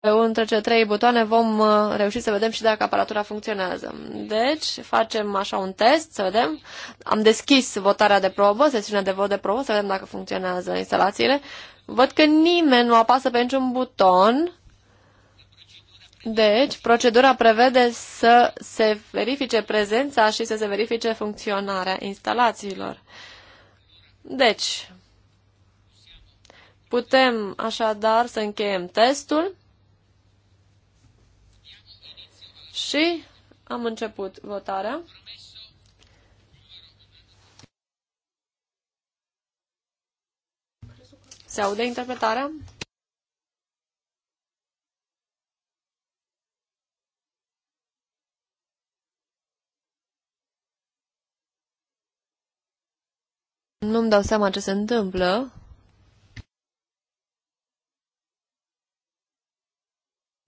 între cele trei butoane vom uh, reuși să vedem și dacă aparatura funcționează. Deci, facem așa un test, să vedem. Am deschis votarea de probă, sesiunea de vot de probă, să vedem dacă funcționează instalațiile. Văd că nimeni nu apasă pe niciun buton. Deci, procedura prevede să se verifice prezența și să se verifice funcționarea instalațiilor. Deci, Putem așadar să încheiem testul Și am început votarea. Se aude interpretarea? Nu-mi dau seama ce se întâmplă.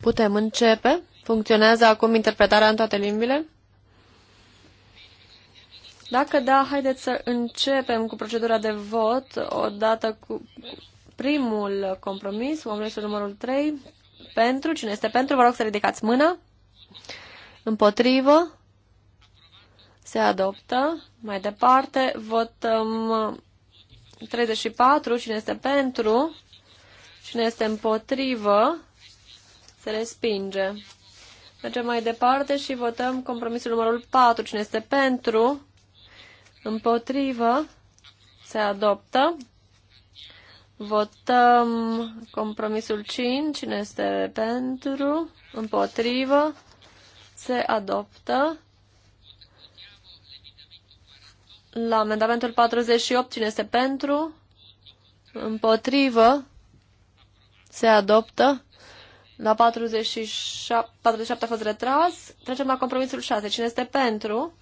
Putem începe? Funcționează acum interpretarea în toate limbile? Dacă da, haideți să începem cu procedura de vot odată cu primul compromis, omleșul numărul 3. Pentru, cine este pentru, vă rog să ridicați mâna. Împotrivă. Se adoptă. Mai departe, votăm 34. Cine este pentru? Cine este împotrivă? Se respinge. Mergem mai departe și votăm compromisul numărul 4. Cine este pentru? Împotrivă? Se adoptă. Votăm compromisul 5. Cine este pentru? Împotrivă? Se adoptă. La amendamentul 48, cine este pentru? Împotrivă? Se adoptă. La 47, 47 a fost retras. Trecem la compromisul 6. Cine este pentru?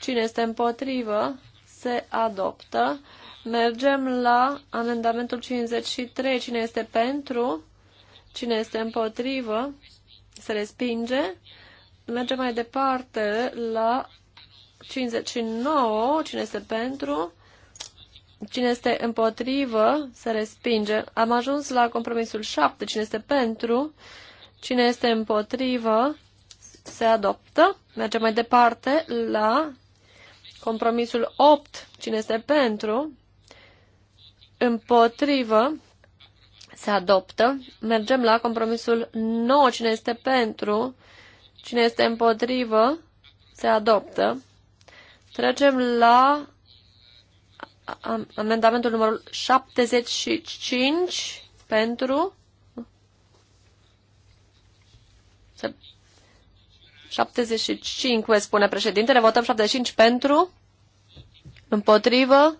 Cine este împotrivă? Se adoptă. Mergem la amendamentul 53. Cine este pentru? Cine este împotrivă? Se respinge. Mergem mai departe la 59. Cine este pentru? Cine este împotrivă, se respinge. Am ajuns la compromisul 7. Cine este pentru, cine este împotrivă, se adoptă. Mergem mai departe la compromisul 8. Cine este pentru, împotrivă, se adoptă. Mergem la compromisul 9. Cine este pentru, cine este împotrivă, se adoptă. Trecem la Amendamentul numărul 75 pentru 75, spune președintele. Votăm 75 pentru, împotrivă,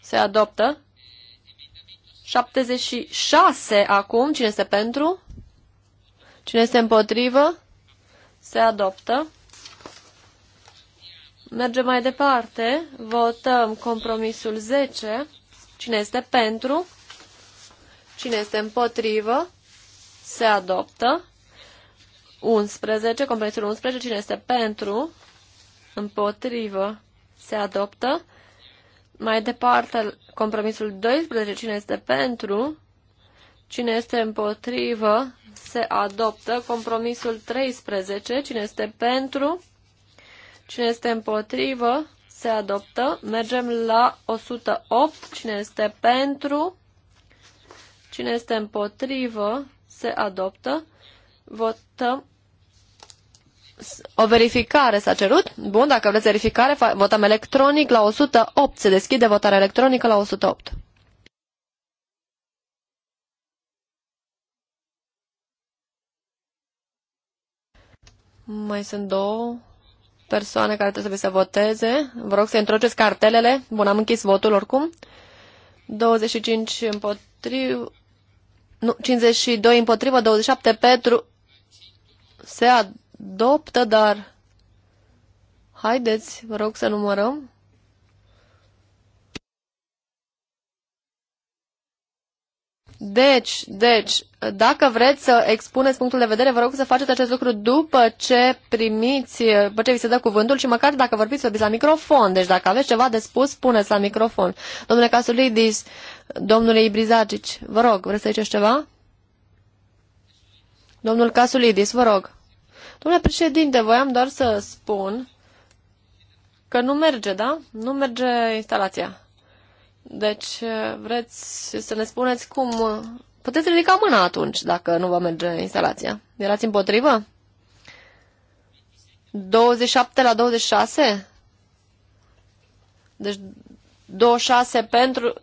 se adoptă. 76 acum, cine este pentru? Cine este împotrivă? Se adoptă. Mergem mai departe. Votăm compromisul 10. Cine este pentru? Cine este împotrivă? Se adoptă. 11. Compromisul 11. Cine este pentru? Împotrivă? Se adoptă. Mai departe, compromisul 12. Cine este pentru? Cine este împotrivă? Se adoptă. Compromisul 13. Cine este pentru? Cine este împotrivă? Se adoptă. Mergem la 108. Cine este pentru? Cine este împotrivă? Se adoptă. Votăm. O verificare s-a cerut. Bun, dacă vreți verificare, votăm electronic la 108. Se deschide votarea electronică la 108. Mai sunt două persoane care trebuie să voteze. Vă rog să introduceți cartelele. Bun, am închis votul oricum. 25 împotriva, nu, 52 împotrivă, 27 pentru. Se adoptă, dar haideți, vă rog să numărăm. Deci, deci, dacă vreți să expuneți punctul de vedere, vă rog să faceți acest lucru după ce primiți, după ce vi se dă cuvântul și măcar dacă vorbiți, vorbiți la microfon. Deci dacă aveți ceva de spus, spuneți la microfon. Domnule Casulidis, domnule Ibrizagici, vă rog, vreți să ziceți ceva? Domnul Casulidis, vă rog. Domnule președinte, voiam doar să spun că nu merge, da? Nu merge instalația. Deci, vreți să ne spuneți cum... Puteți ridica mâna atunci, dacă nu vă merge instalația. Erați împotrivă? 27 la 26? Deci 26 pentru...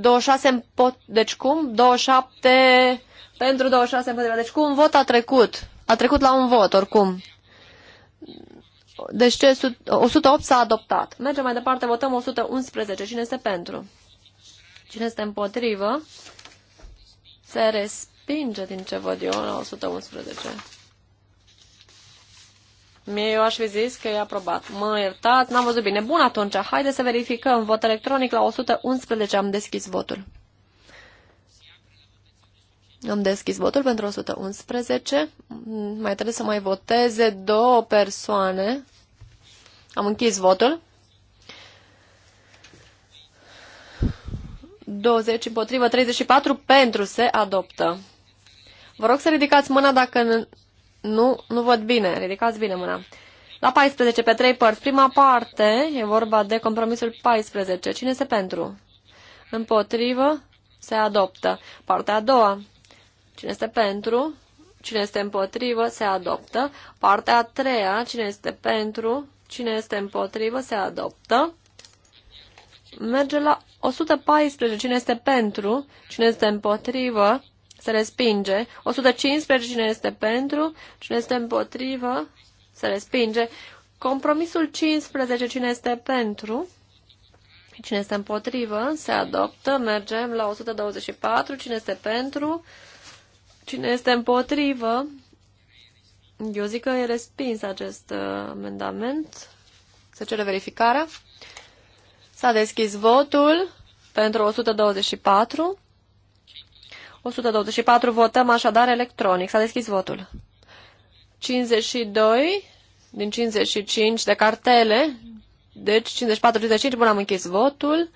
26 pot. Deci cum? 27 pentru 26 împotrivă. Deci cum? vot a trecut. A trecut la un vot, oricum. Deci 108 s-a adoptat. Mergem mai departe, votăm 111. Cine este pentru? Cine este împotrivă? Se respinge din ce văd eu la 111. Mie eu aș fi zis că e aprobat. Mă iertat, n-am văzut bine. Bun atunci, haideți să verificăm. Vot electronic la 111 am deschis votul. Am deschis votul pentru 111. Mai trebuie să mai voteze două persoane. Am închis votul. 20 împotrivă, 34 pentru se adoptă. Vă rog să ridicați mâna dacă nu, nu văd bine. Ridicați bine mâna. La 14, pe 3 părți. Prima parte e vorba de compromisul 14. Cine se pentru? Împotrivă, se adoptă. Partea a doua. Cine este pentru? Cine este împotrivă, se adoptă. Partea a treia. Cine este pentru? Cine este împotrivă se adoptă. Merge la 114. Cine este pentru? Cine este împotrivă? Se respinge. 115. Cine este pentru? Cine este împotrivă? Se respinge. Compromisul 15. Cine este pentru? Cine este împotrivă? Se adoptă. Mergem la 124. Cine este pentru? Cine este împotrivă? Eu zic că e respins acest uh, amendament. Se cere verificarea. S-a deschis votul pentru 124. 124 votăm așadar electronic. S-a deschis votul. 52 din 55 de cartele. Deci 54-55. Bun, am închis votul.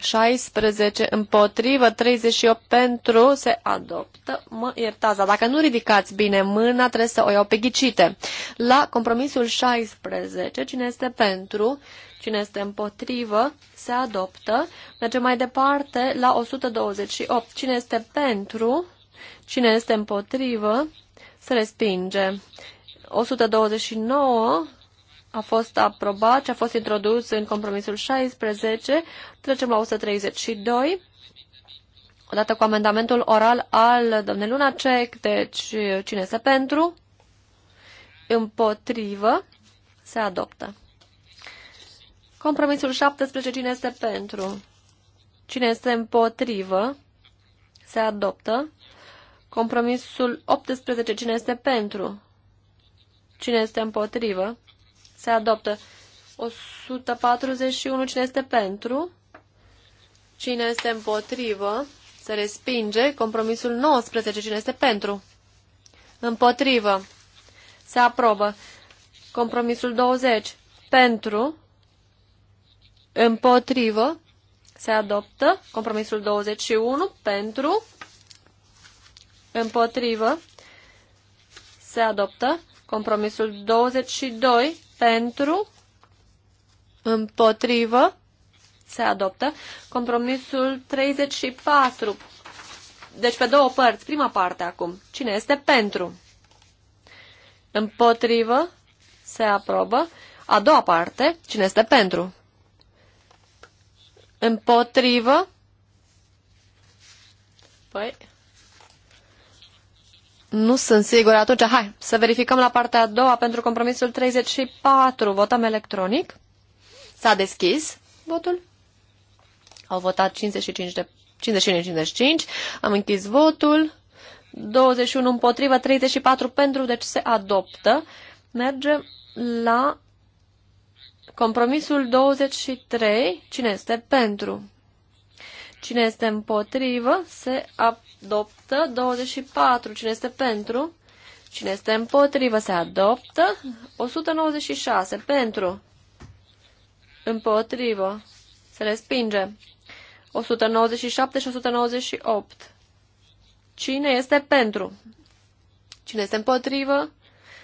16 împotrivă, 38 pentru, se adoptă. Mă iertați, dar dacă nu ridicați bine mâna, trebuie să o iau pe ghicite. La compromisul 16, cine este pentru, cine este împotrivă, se adoptă. Mergem mai departe la 128. Cine este pentru, cine este împotrivă, se respinge. 129 a fost aprobat și a fost introdus în compromisul 16. Trecem la 132. Odată cu amendamentul oral al domnului Lunacek, deci cine este pentru? Împotrivă. Se adoptă. Compromisul 17, cine este pentru? Cine este împotrivă? Se adoptă. Compromisul 18, cine este pentru? Cine este împotrivă? se adoptă. 141, cine este pentru? Cine este împotrivă? Se respinge. Compromisul 19, cine este pentru? Împotrivă. Se aprobă. Compromisul 20, pentru? Împotrivă. Se adoptă. Compromisul 21, pentru? Împotrivă. Se adoptă. Compromisul 22, pentru, împotrivă, se adoptă. Compromisul 34, deci pe două părți, prima parte acum. Cine este pentru? Împotrivă, se aprobă. A doua parte, cine este pentru? Împotrivă. Păi, nu sunt sigură. Atunci, hai să verificăm la partea a doua pentru compromisul 34. Votăm electronic. S-a deschis votul. Au votat 55 de 55-55. Am închis votul. 21 împotriva, 34 pentru, deci se adoptă. Mergem la compromisul 23. Cine este pentru? Cine este împotrivă se adoptă 24. Cine este pentru? Cine este împotrivă se adoptă 196. Pentru. Împotrivă. Se respinge. 197 și 198. Cine este pentru? Cine este împotrivă?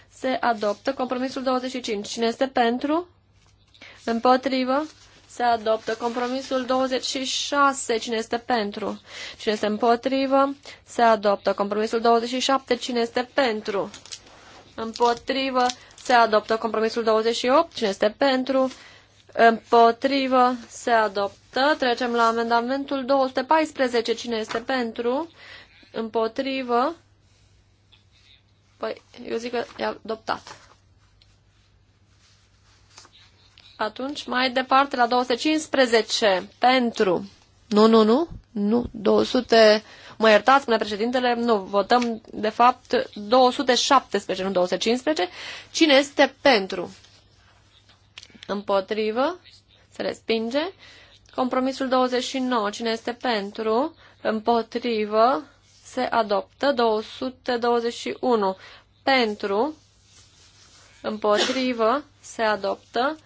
Se adoptă. Compromisul 25. Cine este pentru? Împotrivă? Se adoptă compromisul 26. Cine este pentru? Cine este împotrivă? Se adoptă compromisul 27. Cine este pentru? Împotrivă? Se adoptă compromisul 28. Cine este pentru? Împotrivă? Se adoptă. Trecem la amendamentul 214. Cine este pentru? Împotrivă? Păi, eu zic că e adoptat. Atunci, mai departe, la 215, pentru. Nu, nu, nu, nu, 200, mă iertați, spune președintele, nu, votăm, de fapt, 217, nu 215. Cine este pentru? Împotrivă? Se respinge. Compromisul 29, cine este pentru? Împotrivă? Se adoptă. 221, pentru? Împotrivă? Se adoptă.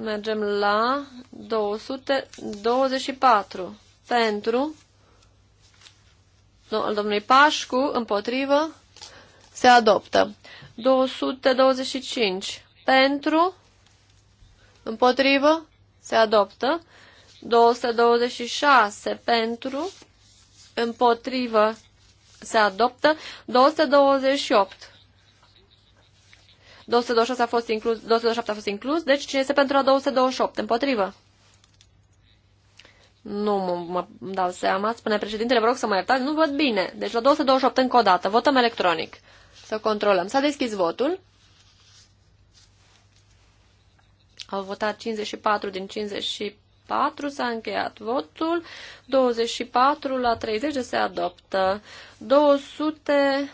Mergem la 224. Pentru. Al domnului Pașcu, împotrivă, se adoptă. 225. Pentru. Împotrivă, se adoptă. 226 pentru, împotrivă se adoptă, 228 226 a fost inclus, 227 a fost inclus, deci cine este pentru la 228? Împotrivă. Nu mă, mă dau seama, spune președintele, vă rog să mă iertați, nu văd bine. Deci la 228 încă o dată, votăm electronic. Să controlăm. S-a deschis votul. Au votat 54 din 54, s-a încheiat votul. 24 la 30 deci se adoptă. 200...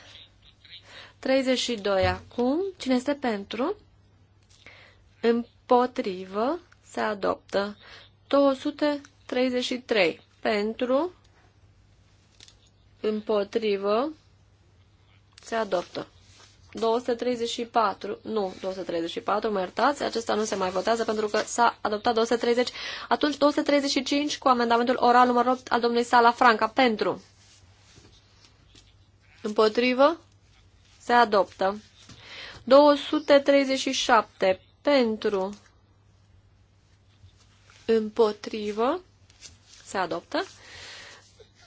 32 acum. Cine este pentru? Împotrivă se adoptă. 233 pentru. Împotrivă se adoptă. 234, nu, 234, mă iertați, acesta nu se mai votează pentru că s-a adoptat 230. Atunci 235 cu amendamentul oral numărul 8 al domnului Sala Franca pentru. Împotrivă? Se adoptă. 237 pentru împotrivă se adoptă.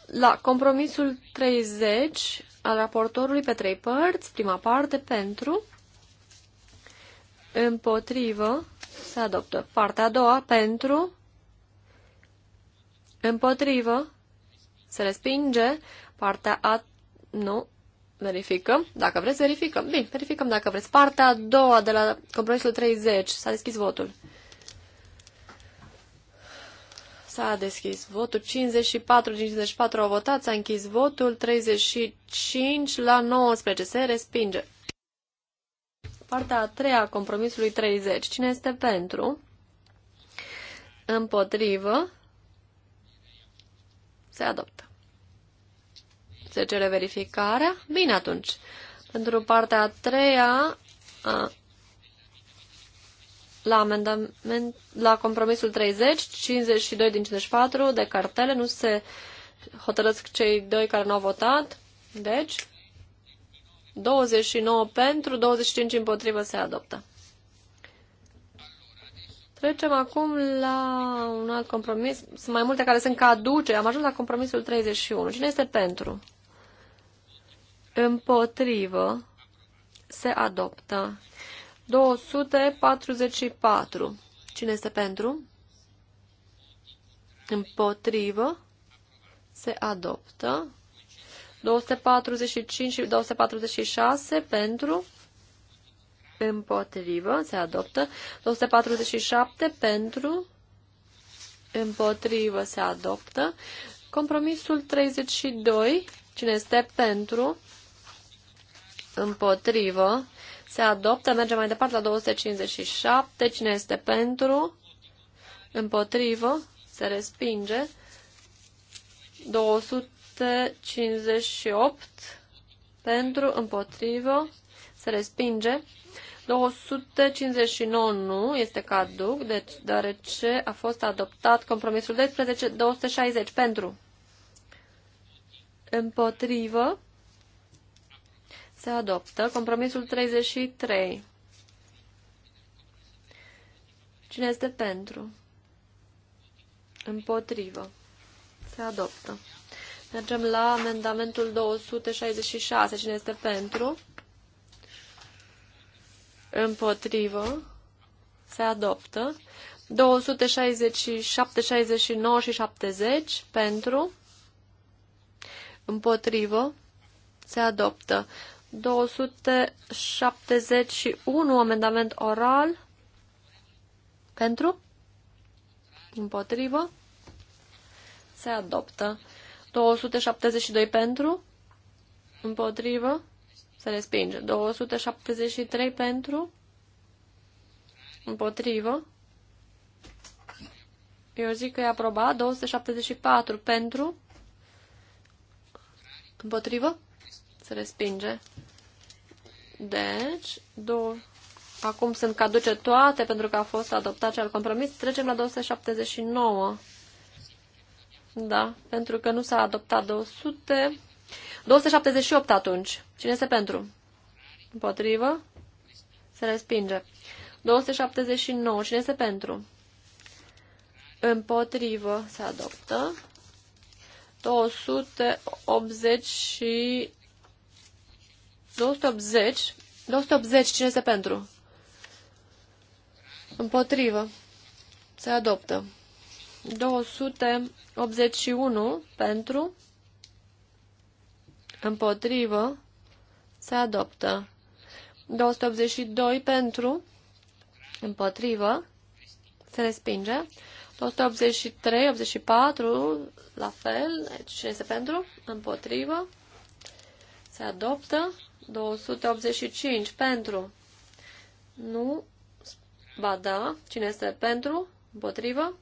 La compromisul 30 al raportorului pe trei părți, prima parte pentru împotrivă se adoptă. Partea a doua pentru împotrivă se respinge. Partea a nu, Verificăm? Dacă vreți, verificăm. Bine, verificăm dacă vreți. Partea a doua de la compromisul 30. S-a deschis votul. S-a deschis votul. 54, 54 au votat, s-a închis votul. 35 la 19. Se respinge. Partea a treia a compromisului 30. Cine este pentru? Împotrivă. Se adoptă. Se cere verificarea? Bine atunci. Pentru partea a treia, a, la, amendament, la compromisul 30, 52 din 54 de cartele, nu se hotărăsc cei doi care nu au votat. Deci, 29 pentru, 25 împotrivă se adoptă. Trecem acum la un alt compromis. Sunt mai multe care sunt caduce. Am ajuns la compromisul 31. Cine este pentru? împotrivă, se adoptă. 244. Cine este pentru? Împotrivă, se adoptă. 245 și 246 pentru, împotrivă, se adoptă. 247 pentru, împotrivă, se adoptă. Compromisul 32, cine este pentru, împotrivă, se adoptă. Mergem mai departe la 257. Cine este pentru? Împotrivă. Se respinge. 258. Pentru. Împotrivă. Se respinge. 259 nu este caduc, deci, deoarece a fost adoptat compromisul 12, 260 pentru. Împotrivă. Se adoptă. Compromisul 33. Cine este pentru? Împotrivă. Se adoptă. Mergem la amendamentul 266. Cine este pentru? Împotrivă. Se adoptă. 267, 69 și 70 pentru. Împotrivă. Se adoptă. 271 amendament oral pentru, împotrivă, se adoptă. 272 pentru, împotrivă, se respinge. 273 pentru, împotrivă, eu zic că e aprobat. 274 pentru, împotrivă, se respinge. Deci, două. Acum sunt caduce toate pentru că a fost adoptat cel compromis. Trecem la 279. Da, pentru că nu s-a adoptat 200. 278 atunci. Cine este pentru? Împotrivă? Se respinge. 279. Cine este pentru? Împotrivă. Se adoptă. 280 și 280. 280, cine este pentru? Împotrivă. Se adoptă. 281 pentru. Împotrivă. Se adoptă. 282 pentru. Împotrivă. Se respinge. 283, 84, la fel, deci este pentru, împotrivă, se adoptă, 285 pentru. Nu. Ba da. Cine este pentru? Împotrivă?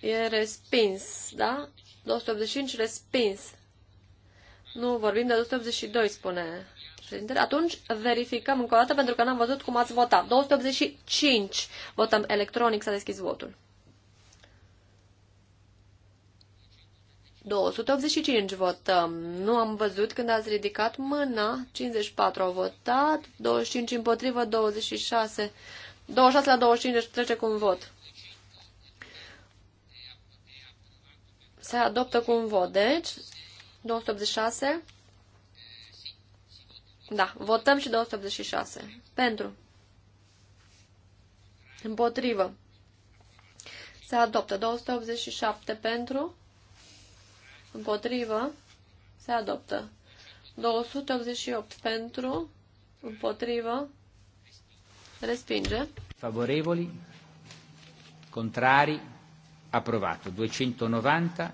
E respins, da? 285 respins. Nu, vorbim de 282, spune președintele. Atunci verificăm încă o dată pentru că n-am văzut cum ați votat. 285. Votăm electronic, s-a deschis votul. 285 votăm. Nu am văzut când ați ridicat mâna. 54 au votat, 25 împotrivă, 26. 26 la 25, deci trece cu un vot. Se adoptă cu un vot, deci 286. Da, votăm și 286. Pentru. Împotrivă. Se adoptă 287 pentru împotrivă, se adoptă. 288 pentru, împotrivă, respinge. Favorevoli, contrari, approvato. 290.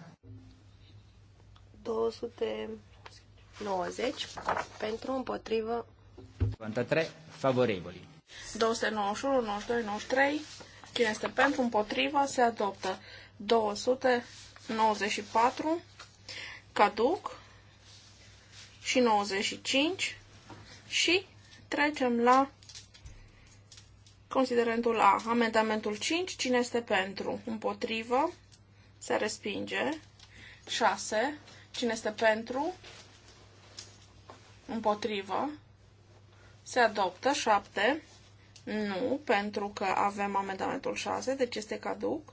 290 pentru, împotrivă. 93 favorevoli. 291, 92, 93. Cine este pentru, împotrivă, se adoptă. 294 caduc și 95 și trecem la considerentul A. Amendamentul 5, cine este pentru? Împotrivă, se respinge. 6, cine este pentru? Împotrivă, se adoptă. 7, nu, pentru că avem amendamentul 6, deci este caduc.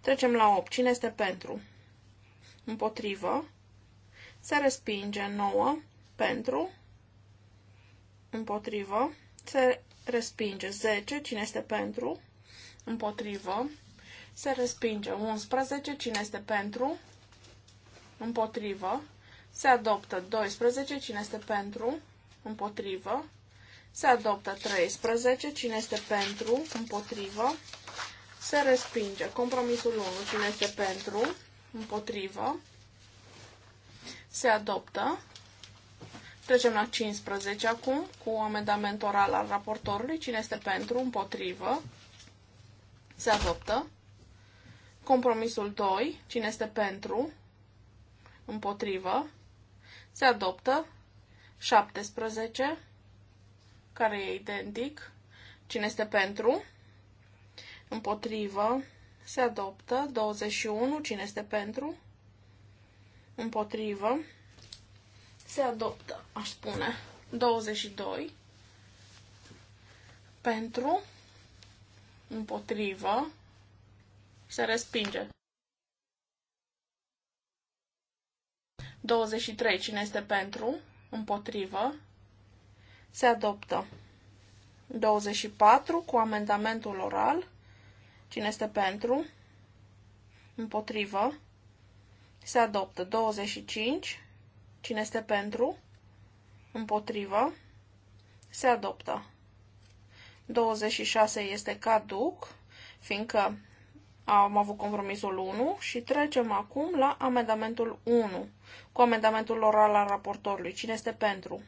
Trecem la 8, cine este pentru? Împotrivă, se respinge 9 pentru, împotrivă, se respinge 10, cine este pentru, împotrivă, se respinge 11, cine este pentru, împotrivă, se adoptă 12, cine este pentru, împotrivă, se adoptă 13, cine este pentru, împotrivă, se respinge compromisul 1, cine este pentru, împotrivă, se adoptă. Trecem la 15 acum, cu amendament oral al raportorului. Cine este pentru? Împotrivă. Se adoptă. Compromisul 2. Cine este pentru? Împotrivă. Se adoptă. 17. Care e identic. Cine este pentru? Împotrivă. Se adoptă. 21. Cine este pentru? împotrivă, se adoptă, aș spune, 22 pentru, împotrivă, se respinge. 23. Cine este pentru, împotrivă, se adoptă. 24. Cu amendamentul oral. Cine este pentru, împotrivă, se adoptă 25. Cine este pentru? Împotrivă. Se adoptă. 26 este caduc, fiindcă am avut compromisul 1 și trecem acum la amendamentul 1, cu amendamentul oral al raportorului. Cine este pentru?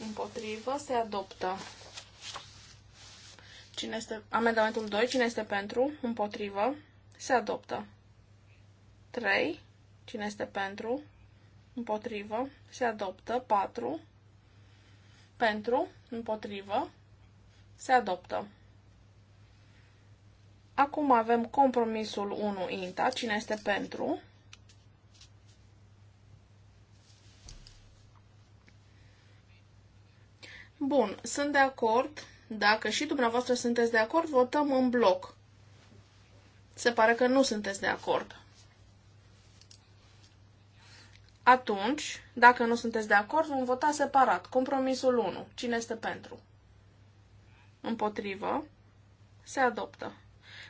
Împotrivă se adoptă. Cine este... Amendamentul 2. Cine este pentru? Împotrivă se adoptă. 3. Cine este pentru? Împotrivă. Se adoptă. 4. Pentru. Împotrivă. Se adoptă. Acum avem compromisul 1 INTA. Cine este pentru? Bun, sunt de acord. Dacă și dumneavoastră sunteți de acord, votăm în bloc. Se pare că nu sunteți de acord. Atunci, dacă nu sunteți de acord, vom vota separat. Compromisul 1. Cine este pentru? Împotrivă. Se adoptă.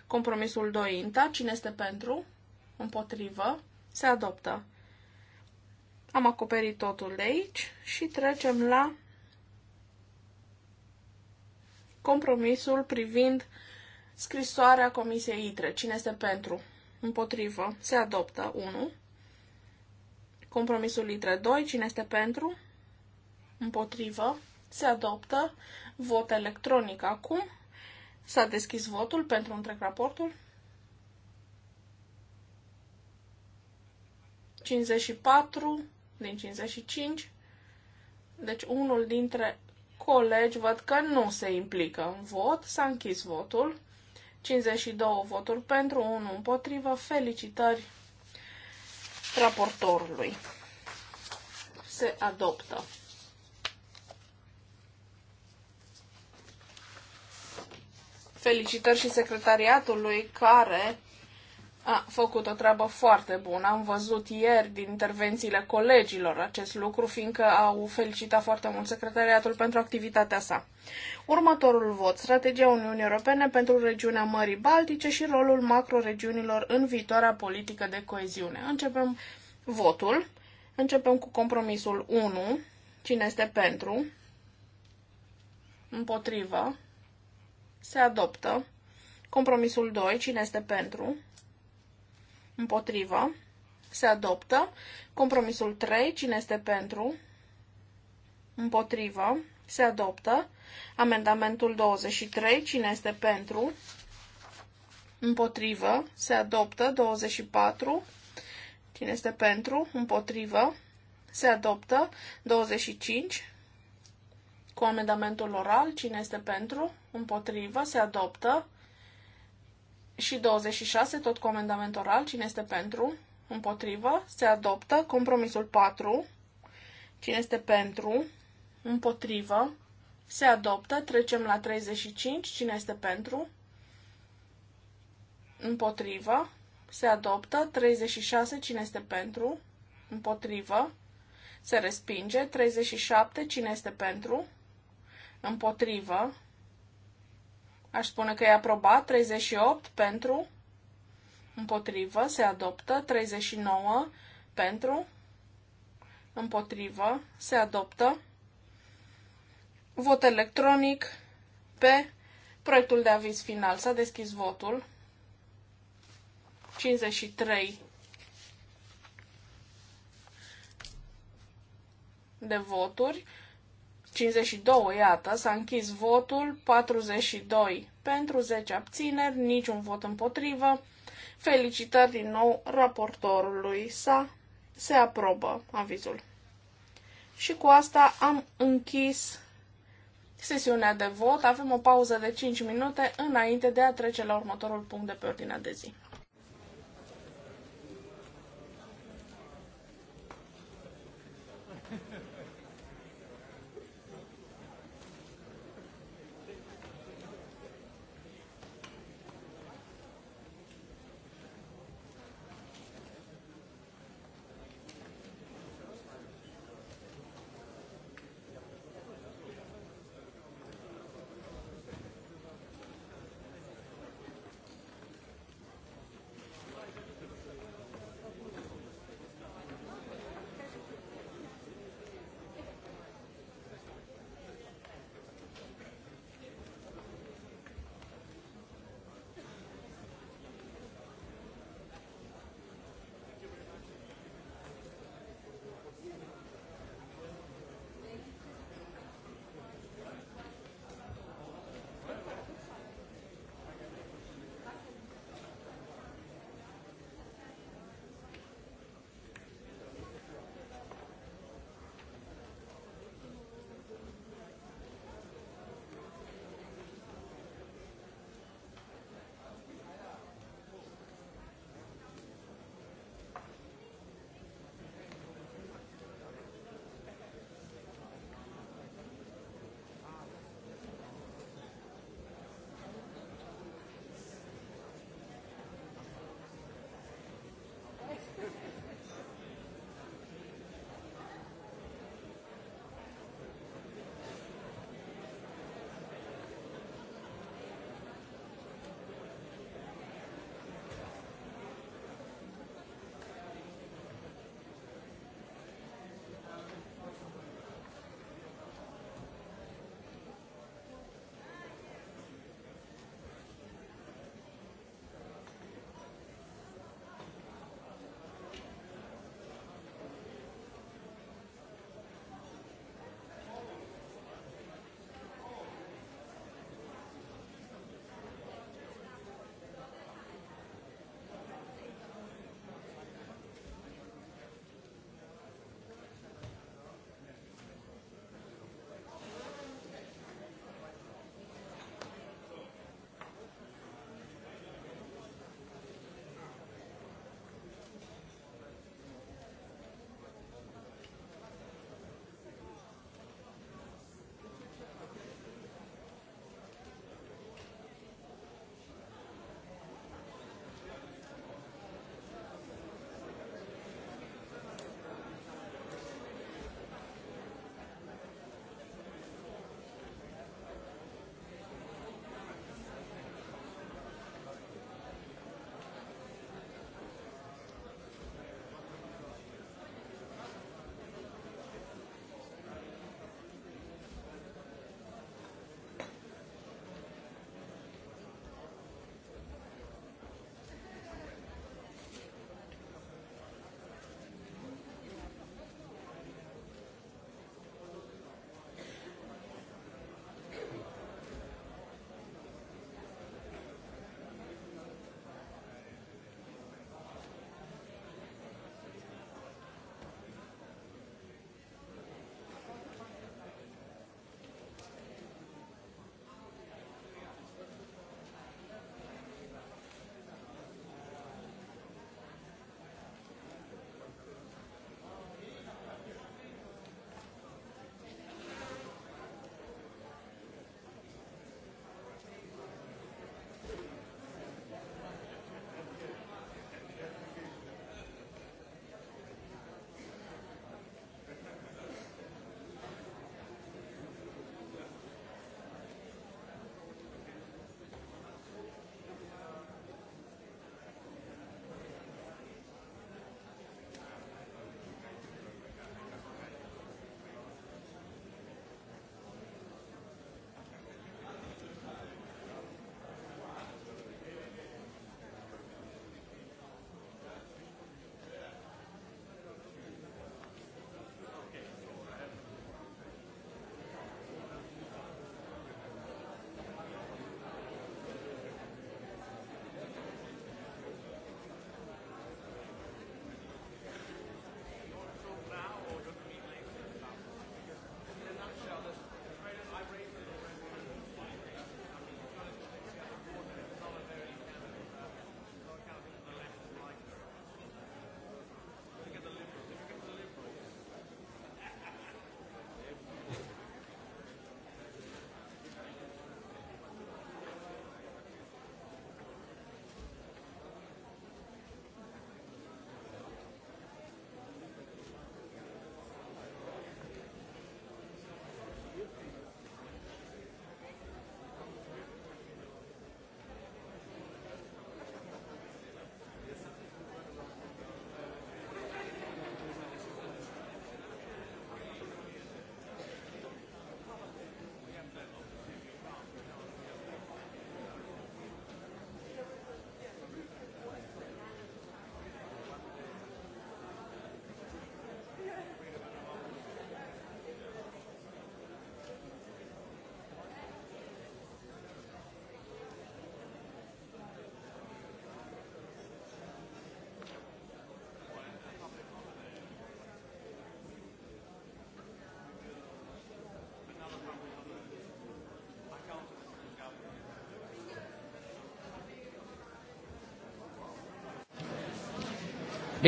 Compromisul 2. INTA. Cine este pentru? Împotrivă. Se adoptă. Am acoperit totul de aici și trecem la compromisul privind scrisoarea Comisiei ITRE. Cine este pentru? Împotrivă. Se adoptă. 1. Compromisul litre 2, cine este pentru? Împotrivă. Se adoptă. Vot electronic acum. S-a deschis votul pentru întreg raportul. 54 din 55. Deci unul dintre colegi văd că nu se implică în vot. S-a închis votul. 52 voturi pentru, 1 împotrivă. Felicitări raportorului. Se adoptă. Felicitări și secretariatului care a făcut o treabă foarte bună. Am văzut ieri din intervențiile colegilor acest lucru, fiindcă au felicitat foarte mult secretariatul pentru activitatea sa. Următorul vot, strategia Uniunii Europene pentru regiunea Mării Baltice și rolul macroregiunilor în viitoarea politică de coeziune. Începem votul. Începem cu compromisul 1. Cine este pentru? Împotrivă. Se adoptă. Compromisul 2. Cine este pentru? Împotrivă. Se adoptă. Compromisul 3. Cine este pentru? Împotrivă. Se adoptă. Amendamentul 23. Cine este pentru? Împotrivă. Se adoptă. 24. Cine este pentru? Împotrivă. Se adoptă. 25. Cu amendamentul oral. Cine este pentru? Împotrivă. Se adoptă și 26, tot cu amendament oral. Cine este pentru? Împotrivă. Se adoptă. Compromisul 4. Cine este pentru? Împotrivă. Se adoptă. Trecem la 35. Cine este pentru? Împotrivă. Se adoptă. 36. Cine este pentru? Împotrivă. Se respinge. 37. Cine este pentru? Împotrivă. Aș spune că e aprobat. 38 pentru. Împotrivă. Se adoptă. 39 pentru. Împotrivă. Se adoptă. Vot electronic pe proiectul de aviz final. S-a deschis votul. 53 de voturi. 52, iată, s-a închis votul, 42 pentru, 10 abțineri, niciun vot împotrivă. Felicitări din nou raportorului sa. Se aprobă avizul. Și cu asta am închis sesiunea de vot. Avem o pauză de 5 minute înainte de a trece la următorul punct de pe ordinea de zi.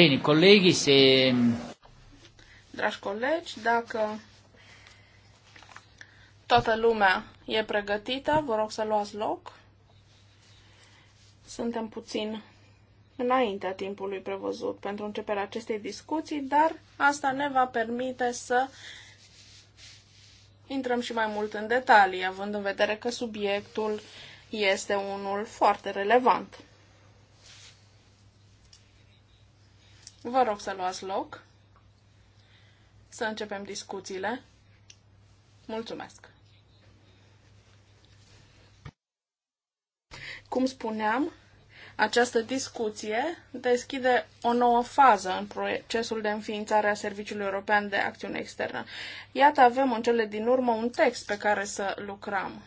Bine, colegi, se... Dragi colegi, dacă toată lumea e pregătită, vă rog să luați loc. Suntem puțin înaintea timpului prevăzut pentru începerea acestei discuții, dar asta ne va permite să intrăm și mai mult în detalii, având în vedere că subiectul este unul foarte relevant. Vă rog să luați loc. Să începem discuțiile. Mulțumesc! Cum spuneam, această discuție deschide o nouă fază în procesul de înființare a Serviciului European de Acțiune Externă. Iată, avem în cele din urmă un text pe care să lucrăm.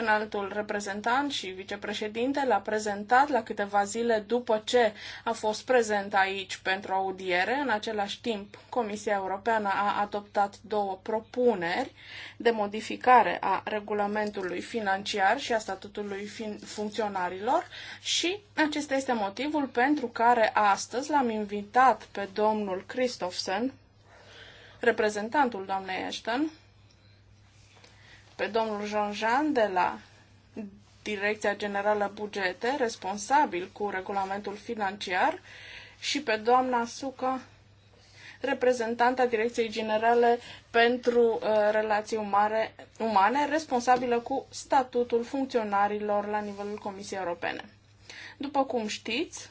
Înaltul reprezentant și vicepreședinte l-a prezentat la câteva zile după ce a fost prezent aici pentru audiere. În același timp, Comisia Europeană a adoptat două propuneri de modificare a regulamentului financiar și a statutului fin- funcționarilor și acesta este motivul pentru care astăzi l-am invitat pe domnul Christophsen, reprezentantul doamnei Ashton, pe domnul Jean-Jean de la Direcția Generală Bugete, responsabil cu regulamentul financiar, și pe doamna Suca, reprezentanta Direcției Generale pentru uh, Relații umare, Umane, responsabilă cu statutul funcționarilor la nivelul Comisiei Europene. După cum știți,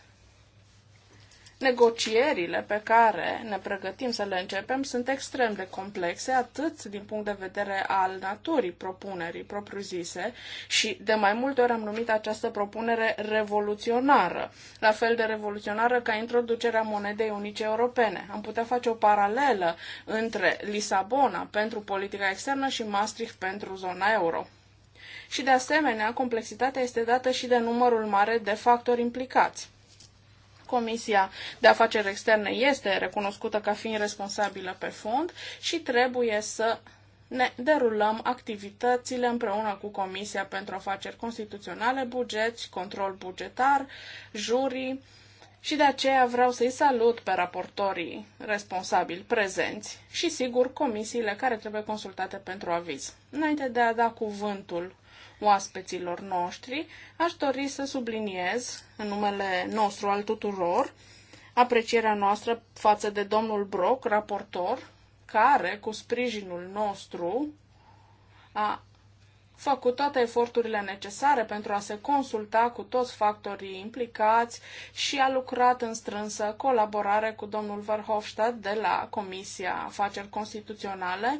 Negocierile pe care ne pregătim să le începem sunt extrem de complexe, atât din punct de vedere al naturii propunerii propriu-zise și de mai multe ori am numit această propunere revoluționară, la fel de revoluționară ca introducerea monedei unice europene. Am putea face o paralelă între Lisabona pentru politica externă și Maastricht pentru zona euro. Și de asemenea, complexitatea este dată și de numărul mare de factori implicați. Comisia de Afaceri Externe este recunoscută ca fiind responsabilă pe fond și trebuie să ne derulăm activitățile împreună cu Comisia pentru Afaceri Constituționale, Buget, Control Bugetar, Jurii și de aceea vreau să-i salut pe raportorii responsabili prezenți și, sigur, comisiile care trebuie consultate pentru aviz. Înainte de a da cuvântul oaspeților noștri, aș dori să subliniez, în numele nostru al tuturor, aprecierea noastră față de domnul Brock, raportor, care, cu sprijinul nostru, a făcut toate eforturile necesare pentru a se consulta cu toți factorii implicați și a lucrat în strânsă colaborare cu domnul Verhofstadt de la Comisia Afaceri Constituționale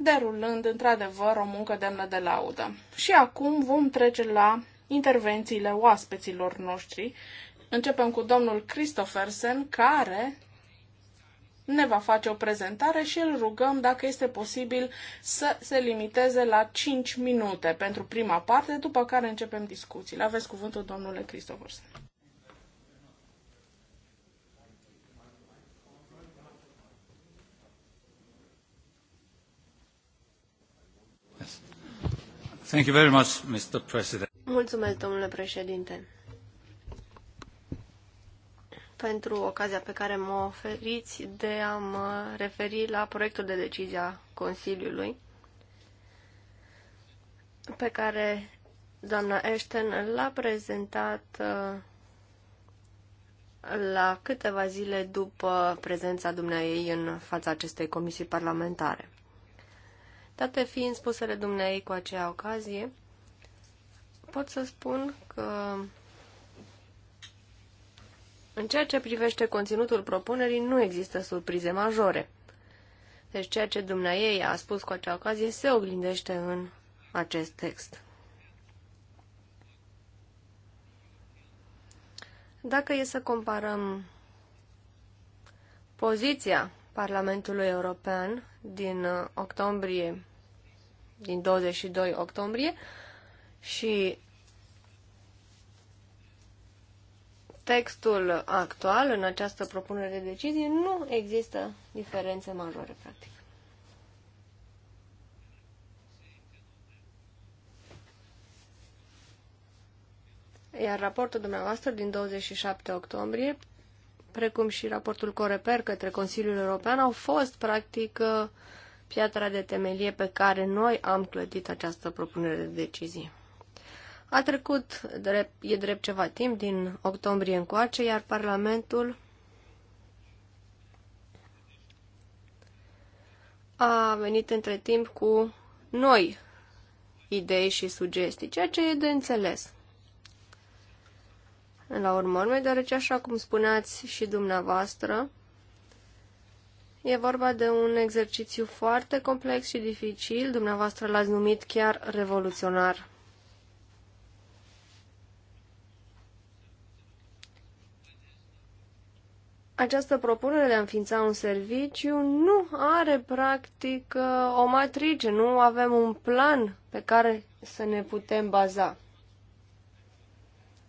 derulând într-adevăr o muncă demnă de laudă. Și acum vom trece la intervențiile oaspeților noștri. Începem cu domnul Christophersen, care ne va face o prezentare și îl rugăm dacă este posibil să se limiteze la 5 minute pentru prima parte, după care începem discuțiile. Aveți cuvântul, domnule Christophersen. Mulțumesc, domnule președinte, pentru ocazia pe care mă oferiți de a mă referi la proiectul de decizie a Consiliului pe care doamna Ashton l-a prezentat uh, la câteva zile după prezența dumneaei în fața acestei comisii parlamentare. Date fiind spusele dumneai cu acea ocazie, pot să spun că în ceea ce privește conținutul propunerii nu există surprize majore. Deci ceea ce dumneai a spus cu acea ocazie se oglindește în acest text. Dacă e să comparăm poziția Parlamentului European din uh, octombrie din 22 octombrie și textul actual în această propunere de decizie nu există diferențe majore, practic. Iar raportul dumneavoastră din 27 octombrie, precum și raportul Coreper către Consiliul European, au fost, practic, uh, piatra de temelie pe care noi am clădit această propunere de decizie. A trecut, drept, e drept ceva timp, din octombrie încoace, iar Parlamentul a venit între timp cu noi idei și sugestii, ceea ce e de înțeles. La urmă, deoarece, așa cum spuneați și dumneavoastră, E vorba de un exercițiu foarte complex și dificil, dumneavoastră l-ați numit chiar revoluționar. Această propunere de a înființa un serviciu nu are practic o matrice, nu avem un plan pe care să ne putem baza.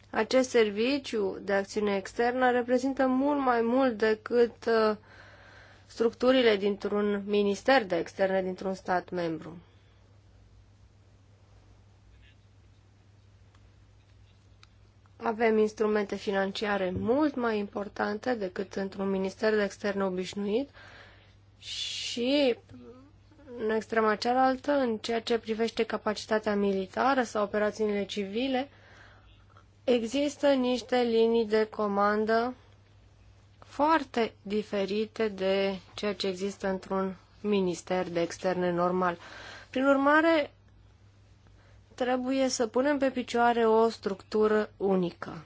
Acest serviciu de acțiune externă reprezintă mult mai mult decât uh, structurile dintr-un minister de externe dintr-un stat membru. Avem instrumente financiare mult mai importante decât într-un minister de externe obișnuit și în extrema cealaltă, în ceea ce privește capacitatea militară sau operațiunile civile, există niște linii de comandă foarte diferite de ceea ce există într-un minister de externe normal. Prin urmare, trebuie să punem pe picioare o structură unică.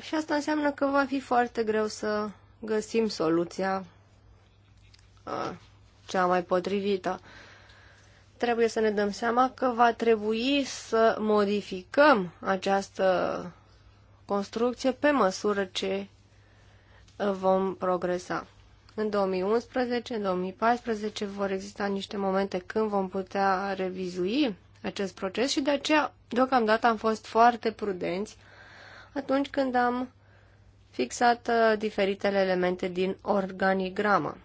Și asta înseamnă că va fi foarte greu să găsim soluția cea mai potrivită trebuie să ne dăm seama că va trebui să modificăm această construcție pe măsură ce vom progresa. În 2011, în 2014 vor exista niște momente când vom putea revizui acest proces și de aceea deocamdată am fost foarte prudenți atunci când am fixat uh, diferitele elemente din organigramă.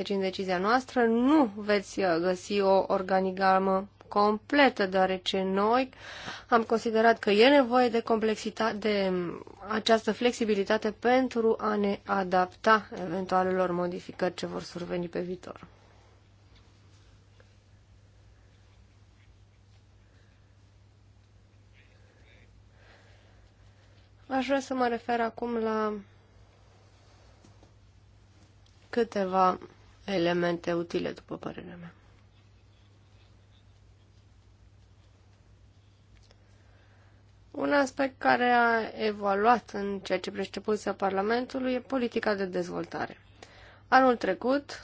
Deci, în decizia noastră nu veți uh, găsi o organigramă completă, deoarece noi am considerat că e nevoie de, complexitate, de um, această flexibilitate pentru a ne adapta eventualelor modificări ce vor surveni pe viitor. Aș vrea să mă refer acum la câteva elemente utile, după părerea mea. Un aspect care a evoluat în ceea ce privește poziția Parlamentului e politica de dezvoltare. Anul trecut,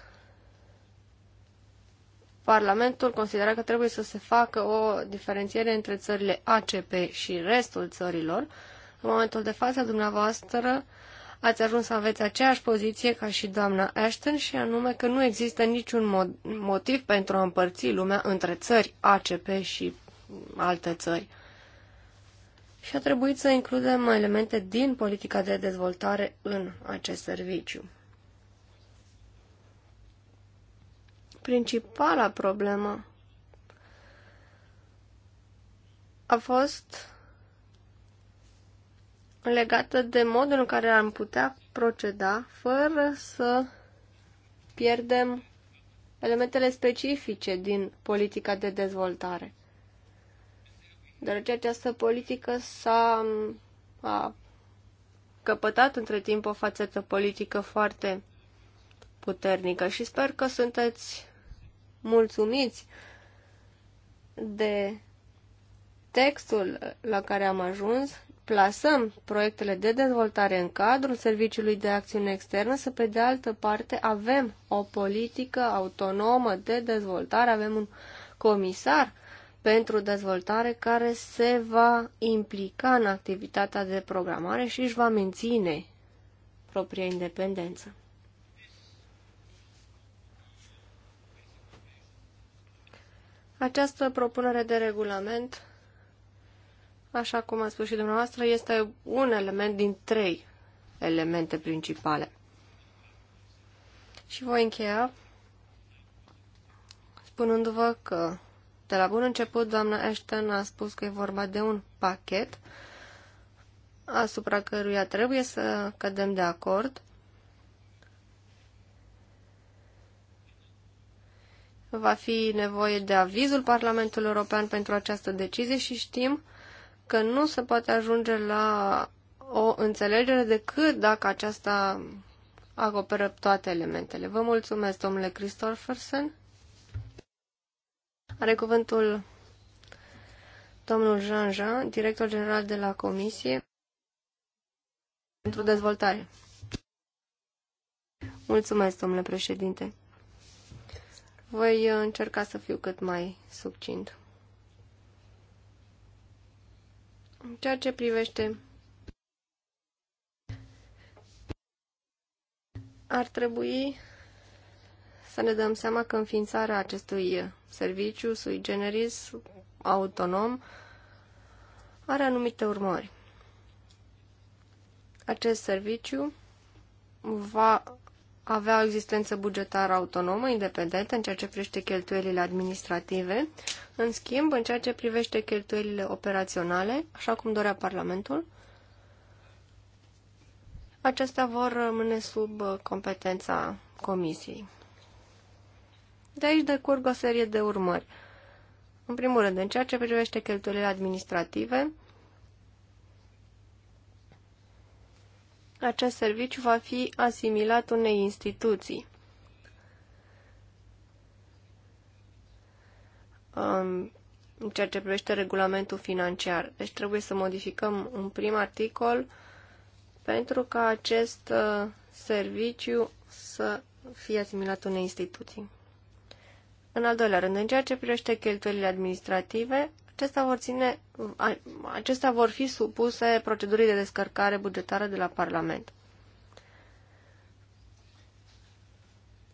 Parlamentul considera că trebuie să se facă o diferențiere între țările ACP și restul țărilor. În momentul de față, dumneavoastră ați ajuns să aveți aceeași poziție ca și doamna Ashton și anume că nu există niciun motiv pentru a împărți lumea între țări ACP și alte țări. Și a trebuit să includem elemente din politica de dezvoltare în acest serviciu. Principala problemă a fost legată de modul în care am putea proceda fără să pierdem elementele specifice din politica de dezvoltare. Deoarece această politică s-a a căpătat între timp o fațetă politică foarte puternică și sper că sunteți mulțumiți de textul la care am ajuns plasăm proiectele de dezvoltare în cadrul Serviciului de Acțiune Externă, să pe de altă parte avem o politică autonomă de dezvoltare, avem un comisar pentru dezvoltare care se va implica în activitatea de programare și își va menține propria independență. Această propunere de regulament așa cum a spus și dumneavoastră, este un element din trei elemente principale. Și voi încheia spunându-vă că de la bun început doamna Ashton a spus că e vorba de un pachet asupra căruia trebuie să cădem de acord. Va fi nevoie de avizul Parlamentului European pentru această decizie și știm că nu se poate ajunge la o înțelegere decât dacă aceasta acoperă toate elementele. Vă mulțumesc, domnule Christoffersen. Are cuvântul domnul Jean Jean, director general de la Comisie pentru dezvoltare. Mulțumesc, domnule președinte. Voi încerca să fiu cât mai succint. În ceea ce privește ar trebui să ne dăm seama că înființarea acestui serviciu sui generis autonom are anumite urmări. Acest serviciu va avea o existență bugetară autonomă, independentă, în ceea ce privește cheltuielile administrative. În schimb, în ceea ce privește cheltuielile operaționale, așa cum dorea Parlamentul, acestea vor rămâne sub uh, competența Comisiei. De aici decurg o serie de urmări. În primul rând, în ceea ce privește cheltuielile administrative, acest serviciu va fi asimilat unei instituții. în ceea ce privește regulamentul financiar. Deci trebuie să modificăm un prim articol pentru ca acest uh, serviciu să fie asimilat unei instituții. În al doilea rând, în ceea ce privește cheltuielile administrative, Acestea vor, ține, acestea vor fi supuse procedurii de descărcare bugetară de la Parlament.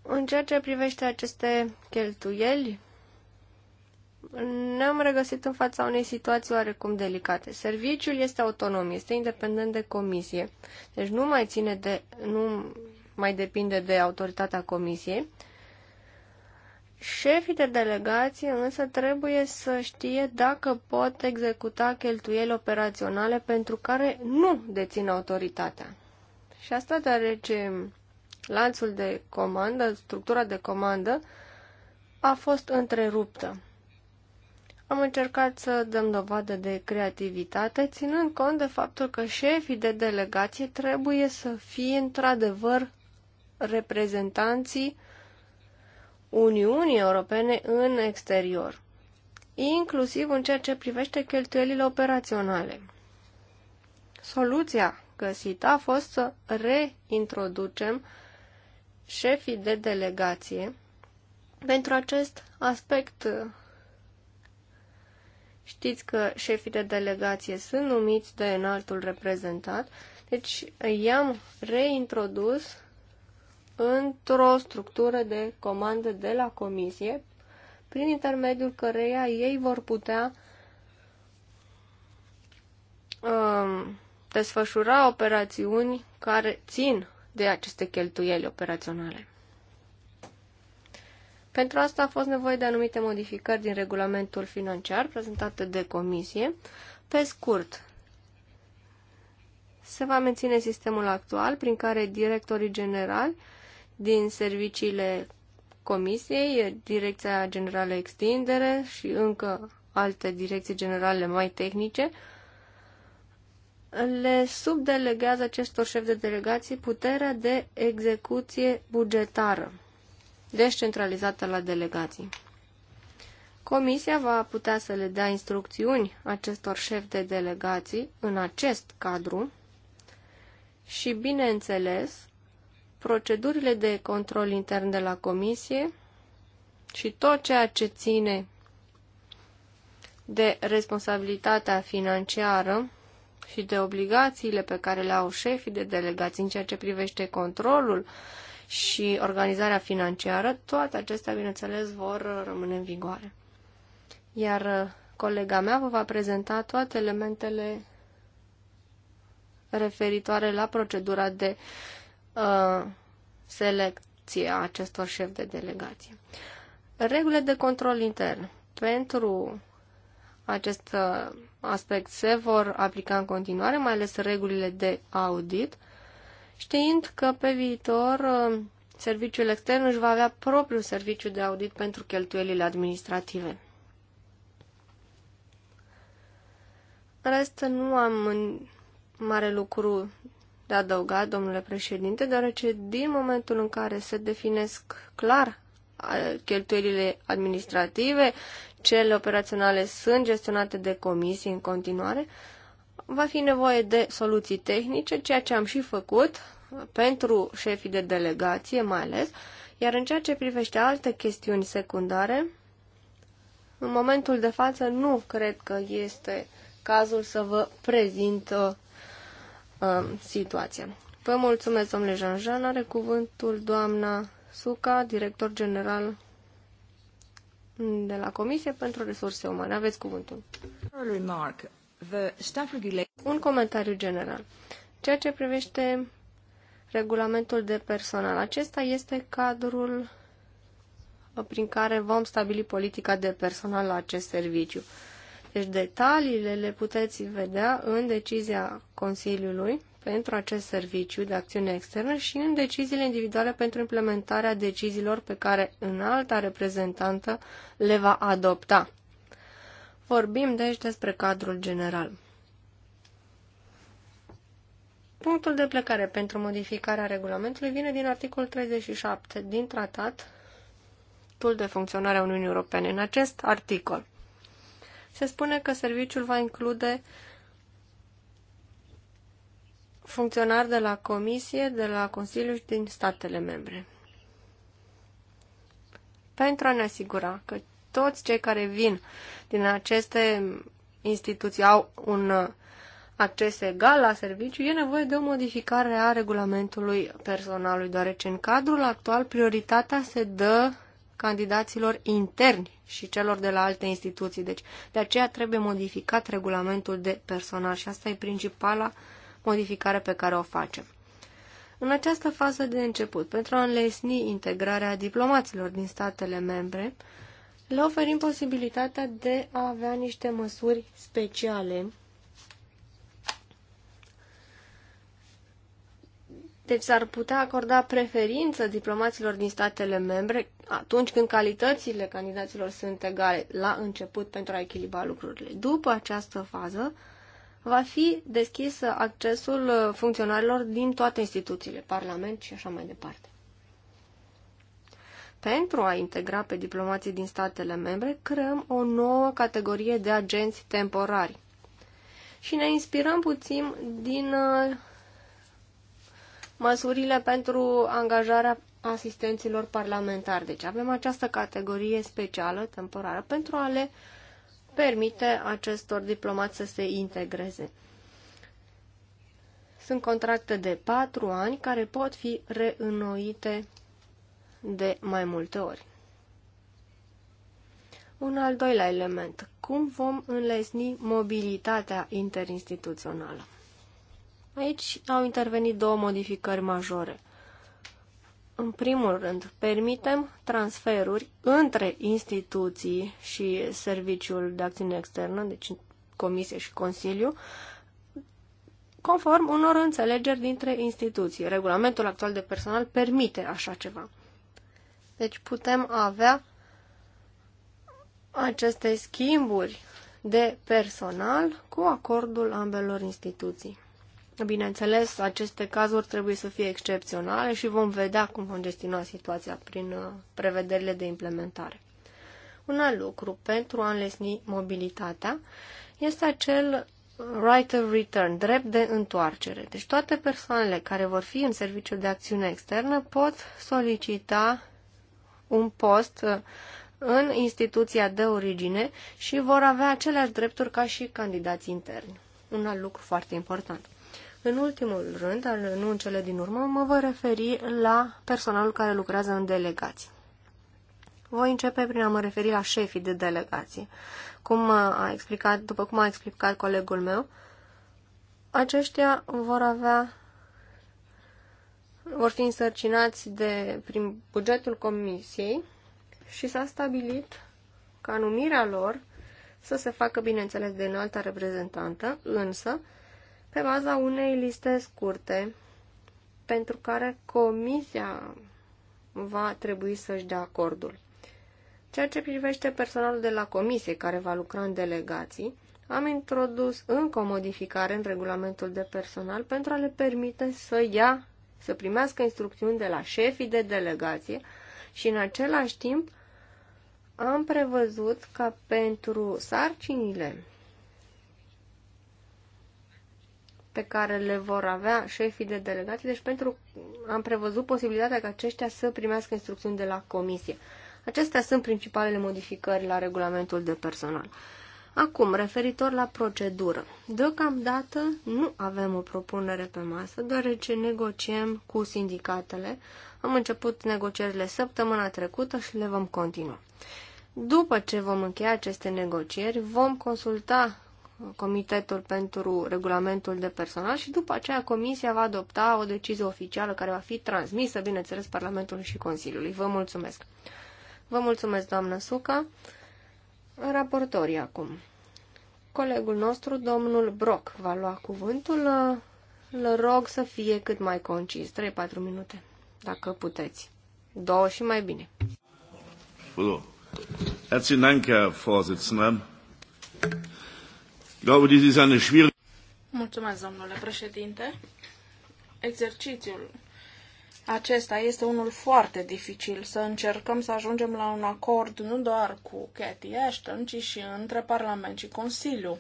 În ceea ce privește aceste cheltuieli, ne-am regăsit în fața unei situații oarecum delicate. Serviciul este autonom, este independent de comisie, deci nu mai ține de, nu mai depinde de autoritatea comisiei Șefii de delegație însă trebuie să știe dacă pot executa cheltuieli operaționale pentru care nu dețin autoritatea. Și asta deoarece lanțul de comandă, structura de comandă, a fost întreruptă. Am încercat să dăm dovadă de creativitate, ținând cont de faptul că șefii de delegație trebuie să fie într-adevăr reprezentanții Uniunii Europene în exterior, inclusiv în ceea ce privește cheltuielile operaționale. Soluția găsită a fost să reintroducem șefii de delegație pentru acest aspect. Știți că șefii de delegație sunt numiți de înaltul reprezentat, deci i-am reintrodus într-o structură de comandă de la comisie, prin intermediul căreia ei vor putea um, desfășura operațiuni care țin de aceste cheltuieli operaționale. Pentru asta a fost nevoie de anumite modificări din regulamentul financiar prezentate de comisie. Pe scurt, se va menține sistemul actual prin care directorii generali din serviciile Comisiei, Direcția Generală Extindere și încă alte direcții generale mai tehnice, le subdelegează acestor șefi de delegații puterea de execuție bugetară, descentralizată la delegații. Comisia va putea să le dea instrucțiuni acestor șefi de delegații în acest cadru și, bineînțeles, procedurile de control intern de la comisie și tot ceea ce ține de responsabilitatea financiară și de obligațiile pe care le au șefii de delegații în ceea ce privește controlul și organizarea financiară, toate acestea, bineînțeles, vor rămâne în vigoare. Iar uh, colega mea vă va prezenta toate elementele referitoare la procedura de Uh, selecție a acestor șefi de delegație. Regulile de control intern pentru acest uh, aspect se vor aplica în continuare, mai ales regulile de audit, știind că pe viitor uh, serviciul extern își va avea propriul serviciu de audit pentru cheltuielile administrative. În rest, nu am mare lucru de adăugat, domnule președinte, deoarece din momentul în care se definesc clar cheltuielile administrative, cele operaționale sunt gestionate de comisie în continuare, va fi nevoie de soluții tehnice, ceea ce am și făcut pentru șefii de delegație mai ales, iar în ceea ce privește alte chestiuni secundare, în momentul de față nu cred că este cazul să vă prezint uh, Uh, situația. Vă mulțumesc, domnule Jean-Jean. Are cuvântul doamna Suca, director general de la Comisie pentru Resurse Umane. Aveți cuvântul. Un comentariu general. Ceea ce privește regulamentul de personal, acesta este cadrul prin care vom stabili politica de personal la acest serviciu. Deci detaliile le puteți vedea în decizia Consiliului pentru acest serviciu de acțiune externă și în deciziile individuale pentru implementarea deciziilor pe care înalta reprezentantă le va adopta. Vorbim deci despre cadrul general. Punctul de plecare pentru modificarea regulamentului vine din articolul 37 din tratatul de funcționare a Uniunii Europene. În acest articol se spune că serviciul va include funcționari de la Comisie, de la Consiliu și din statele membre. Pentru a ne asigura că toți cei care vin din aceste instituții au un acces egal la serviciu, e nevoie de o modificare a regulamentului personalului, deoarece în cadrul actual prioritatea se dă candidaților interni și celor de la alte instituții. Deci, de aceea trebuie modificat regulamentul de personal și asta e principala modificare pe care o facem. În această fază de început, pentru a înlesni integrarea diplomaților din statele membre, le oferim posibilitatea de a avea niște măsuri speciale. Deci s-ar putea acorda preferință diplomaților din statele membre atunci când calitățile candidaților sunt egale la început pentru a echilibra lucrurile. După această fază, va fi deschis accesul funcționarilor din toate instituțiile, Parlament și așa mai departe. Pentru a integra pe diplomații din statele membre, creăm o nouă categorie de agenți temporari. Și ne inspirăm puțin din uh, măsurile pentru angajarea asistenților parlamentari. Deci avem această categorie specială, temporară, pentru a le permite acestor diplomați să se integreze. Sunt contracte de patru ani care pot fi reînnoite de mai multe ori. Un al doilea element. Cum vom înlesni mobilitatea interinstituțională? Aici au intervenit două modificări majore – în primul rând, permitem transferuri între instituții și Serviciul de Acțiune Externă, deci Comisie și Consiliu, conform unor înțelegeri dintre instituții. Regulamentul actual de personal permite așa ceva. Deci putem avea aceste schimburi de personal cu acordul ambelor instituții. Bineînțeles, aceste cazuri trebuie să fie excepționale și vom vedea cum vom gestiona situația prin uh, prevederile de implementare. Un alt lucru pentru a înlesni mobilitatea este acel right of return, drept de întoarcere. Deci toate persoanele care vor fi în serviciul de acțiune externă pot solicita un post uh, în instituția de origine și vor avea aceleași drepturi ca și candidații interni. Un alt lucru foarte important. În ultimul rând, al nu în cele din urmă, mă voi referi la personalul care lucrează în delegații. Voi începe prin a mă referi la șefii de delegații. Cum a explicat, după cum a explicat colegul meu, aceștia vor avea vor fi însărcinați de, prin bugetul comisiei și s-a stabilit ca numirea lor să se facă, bineînțeles, de înalta reprezentantă, însă pe baza unei liste scurte pentru care comisia va trebui să-și dea acordul. Ceea ce privește personalul de la comisie care va lucra în delegații, am introdus încă o modificare în regulamentul de personal pentru a le permite să ia, să primească instrucțiuni de la șefii de delegație și în același timp am prevăzut ca pentru sarcinile pe care le vor avea șefii de delegații, deci pentru am prevăzut posibilitatea ca aceștia să primească instrucțiuni de la comisie. Acestea sunt principalele modificări la regulamentul de personal. Acum, referitor la procedură. Deocamdată nu avem o propunere pe masă, deoarece negociem cu sindicatele. Am început negocierile săptămâna trecută și le vom continua. După ce vom încheia aceste negocieri, vom consulta Comitetul pentru Regulamentul de Personal și după aceea Comisia va adopta o decizie oficială care va fi transmisă, bineînțeles, Parlamentului și Consiliului. Vă mulțumesc! Vă mulțumesc, doamnă Suca. Raportorii acum. Colegul nostru, domnul Brock, va lua cuvântul. Îl rog să fie cât mai concis, 3-4 minute, dacă puteți. Două și mai bine. Herzlichen Dank, Herr Vorsitzender. Mulțumesc, domnule președinte. Exercițiul acesta este unul foarte dificil să încercăm să ajungem la un acord nu doar cu Cathy Ashton, ci și între Parlament și Consiliu.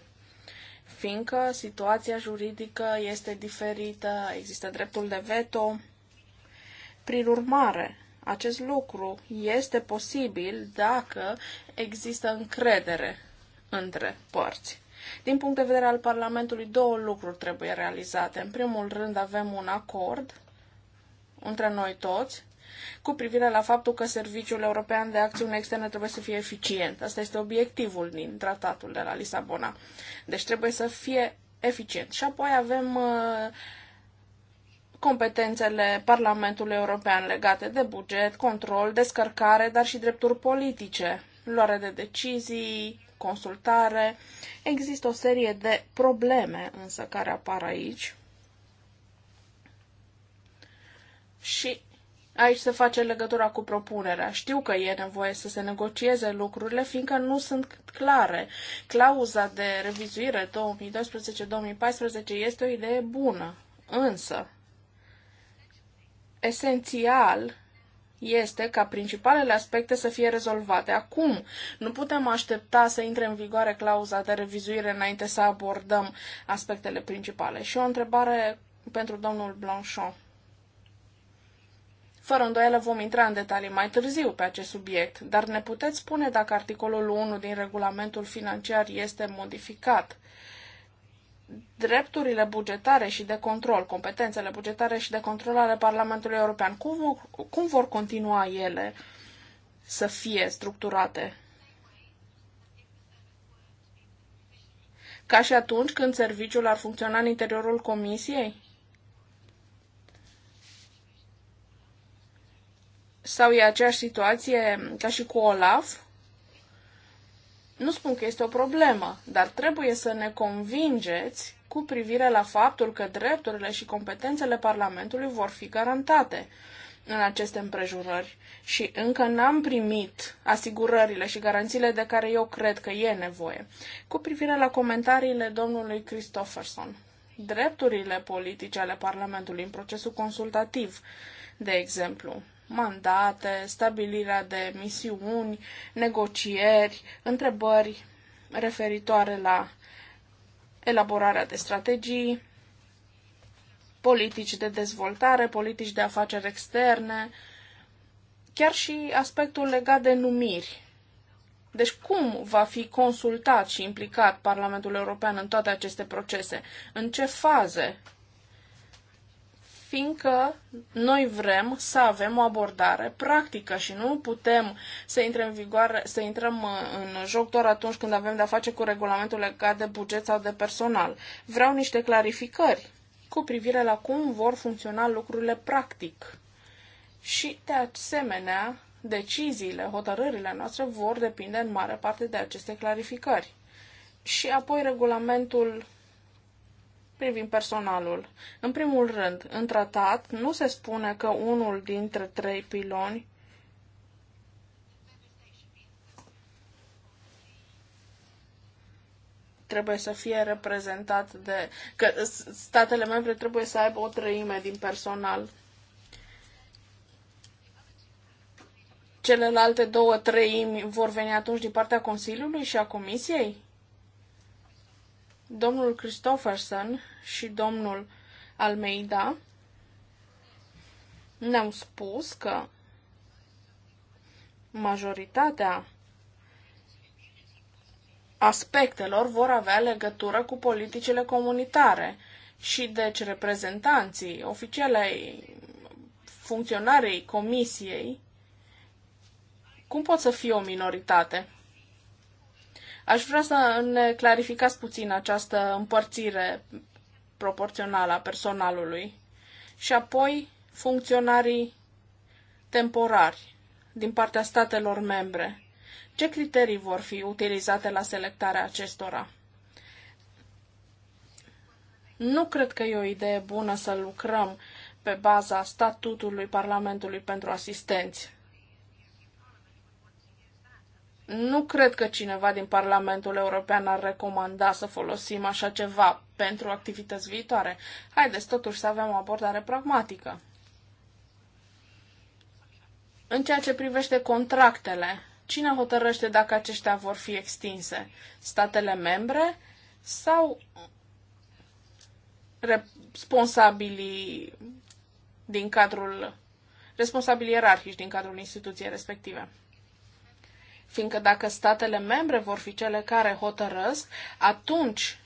Fiindcă situația juridică este diferită, există dreptul de veto. Prin urmare, acest lucru este posibil dacă există încredere între părți. Din punct de vedere al Parlamentului, două lucruri trebuie realizate. În primul rând, avem un acord între noi toți cu privire la faptul că Serviciul European de Acțiune Externă trebuie să fie eficient. Asta este obiectivul din tratatul de la Lisabona. Deci trebuie să fie eficient. Și apoi avem uh, competențele Parlamentului European legate de buget, control, descărcare, dar și drepturi politice, luare de decizii, consultare. Există o serie de probleme însă care apar aici. Și aici se face legătura cu propunerea. Știu că e nevoie să se negocieze lucrurile, fiindcă nu sunt clare. Clauza de revizuire 2012-2014 este o idee bună, însă esențial este ca principalele aspecte să fie rezolvate acum. Nu putem aștepta să intre în vigoare clauza de revizuire înainte să abordăm aspectele principale. Și o întrebare pentru domnul Blanchon. Fără îndoială vom intra în detalii mai târziu pe acest subiect, dar ne puteți spune dacă articolul 1 din regulamentul financiar este modificat drepturile bugetare și de control, competențele bugetare și de control ale Parlamentului European, cum, cum vor continua ele să fie structurate? Ca și atunci când serviciul ar funcționa în interiorul comisiei? Sau e aceeași situație ca și cu Olaf? Nu spun că este o problemă, dar trebuie să ne convingeți cu privire la faptul că drepturile și competențele Parlamentului vor fi garantate în aceste împrejurări și încă n-am primit asigurările și garanțiile de care eu cred că e nevoie. Cu privire la comentariile domnului Christofferson, drepturile politice ale Parlamentului în procesul consultativ, de exemplu, mandate, stabilirea de misiuni, negocieri, întrebări referitoare la elaborarea de strategii, politici de dezvoltare, politici de afaceri externe, chiar și aspectul legat de numiri. Deci cum va fi consultat și implicat Parlamentul European în toate aceste procese? În ce faze fiindcă noi vrem să avem o abordare practică și nu putem să intrăm în vigoare, să intrăm uh, în joc doar atunci când avem de-a face cu regulamentul legat de buget sau de personal. Vreau niște clarificări cu privire la cum vor funcționa lucrurile practic. Și, de asemenea, deciziile, hotărârile noastre vor depinde în mare parte de aceste clarificări. Și apoi regulamentul privind personalul. În primul rând, în tratat nu se spune că unul dintre trei piloni trebuie să fie reprezentat de... că statele membre trebuie să aibă o treime din personal. Celelalte două treimi vor veni atunci din partea Consiliului și a Comisiei? domnul Christofferson și domnul Almeida ne-au spus că majoritatea aspectelor vor avea legătură cu politicile comunitare și deci reprezentanții oficialei funcționarii comisiei cum pot să fie o minoritate? Aș vrea să ne clarificați puțin această împărțire proporțională a personalului și apoi funcționarii temporari din partea statelor membre. Ce criterii vor fi utilizate la selectarea acestora? Nu cred că e o idee bună să lucrăm pe baza statutului Parlamentului pentru asistenți. Nu cred că cineva din Parlamentul European ar recomanda să folosim așa ceva pentru activități viitoare. Haideți totuși să avem o abordare pragmatică. În ceea ce privește contractele, cine hotărăște dacă aceștia vor fi extinse? Statele membre sau responsabilii din cadrul responsabili ierarhici din cadrul instituției respective? fiindcă dacă statele membre vor fi cele care hotărăsc, atunci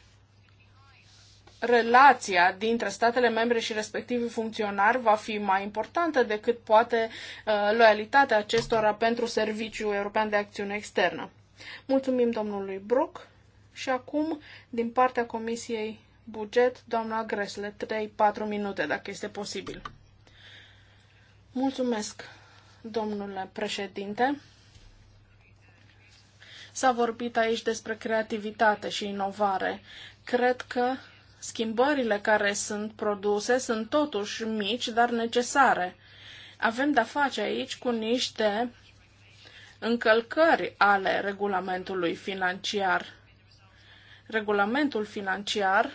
relația dintre statele membre și respectivii funcționari va fi mai importantă decât poate uh, loialitatea acestora pentru Serviciul European de Acțiune Externă. Mulțumim domnului Brook și acum, din partea Comisiei Buget, doamna Gresle, 3-4 minute, dacă este posibil. Mulțumesc, domnule președinte. S-a vorbit aici despre creativitate și inovare. Cred că schimbările care sunt produse sunt totuși mici, dar necesare. Avem de-a face aici cu niște încălcări ale regulamentului financiar. Regulamentul financiar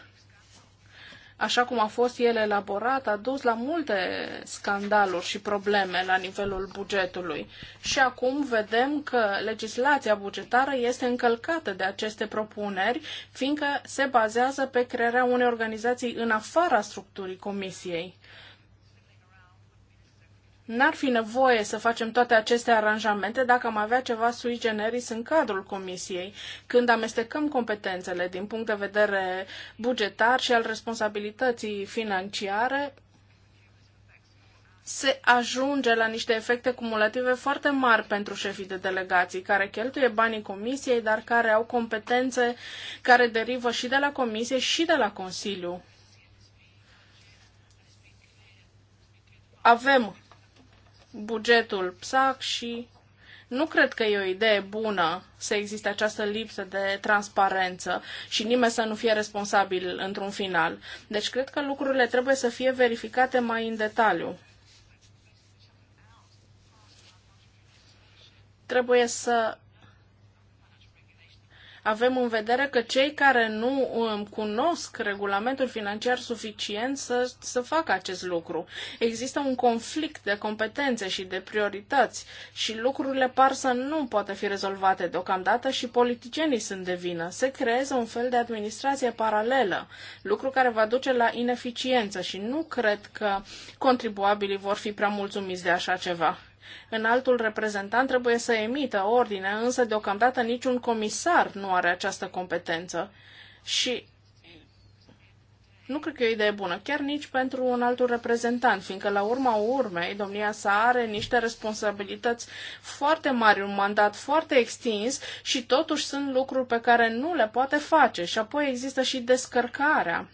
așa cum a fost el elaborat, a dus la multe scandaluri și probleme la nivelul bugetului. Și acum vedem că legislația bugetară este încălcată de aceste propuneri, fiindcă se bazează pe crearea unei organizații în afara structurii comisiei. N-ar fi nevoie să facem toate aceste aranjamente dacă am avea ceva sui generis în cadrul Comisiei, când amestecăm competențele din punct de vedere bugetar și al responsabilității financiare, se ajunge la niște efecte cumulative foarte mari pentru șefii de delegații, care cheltuie banii comisiei, dar care au competențe care derivă și de la comisie și de la Consiliu. Avem bugetul PSAC și nu cred că e o idee bună să existe această lipsă de transparență și nimeni să nu fie responsabil într-un final. Deci cred că lucrurile trebuie să fie verificate mai în detaliu. Trebuie să avem în vedere că cei care nu um, cunosc regulamentul financiar suficient să, să facă acest lucru. Există un conflict de competențe și de priorități și lucrurile par să nu poată fi rezolvate deocamdată și politicienii sunt de vină. Se creează un fel de administrație paralelă, lucru care va duce la ineficiență și nu cred că contribuabilii vor fi prea mulțumiți de așa ceva. Înaltul altul reprezentant trebuie să emită ordine, însă deocamdată niciun comisar nu are această competență. Și nu cred că e o idee bună, chiar nici pentru un altul reprezentant, fiindcă la urma urmei domnia sa are niște responsabilități foarte mari, un mandat foarte extins și totuși sunt lucruri pe care nu le poate face. Și apoi există și descărcarea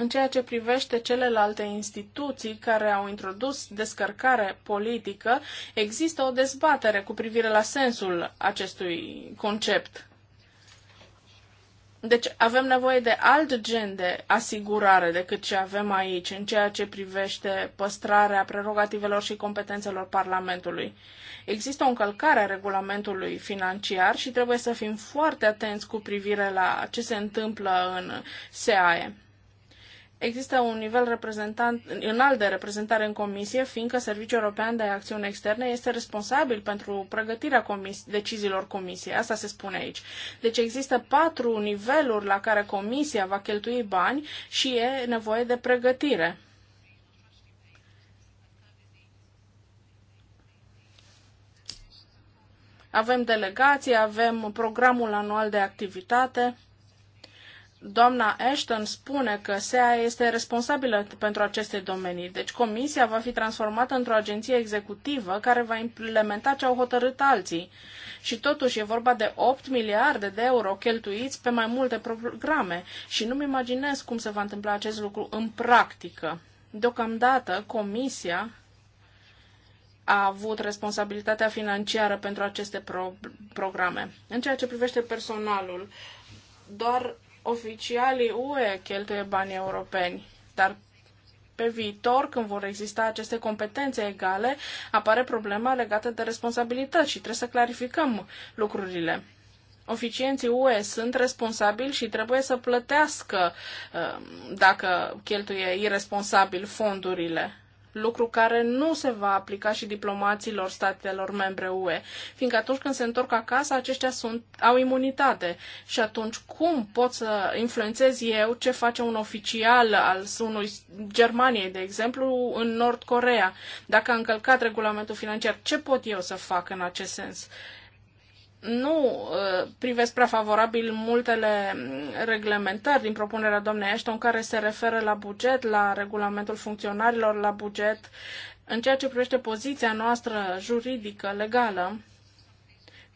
în ceea ce privește celelalte instituții care au introdus descărcare politică, există o dezbatere cu privire la sensul acestui concept. Deci avem nevoie de alt gen de asigurare decât ce avem aici în ceea ce privește păstrarea prerogativelor și competențelor Parlamentului. Există o încălcare a regulamentului financiar și trebuie să fim foarte atenți cu privire la ce se întâmplă în SAE există un nivel reprezentant, înalt de reprezentare în comisie, fiindcă Serviciul European de Acțiune Externe este responsabil pentru pregătirea comis- deciziilor comisiei. Asta se spune aici. Deci există patru niveluri la care comisia va cheltui bani și e nevoie de pregătire. Avem delegații, avem programul anual de activitate doamna Ashton spune că SEA este responsabilă pentru aceste domenii. Deci comisia va fi transformată într-o agenție executivă care va implementa ce au hotărât alții. Și totuși e vorba de 8 miliarde de euro cheltuiți pe mai multe programe și nu-mi imaginez cum se va întâmpla acest lucru în practică. Deocamdată, comisia a avut responsabilitatea financiară pentru aceste pro- programe. În ceea ce privește personalul, doar oficialii UE cheltuie banii europeni, dar pe viitor, când vor exista aceste competențe egale, apare problema legată de responsabilități și trebuie să clarificăm lucrurile. Oficienții UE sunt responsabili și trebuie să plătească uh, dacă cheltuie irresponsabil fondurile lucru care nu se va aplica și diplomaților statelor membre UE, fiindcă atunci când se întorc acasă, aceștia sunt, au imunitate. Și atunci cum pot să influențez eu ce face un oficial al unui Germaniei, de exemplu, în Nord Corea? Dacă a încălcat regulamentul financiar, ce pot eu să fac în acest sens? nu uh, privesc prea favorabil multele mm, reglementări din propunerea doamnei Ashton care se referă la buget, la regulamentul funcționarilor, la buget, în ceea ce privește poziția noastră juridică, legală.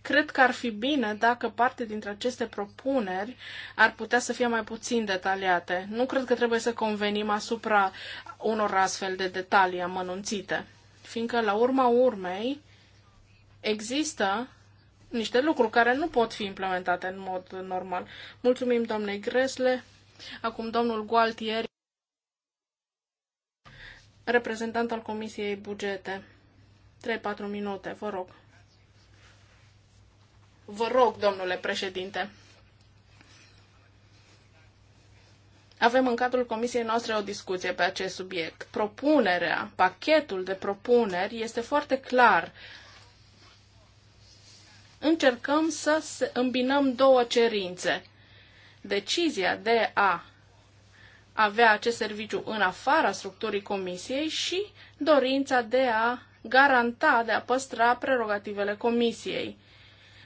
Cred că ar fi bine dacă parte dintre aceste propuneri ar putea să fie mai puțin detaliate. Nu cred că trebuie să convenim asupra unor astfel de detalii amănunțite, fiindcă la urma urmei există niște lucruri care nu pot fi implementate în mod normal. Mulțumim doamnei Gresle. Acum domnul Gualtieri, reprezentant al Comisiei Bugete. 3-4 minute, vă rog. Vă rog, domnule președinte. Avem în cadrul comisiei noastre o discuție pe acest subiect. Propunerea, pachetul de propuneri este foarte clar încercăm să îmbinăm două cerințe. Decizia de a avea acest serviciu în afara structurii comisiei și dorința de a garanta, de a păstra prerogativele comisiei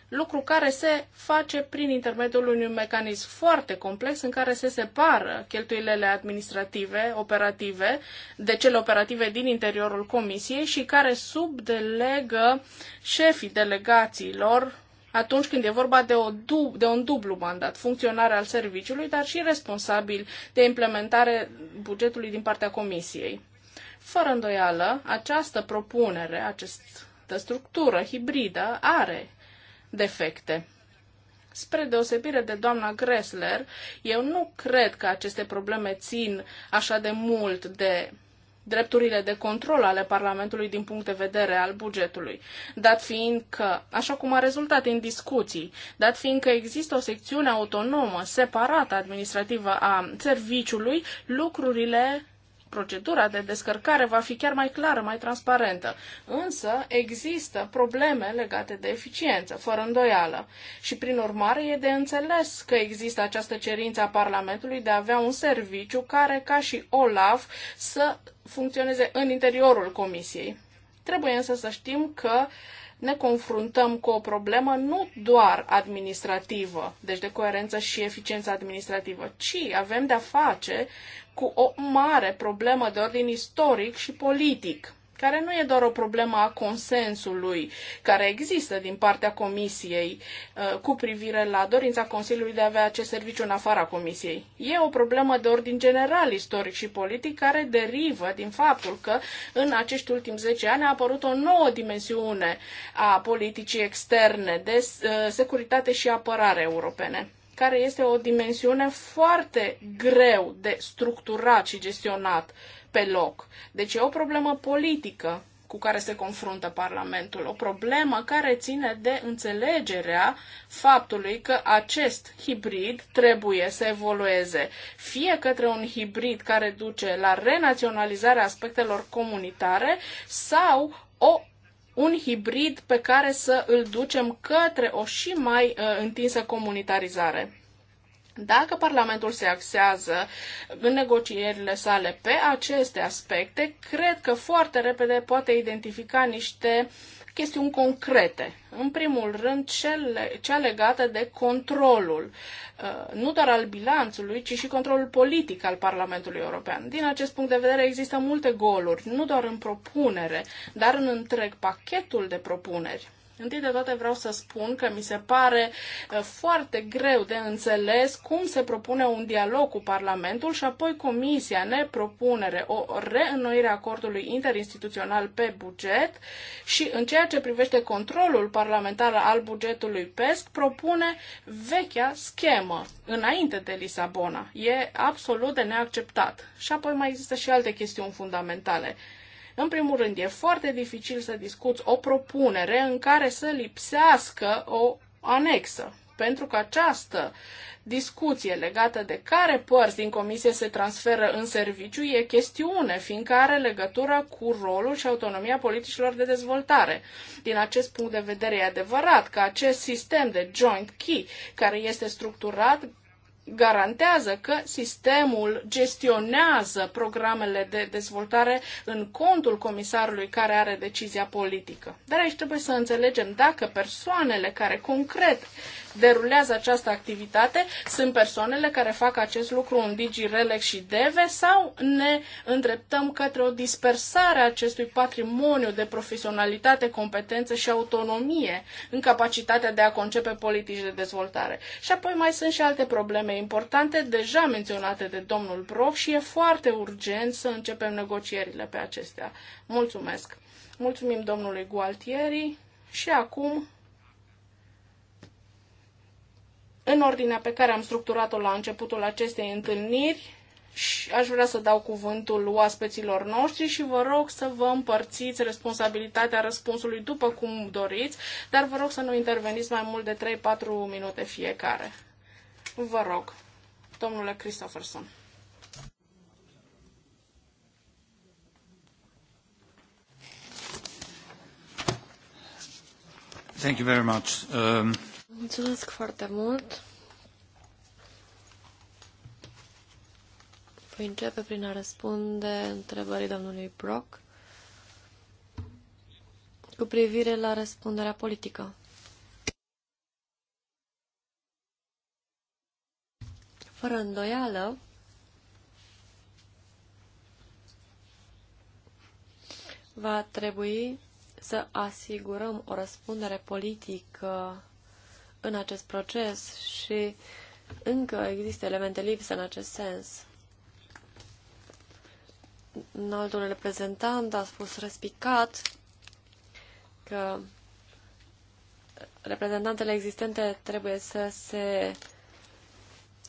lucru care se face prin intermediul unui mecanism foarte complex în care se separă cheltuielile administrative, operative, de cele operative din interiorul comisiei și care subdelegă șefii delegațiilor atunci când e vorba de, o de un dublu mandat, funcționare al serviciului, dar și responsabil de implementare bugetului din partea comisiei. Fără îndoială, această propunere, această structură hibridă are defecte. Spre deosebire de doamna Gressler, eu nu cred că aceste probleme țin așa de mult de drepturile de control ale Parlamentului din punct de vedere al bugetului, dat fiind că, așa cum a rezultat în discuții, dat fiind că există o secțiune autonomă, separată administrativă a serviciului, lucrurile procedura de descărcare va fi chiar mai clară, mai transparentă. Însă există probleme legate de eficiență, fără îndoială. Și prin urmare e de înțeles că există această cerință a Parlamentului de a avea un serviciu care, ca și OLAF, să funcționeze în interiorul Comisiei. Trebuie însă să știm că ne confruntăm cu o problemă nu doar administrativă, deci de coerență și eficiență administrativă, ci avem de-a face cu o mare problemă de ordin istoric și politic care nu e doar o problemă a consensului care există din partea Comisiei uh, cu privire la dorința Consiliului de a avea acest serviciu în afara Comisiei. E o problemă de ordin general istoric și politic care derivă din faptul că în acești ultimi 10 ani a apărut o nouă dimensiune a politicii externe de uh, securitate și apărare europene care este o dimensiune foarte greu de structurat și gestionat pe loc. Deci e o problemă politică cu care se confruntă Parlamentul, o problemă care ține de înțelegerea faptului că acest hibrid trebuie să evolueze fie către un hibrid care duce la renaționalizarea aspectelor comunitare sau o un hibrid pe care să îl ducem către o și mai uh, întinsă comunitarizare. Dacă Parlamentul se axează în negocierile sale pe aceste aspecte, cred că foarte repede poate identifica niște chestiuni concrete. În primul rând, cea legată de controlul, uh, nu doar al bilanțului, ci și controlul politic al Parlamentului European. Din acest punct de vedere, există multe goluri, nu doar în propunere, dar în întreg pachetul de propuneri. Întâi de toate vreau să spun că mi se pare uh, foarte greu de înțeles cum se propune un dialog cu Parlamentul și apoi Comisia ne propunere o reînnoire a acordului interinstituțional pe buget și în ceea ce privește controlul parlamentar al bugetului PESC propune vechea schemă înainte de Lisabona. E absolut de neacceptat. Și apoi mai există și alte chestiuni fundamentale. În primul rând, e foarte dificil să discuți o propunere în care să lipsească o anexă. Pentru că această discuție legată de care părți din comisie se transferă în serviciu e chestiune, fiindcă are legătură cu rolul și autonomia politicilor de dezvoltare. Din acest punct de vedere e adevărat că acest sistem de joint key, care este structurat garantează că sistemul gestionează programele de dezvoltare în contul comisarului care are decizia politică. Dar aici trebuie să înțelegem dacă persoanele care concret derulează această activitate sunt persoanele care fac acest lucru în Relex și DEVE sau ne îndreptăm către o dispersare a acestui patrimoniu de profesionalitate, competență și autonomie în capacitatea de a concepe politici de dezvoltare. Și apoi mai sunt și alte probleme importante deja menționate de domnul Brock și e foarte urgent să începem negocierile pe acestea. Mulțumesc! Mulțumim domnului Gualtieri și acum În ordinea pe care am structurat-o la începutul acestei întâlniri, și aș vrea să dau cuvântul oaspeților noștri și vă rog să vă împărțiți responsabilitatea răspunsului după cum doriți, dar vă rog să nu interveniți mai mult de 3-4 minute fiecare. Vă rog, domnule Christopherson. Thank you very much. Um... Mulțumesc foarte mult. Voi începe prin a răspunde întrebării domnului Brock cu privire la răspunderea politică. Fără îndoială, va trebui să asigurăm o răspundere politică în acest proces și încă există elemente lipsă în acest sens. altul reprezentant a spus respicat că reprezentantele existente trebuie să se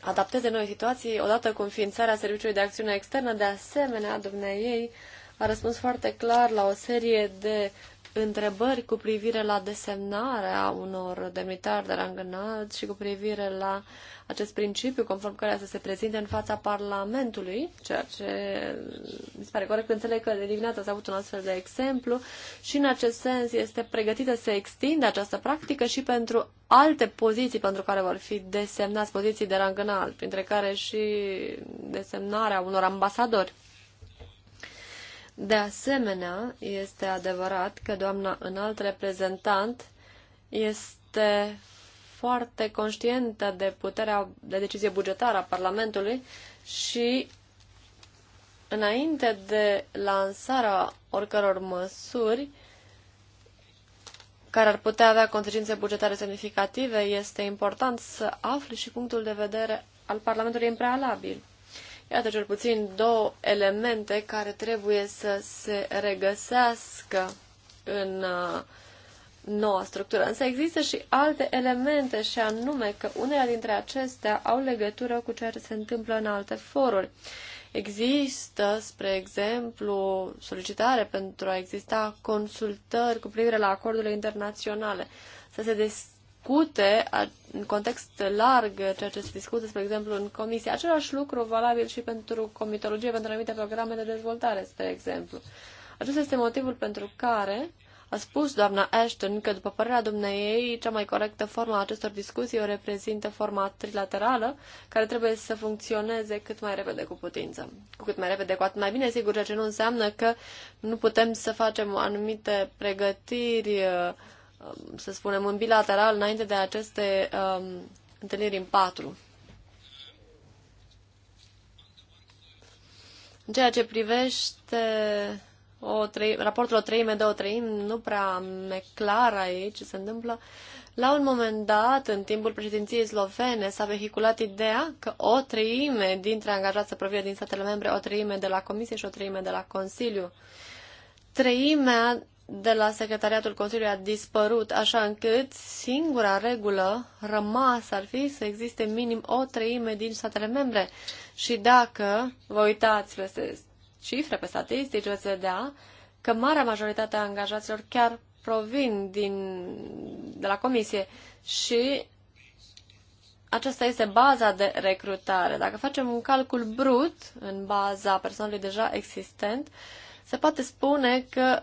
adapteze noi situații odată cu înființarea Serviciului de Acțiune Externă. De asemenea, dumnea ei a răspuns foarte clar la o serie de întrebări cu privire la desemnarea unor demnitari de rang înalt și cu privire la acest principiu conform care să se prezinte în fața Parlamentului, ceea ce mi se pare corect. Înțeleg că de dimineață s-a avut un astfel de exemplu și în acest sens este pregătită să extindă această practică și pentru alte poziții pentru care vor fi desemnați poziții de rang înalt, printre care și desemnarea unor ambasadori. De asemenea, este adevărat că doamna înalt reprezentant este foarte conștientă de puterea de decizie bugetară a Parlamentului și înainte de lansarea oricăror măsuri care ar putea avea consecințe bugetare semnificative, este important să afli și punctul de vedere al Parlamentului în prealabil. Iată cel puțin două elemente care trebuie să se regăsească în uh, noua structură. Însă există și alte elemente și anume că unele dintre acestea au legătură cu ceea ce se întâmplă în alte foruri. Există, spre exemplu, solicitare pentru a exista consultări cu privire la acordurile internaționale, să se des- discute în context larg ceea ce se discută, spre exemplu, în comisie. Același lucru valabil și pentru comitologie, pentru anumite programe de dezvoltare, spre exemplu. Acesta este motivul pentru care a spus doamna Ashton că, după părerea dumneiei, cea mai corectă formă a acestor discuții o reprezintă forma trilaterală, care trebuie să funcționeze cât mai repede cu putință. Cu cât mai repede, cu atât mai bine, sigur, ceea ce nu înseamnă că nu putem să facem anumite pregătiri Um, să spunem, în bilateral înainte de aceste um, întâlniri în patru. În ceea ce privește o trei, raportul o treime, două treime, nu prea e clar aici ce se întâmplă. La un moment dat, în timpul președinției slovene, s-a vehiculat ideea că o treime dintre angajați să provie din statele membre, o treime de la Comisie și o treime de la Consiliu. Treimea de la secretariatul Consiliului a dispărut, așa încât singura regulă rămasă ar fi să existe minim o treime din statele membre. Și dacă vă uitați peste cifre, pe statistici, veți vedea că marea majoritate a angajaților chiar provin din, de la comisie și aceasta este baza de recrutare. Dacă facem un calcul brut în baza personalului deja existent, se poate spune că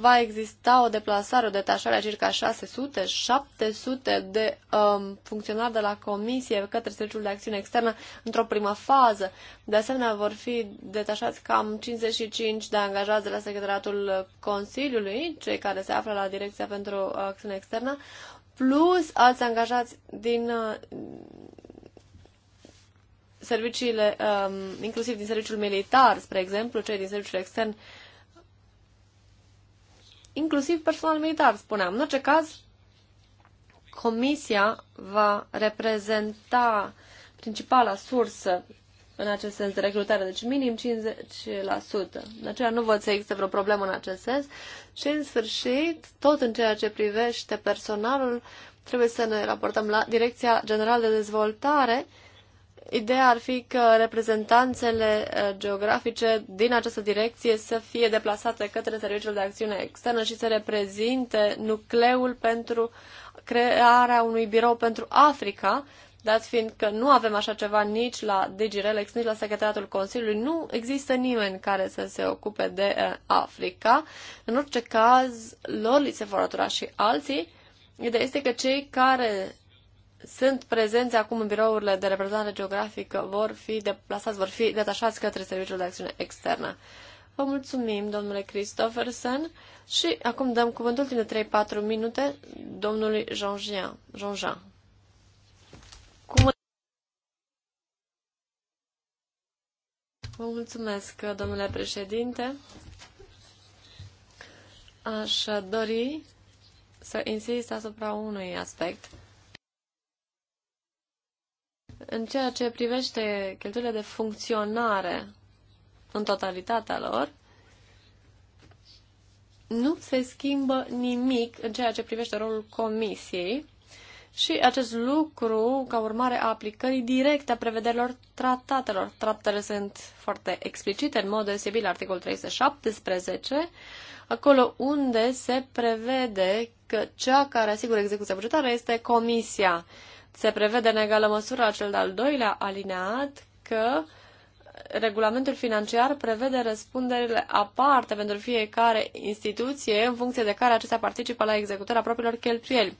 va exista o deplasare, o detașare a circa 600-700 de um, funcționari de la Comisie către Serviciul de Acțiune Externă într-o primă fază. De asemenea, vor fi detașați cam 55 de angajați de la Secretariatul Consiliului, cei care se află la Direcția pentru Acțiune Externă, plus alți angajați din uh, serviciile, um, inclusiv din serviciul militar, spre exemplu, cei din serviciul extern, uh, inclusiv personal militar, spuneam. În orice caz, Comisia va reprezenta principala sursă în acest sens de recrutare, deci minim 50%. De aceea nu văd să există vreo problemă în acest sens. Și în sfârșit, tot în ceea ce privește personalul, trebuie să ne raportăm la Direcția Generală de Dezvoltare, Ideea ar fi că reprezentanțele uh, geografice din această direcție să fie deplasate către Serviciul de Acțiune Externă și să reprezinte nucleul pentru crearea unui birou pentru Africa, dat fiind că nu avem așa ceva nici la DigiRelex, nici la Secretariatul Consiliului, nu există nimeni care să se ocupe de uh, Africa. În orice caz, lor li se vor atura și alții. Ideea este că cei care sunt prezenți acum în birourile de reprezentare geografică vor fi deplasați, vor fi detașați către Serviciul de Acțiune Externă. Vă mulțumim, domnule Christoffersen, și acum dăm cuvântul din de 3-4 minute domnului Jean-Jean. Jean-Jean. Vă mulțumesc, domnule președinte. Aș dori să insist asupra unui aspect în ceea ce privește cheltuielile de funcționare în totalitatea lor, nu se schimbă nimic în ceea ce privește rolul comisiei și acest lucru ca urmare a aplicării directe a prevederilor tratatelor. Tratatele sunt foarte explicite, în mod deosebit la articolul 317, acolo unde se prevede că cea care asigură execuția bugetară este comisia. Se prevede în egală măsură acel de-al doilea alineat că regulamentul financiar prevede răspunderile aparte pentru fiecare instituție în funcție de care acestea participă la executarea propriilor cheltuieli.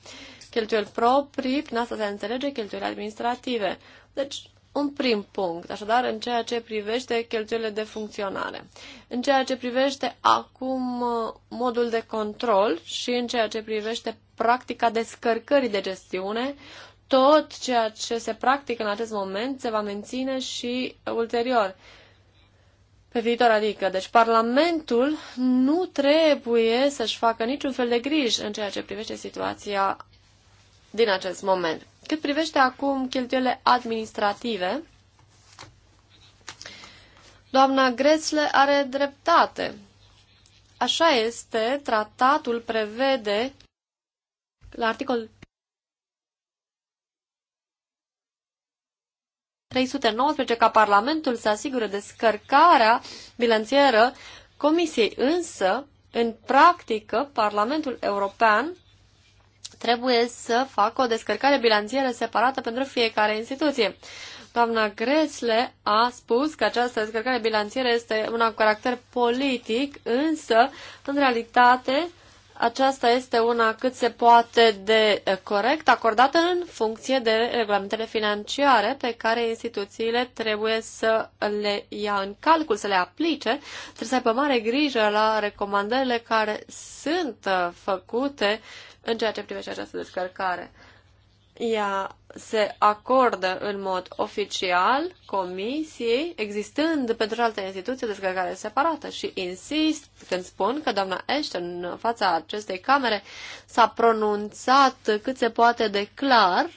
Cheltuieli proprii, prin asta se înțelege cheltuieli administrative. Deci, un prim punct, așadar, în ceea ce privește cheltuielile de funcționare. În ceea ce privește acum uh, modul de control și în ceea ce privește practica descărcării de gestiune, uh, tot ceea ce se practică în acest moment se va menține și ulterior. Pe viitor, adică, deci Parlamentul nu trebuie să-și facă niciun fel de griji în ceea ce privește situația din acest moment. Cât privește acum cheltuielile administrative, doamna Gresle are dreptate. Așa este, tratatul prevede la articol 319 ca Parlamentul să asigure descărcarea bilanțieră Comisiei. Însă, în practică, Parlamentul European trebuie să facă o descărcare bilanțieră separată pentru fiecare instituție. Doamna Gresle a spus că această descărcare bilanțieră este una cu caracter politic, însă, în realitate, aceasta este una cât se poate de corect, acordată în funcție de regulamentele financiare pe care instituțiile trebuie să le ia în calcul, să le aplice. Trebuie să aibă mare grijă la recomandările care sunt uh, făcute în ceea ce privește această descărcare ea se acordă în mod oficial comisiei, existând pentru alte instituții descărcare separată. Și insist când spun că doamna Ashton, în fața acestei camere, s-a pronunțat cât se poate de clar,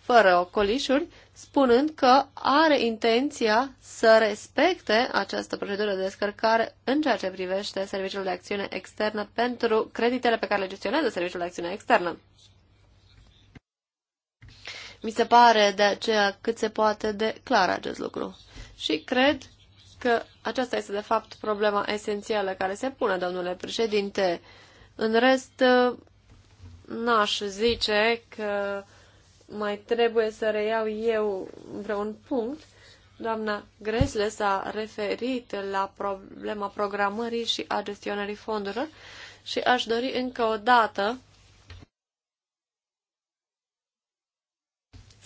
fără ocolișuri, spunând că are intenția să respecte această procedură de descărcare în ceea ce privește serviciul de acțiune externă pentru creditele pe care le gestionează serviciul de acțiune externă. Mi se pare de aceea cât se poate de clar acest lucru. Și cred că aceasta este de fapt problema esențială care se pune, domnule președinte. În rest, n-aș zice că mai trebuie să reiau eu vreun punct. Doamna Gresle s-a referit la problema programării și a gestionării fondurilor și aș dori încă o dată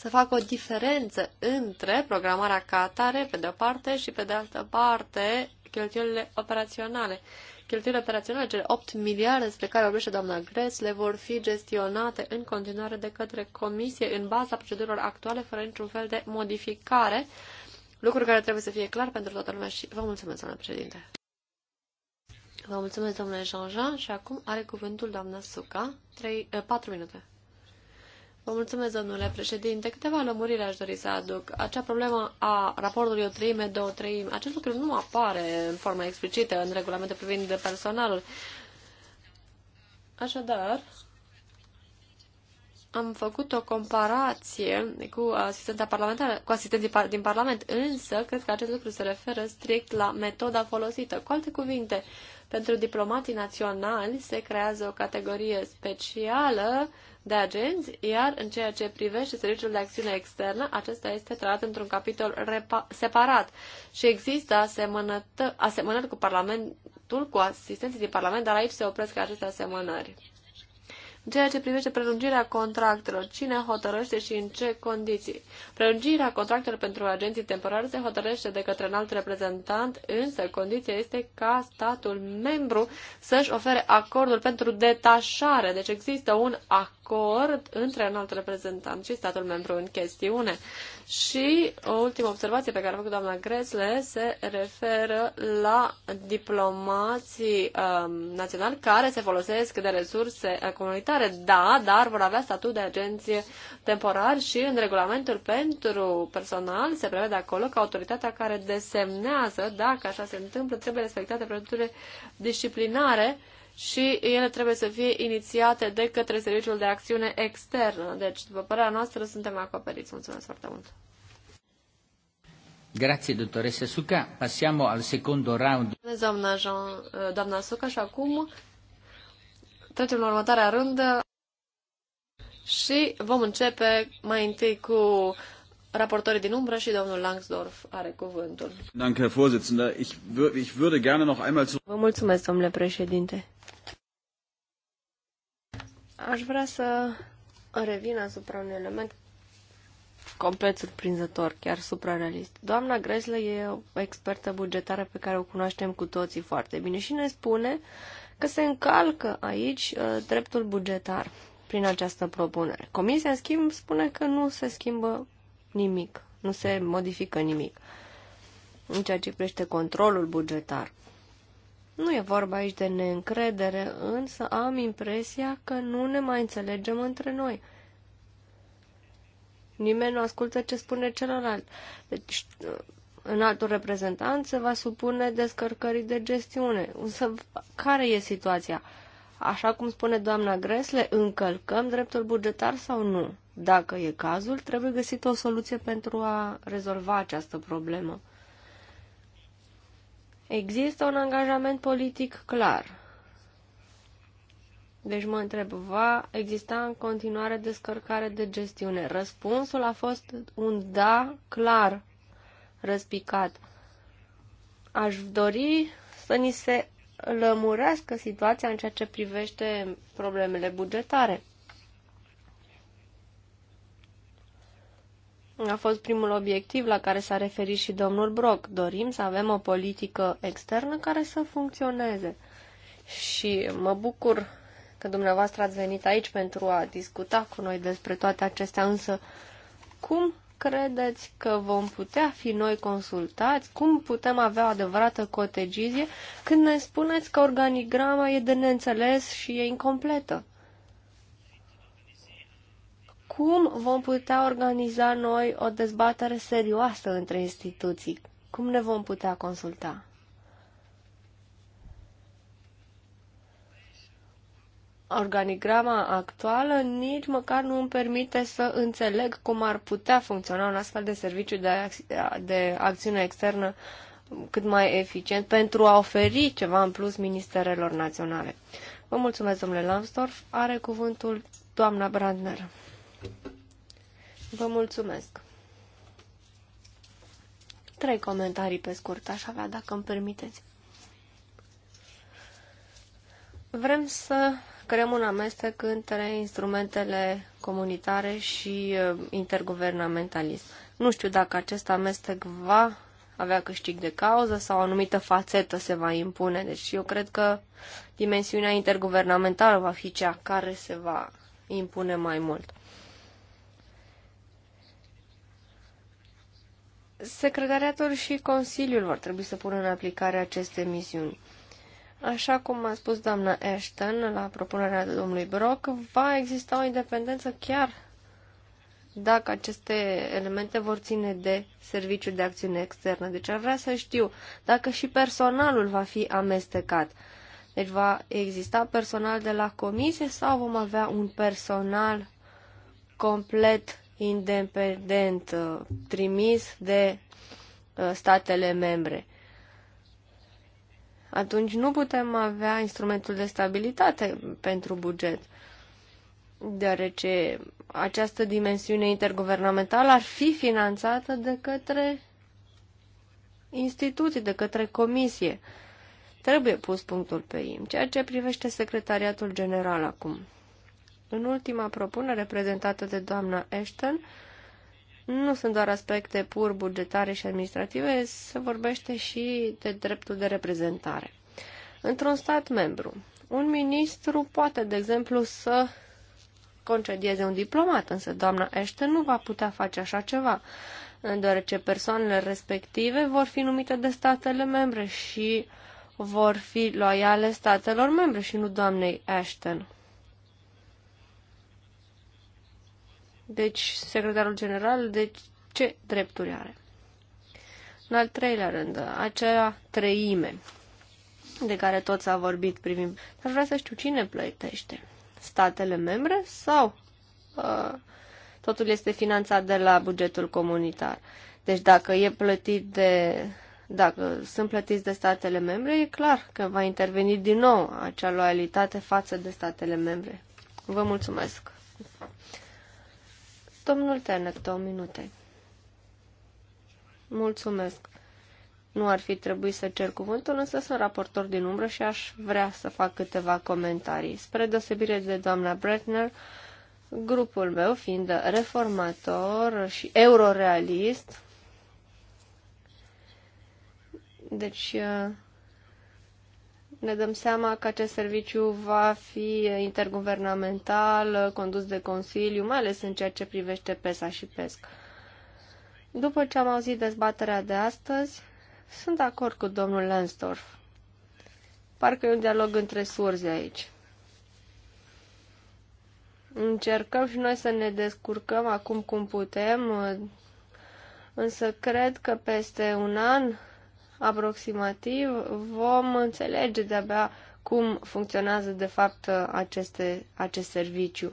să facă o diferență între programarea ca atare, pe de-o parte, și pe de altă parte, cheltuielile operaționale. Cheltuielile operaționale, cele 8 miliarde despre care vorbește doamna Gres, le vor fi gestionate în continuare de către comisie în baza procedurilor actuale, fără niciun fel de modificare, lucru care trebuie să fie clar pentru toată lumea și vă mulțumesc, doamna președinte. Vă mulțumesc, domnule Jean-Jean, și acum are cuvântul doamna Suca, 3, 4 eh, minute. Vă mulțumesc, domnule președinte. Câteva lămuriri aș dori să aduc. Acea problemă a raportului o treime, două treime, acest lucru nu apare în formă explicită în regulamentul privind de personal. Așadar, am făcut o comparație cu asistenta parlamentară, cu asistenții din Parlament, însă cred că acest lucru se referă strict la metoda folosită. Cu alte cuvinte, pentru diplomații naționali se creează o categorie specială uh, de agenți, iar în ceea ce privește serviciul de acțiune externă, acesta este tratat într-un capitol separat și există asemănări cu Parlamentul, cu asistenții din Parlament, dar aici se opresc aceste asemănări ceea ce privește prelungirea contractelor, cine hotărăște și în ce condiții. Prelungirea contractelor pentru agenții temporari se hotărăște de către un alt reprezentant, însă condiția este ca statul membru să-și ofere acordul pentru detașare. Deci există un acord între un alt reprezentant și statul membru în chestiune. Și o ultimă observație pe care a făcut doamna Gresle se referă la diplomații um, naționali care se folosesc de resurse uh, comunitare comunitare, da, dar vor avea statut de agenție temporar și în regulamentul pentru personal se prevede acolo că autoritatea care desemnează, dacă așa se întâmplă, trebuie respectate procedurile disciplinare și ele trebuie să fie inițiate de către Serviciul de Acțiune Externă. Deci, după părerea noastră, suntem acoperiți. Mulțumesc foarte mult! Grazie, dottoressa Suca. Passiamo al secondo round. Doamna, Jean, doamna Suca, și acum Trecem la următoarea rândă și vom începe mai întâi cu raportorii din umbră și domnul Langsdorf are cuvântul. Vă mulțumesc, domnule președinte. Aș vrea să revin asupra unui element complet surprinzător, chiar suprarealist. Doamna Gresle e o expertă bugetară pe care o cunoaștem cu toții foarte bine și ne spune că se încalcă aici uh, dreptul bugetar prin această propunere. Comisia, în schimb, spune că nu se schimbă nimic, nu se modifică nimic în ceea ce privește controlul bugetar. Nu e vorba aici de neîncredere, însă am impresia că nu ne mai înțelegem între noi. Nimeni nu ascultă ce spune celălalt. Deci, uh, înaltul reprezentant se va supune descărcării de gestiune. Însă, care e situația? Așa cum spune doamna Gresle, încălcăm dreptul bugetar sau nu? Dacă e cazul, trebuie găsit o soluție pentru a rezolva această problemă. Există un angajament politic clar. Deci mă întreb, va exista în continuare descărcare de gestiune? Răspunsul a fost un da clar răspicat. Aș dori să ni se lămurească situația în ceea ce privește problemele bugetare. A fost primul obiectiv la care s-a referit și domnul Brock. Dorim să avem o politică externă care să funcționeze. Și mă bucur că dumneavoastră ați venit aici pentru a discuta cu noi despre toate acestea, însă cum credeți că vom putea fi noi consultați? Cum putem avea o adevărată cotegizie când ne spuneți că organigrama e de neînțeles și e incompletă? Cum vom putea organiza noi o dezbatere serioasă între instituții? Cum ne vom putea consulta? organigrama actuală nici măcar nu îmi permite să înțeleg cum ar putea funcționa un astfel de serviciu de, ac- de acțiune externă cât mai eficient pentru a oferi ceva în plus ministerelor naționale. Vă mulțumesc, domnule Lambsdorff. Are cuvântul doamna Brandner. Vă mulțumesc. Trei comentarii pe scurt, aș avea, dacă îmi permiteți. Vrem să creăm un amestec între instrumentele comunitare și uh, interguvernamentalism. Nu știu dacă acest amestec va avea câștig de cauză sau o anumită fațetă se va impune. Deci eu cred că dimensiunea interguvernamentală va fi cea care se va impune mai mult. Secretariatul și Consiliul vor trebui să pună în aplicare aceste misiuni. Așa cum a spus doamna Ashton la propunerea domnului Brock, va exista o independență chiar dacă aceste elemente vor ține de serviciul de acțiune externă. Deci ar vrea să știu dacă și personalul va fi amestecat. Deci va exista personal de la comisie sau vom avea un personal complet independent uh, trimis de uh, statele membre atunci nu putem avea instrumentul de stabilitate pentru buget, deoarece această dimensiune interguvernamentală ar fi finanțată de către instituții, de către comisie. Trebuie pus punctul pe ei, ceea ce privește secretariatul general acum. În ultima propunere prezentată de doamna Ashton, nu sunt doar aspecte pur bugetare și administrative, se vorbește și de dreptul de reprezentare. Într-un stat membru, un ministru poate, de exemplu, să concedieze un diplomat, însă doamna Ashton nu va putea face așa ceva, deoarece persoanele respective vor fi numite de statele membre și vor fi loiale statelor membre și nu doamnei Ashton. Deci, secretarul general, de deci, ce drepturi are? În al treilea rând, acea treime de care toți s-a vorbit privind. Dar vrea să știu cine plătește. Statele membre sau uh, totul este finanțat de la bugetul comunitar? Deci dacă e plătit de dacă sunt plătiți de statele membre, e clar că va interveni din nou acea loialitate față de statele membre. Vă mulțumesc! Domnul Tenec, două minute. Mulțumesc. Nu ar fi trebuit să cer cuvântul, însă sunt raportor din umbră și aș vrea să fac câteva comentarii. Spre deosebire de doamna Bretner, grupul meu, fiind reformator și eurorealist, deci uh, ne dăm seama că acest serviciu va fi interguvernamental, condus de Consiliu, mai ales în ceea ce privește PESA și PESC. După ce am auzit dezbaterea de astăzi, sunt de acord cu domnul Lansdorf. Parcă e un dialog între surzi aici. Încercăm și noi să ne descurcăm acum cum putem, însă cred că peste un an aproximativ, vom înțelege de-abia cum funcționează de fapt aceste, acest serviciu.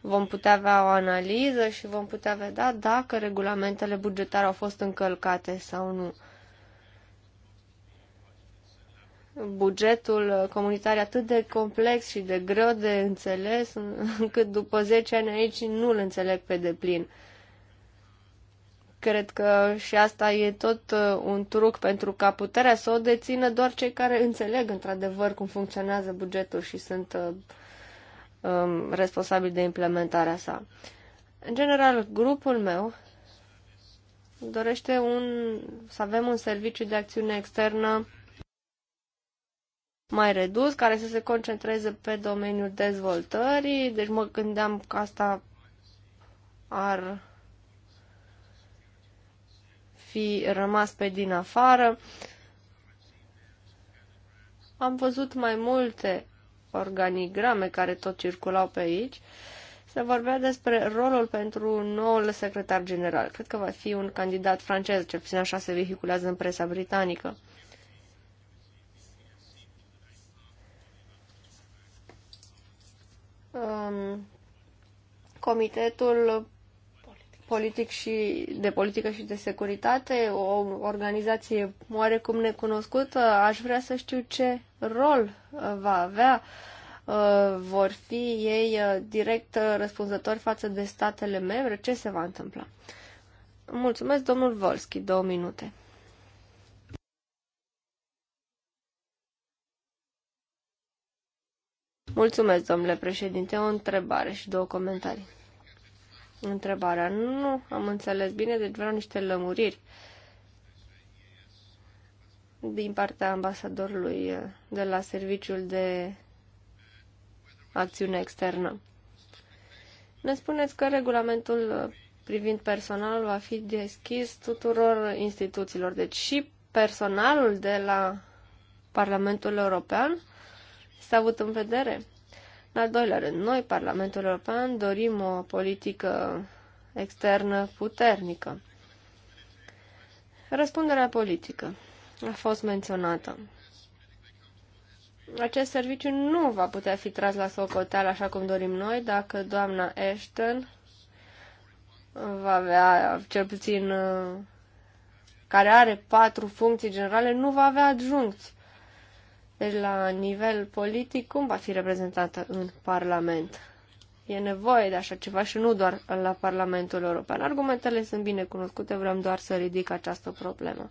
Vom putea avea o analiză și vom putea vedea dacă regulamentele bugetare au fost încălcate sau nu. Bugetul comunitar e atât de complex și de greu de înțeles, încât după 10 ani aici nu-l înțeleg pe deplin. Cred că și asta e tot uh, un truc pentru ca puterea să o dețină doar cei care înțeleg într-adevăr cum funcționează bugetul și sunt uh, um, responsabili de implementarea sa. În general, grupul meu dorește un, să avem un serviciu de acțiune externă mai redus, care să se concentreze pe domeniul dezvoltării. Deci mă gândeam că asta ar fi rămas pe din afară. Am văzut mai multe organigrame care tot circulau pe aici. Se vorbea despre rolul pentru noul secretar general. Cred că va fi un candidat francez, cel puțin așa se vehiculează în presa britanică. Um, comitetul politic și, de politică și de securitate, o organizație oarecum necunoscută, aș vrea să știu ce rol uh, va avea. Uh, vor fi ei uh, direct răspunzători față de statele membre? Ce se va întâmpla? Mulțumesc, domnul Volski, două minute. Mulțumesc, domnule președinte. O întrebare și două comentarii întrebarea. Nu am înțeles bine, deci vreau niște lămuriri din partea ambasadorului eh, de la Serviciul de Acțiune Externă. Ne spuneți că regulamentul eh, privind personalul va fi deschis tuturor instituțiilor, deci și personalul de la Parlamentul European s-a avut în vedere în al doilea rând, noi, Parlamentul European, dorim o politică externă puternică. Răspunderea politică a fost menționată. Acest serviciu nu va putea fi tras la socoteală așa cum dorim noi dacă doamna Ashton va avea cel puțin uh, care are patru funcții generale, nu va avea adjuncți la nivel politic, cum va fi reprezentată în Parlament. E nevoie de așa ceva și nu doar la Parlamentul European. Argumentele sunt bine cunoscute, vreau doar să ridic această problemă.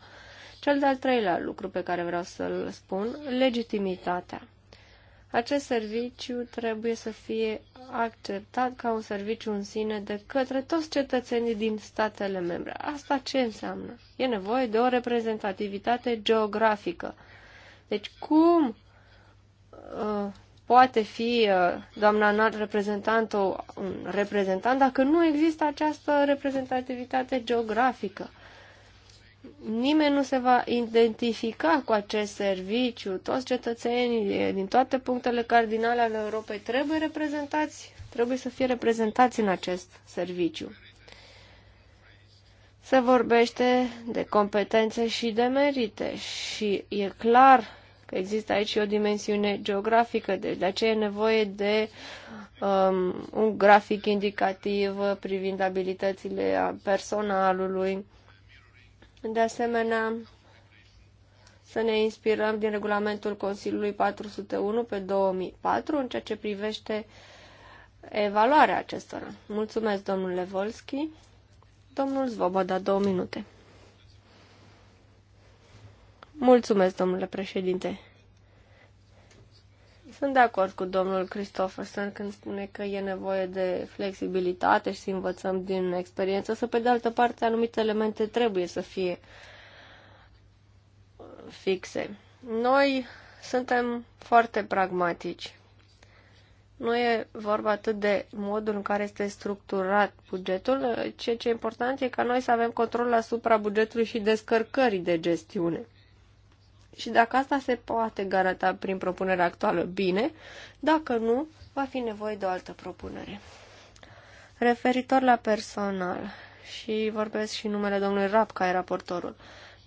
Cel de-al treilea lucru pe care vreau să-l spun, legitimitatea. Acest serviciu trebuie să fie acceptat ca un serviciu în sine de către toți cetățenii din statele membre. Asta ce înseamnă? E nevoie de o reprezentativitate geografică deci cum uh, poate fi uh, doamna înalt reprezentant un reprezentant dacă nu există această reprezentativitate geografică? Nimeni nu se va identifica cu acest serviciu. Toți cetățenii din toate punctele cardinale ale Europei trebuie reprezentați, trebuie să fie reprezentați în acest serviciu se vorbește de competențe și de merite și e clar că există aici o dimensiune geografică, deci de aceea e nevoie de um, un grafic indicativ privind abilitățile a personalului. De asemenea, să ne inspirăm din regulamentul Consiliului 401 pe 2004 în ceea ce privește evaluarea acestora. Mulțumesc, domnule Volski. Domnul Zvoboda, două minute. Mulțumesc, domnule președinte. Sunt de acord cu domnul Christopherson când spune că e nevoie de flexibilitate și să învățăm din experiență, să pe de altă parte anumite elemente trebuie să fie fixe. Noi suntem foarte pragmatici nu e vorba atât de modul în care este structurat bugetul, ceea ce e important e ca noi să avem control asupra bugetului și descărcării de gestiune. Și dacă asta se poate garanta prin propunerea actuală, bine, dacă nu, va fi nevoie de o altă propunere. Referitor la personal, și vorbesc și numele domnului Rap, care e raportorul,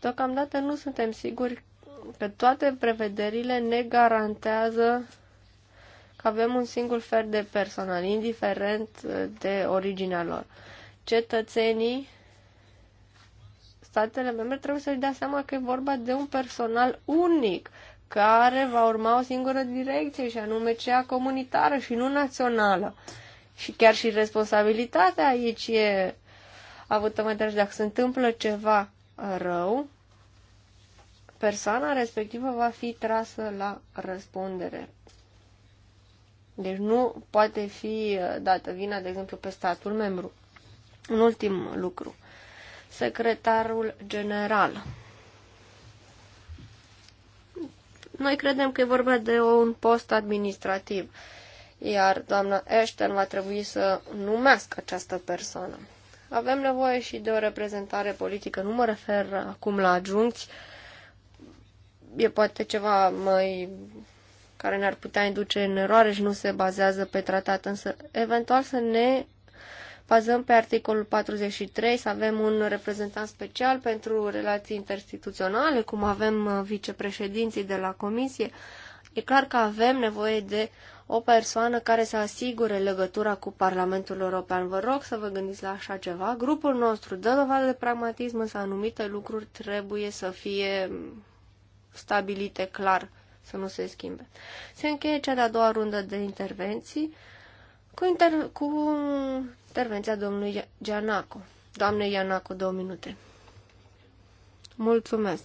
deocamdată nu suntem siguri că toate prevederile ne garantează avem un singur fel de personal, indiferent uh, de originea lor. Cetățenii, statele membre trebuie să-și dea seama că e vorba de un personal unic, care va urma o singură direcție, și anume cea comunitară și nu națională. Și chiar și responsabilitatea aici e avută mai târziu. Dacă se întâmplă ceva rău, persoana respectivă va fi trasă la răspundere deci nu poate fi uh, dată vina, de exemplu, pe statul membru. Un ultim lucru. Secretarul general. Noi credem că e vorba de un post administrativ, iar doamna Ashton va trebui să numească această persoană. Avem nevoie și de o reprezentare politică. Nu mă refer acum la adjunți, E poate ceva mai care ne-ar putea induce în eroare și nu se bazează pe tratat, însă eventual să ne bazăm pe articolul 43, să avem un reprezentant special pentru relații interinstituționale, cum avem uh, vicepreședinții de la comisie. E clar că avem nevoie de o persoană care să asigure legătura cu Parlamentul European. Vă rog să vă gândiți la așa ceva. Grupul nostru dă dovadă de pragmatism, însă anumite lucruri trebuie să fie stabilite clar să nu se schimbe. Se încheie cea de-a doua rundă de intervenții cu, inter- cu intervenția domnului Gianaco. Doamne Gianaco, două minute. Mulțumesc.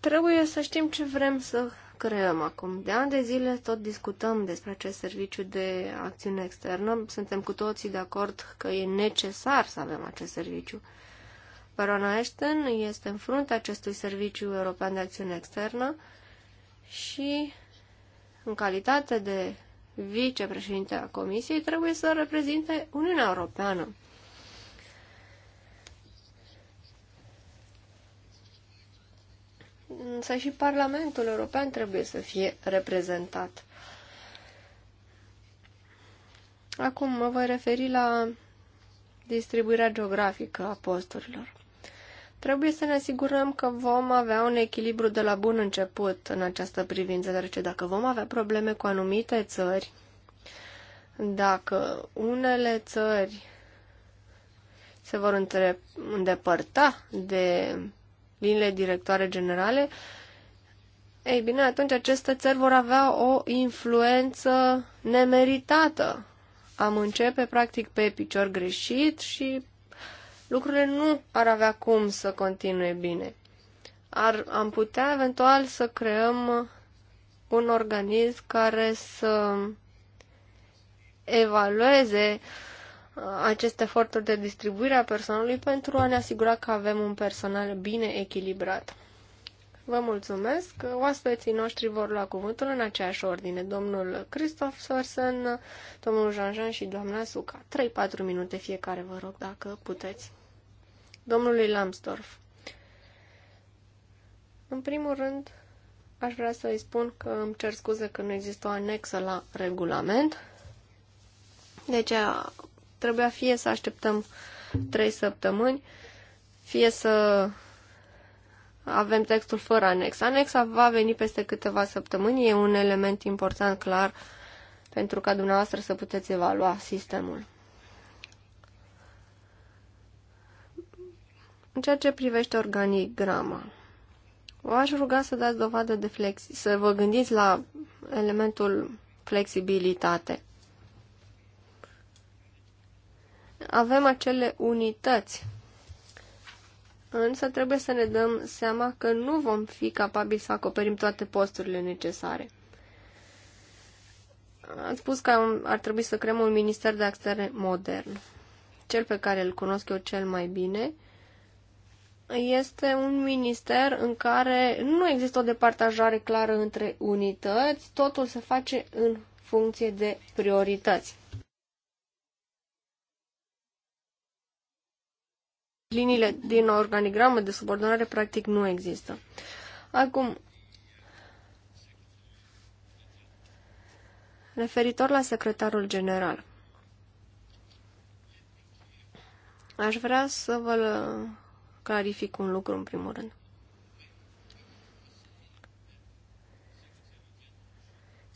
Trebuie să știm ce vrem să creăm acum. De ani de zile tot discutăm despre acest serviciu de acțiune externă. Suntem cu toții de acord că e necesar să avem acest serviciu. Barona Ashton este în fruntea acestui serviciu european de acțiune externă și, în calitate de vicepreședinte a Comisiei, trebuie să reprezinte Uniunea Europeană. Însă și Parlamentul European trebuie să fie reprezentat. Acum mă voi referi la distribuirea geografică a posturilor. Trebuie să ne asigurăm că vom avea un echilibru de la bun început în această privință, deoarece dacă vom avea probleme cu anumite țări, dacă unele țări se vor între, îndepărta de liniile directoare generale, ei bine, atunci aceste țări vor avea o influență nemeritată. Am începe, practic, pe picior greșit și lucrurile nu ar avea cum să continue bine. Ar, am putea eventual să creăm un organism care să evalueze uh, aceste eforturi de distribuire a personalului pentru a ne asigura că avem un personal bine echilibrat. Vă mulțumesc. Oaspeții noștri vor lua cuvântul în aceeași ordine. Domnul Christoph Sorsen, domnul Jean-Jean și doamna Suca. 3-4 minute fiecare, vă rog, dacă puteți domnului Lambsdorff. În primul rând, aș vrea să îi spun că îmi cer scuze că nu există o anexă la regulament. Deci trebuia fie să așteptăm trei săptămâni, fie să avem textul fără anex. Anexa va veni peste câteva săptămâni, e un element important clar pentru ca dumneavoastră să puteți evalua sistemul. În ceea ce privește organigrama, v-aș ruga să dați dovadă de flexi, să vă gândiți la elementul flexibilitate. Avem acele unități, însă trebuie să ne dăm seama că nu vom fi capabili să acoperim toate posturile necesare. Ați spus că ar trebui să creăm un minister de externe modern. Cel pe care îl cunosc eu cel mai bine este un minister în care nu există o departajare clară între unități, totul se face în funcție de priorități. Liniile din organigramă de subordonare practic nu există. Acum, referitor la secretarul general, aș vrea să vă clarific un lucru în primul rând.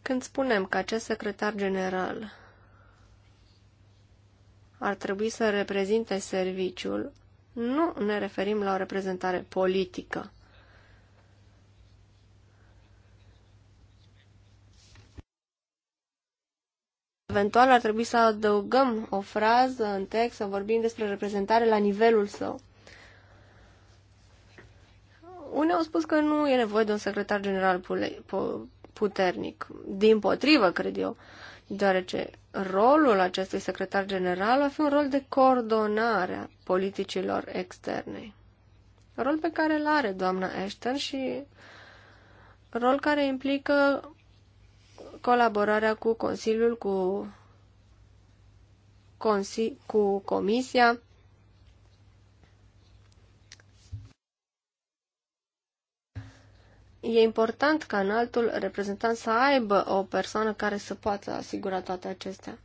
Când spunem că acest secretar general ar trebui să reprezinte serviciul, nu ne referim la o reprezentare politică. Eventual ar trebui să adăugăm o frază în text, să vorbim despre reprezentare la nivelul său. Unii au spus că nu e nevoie de un secretar general puternic. Din potrivă, cred eu, deoarece rolul acestui secretar general va fi un rol de coordonare a politicilor externe. Rol pe care îl are doamna Ashton și rol care implică colaborarea cu Consiliul, cu, consi- cu Comisia, e important ca înaltul reprezentant să aibă o persoană care să poată asigura toate acestea.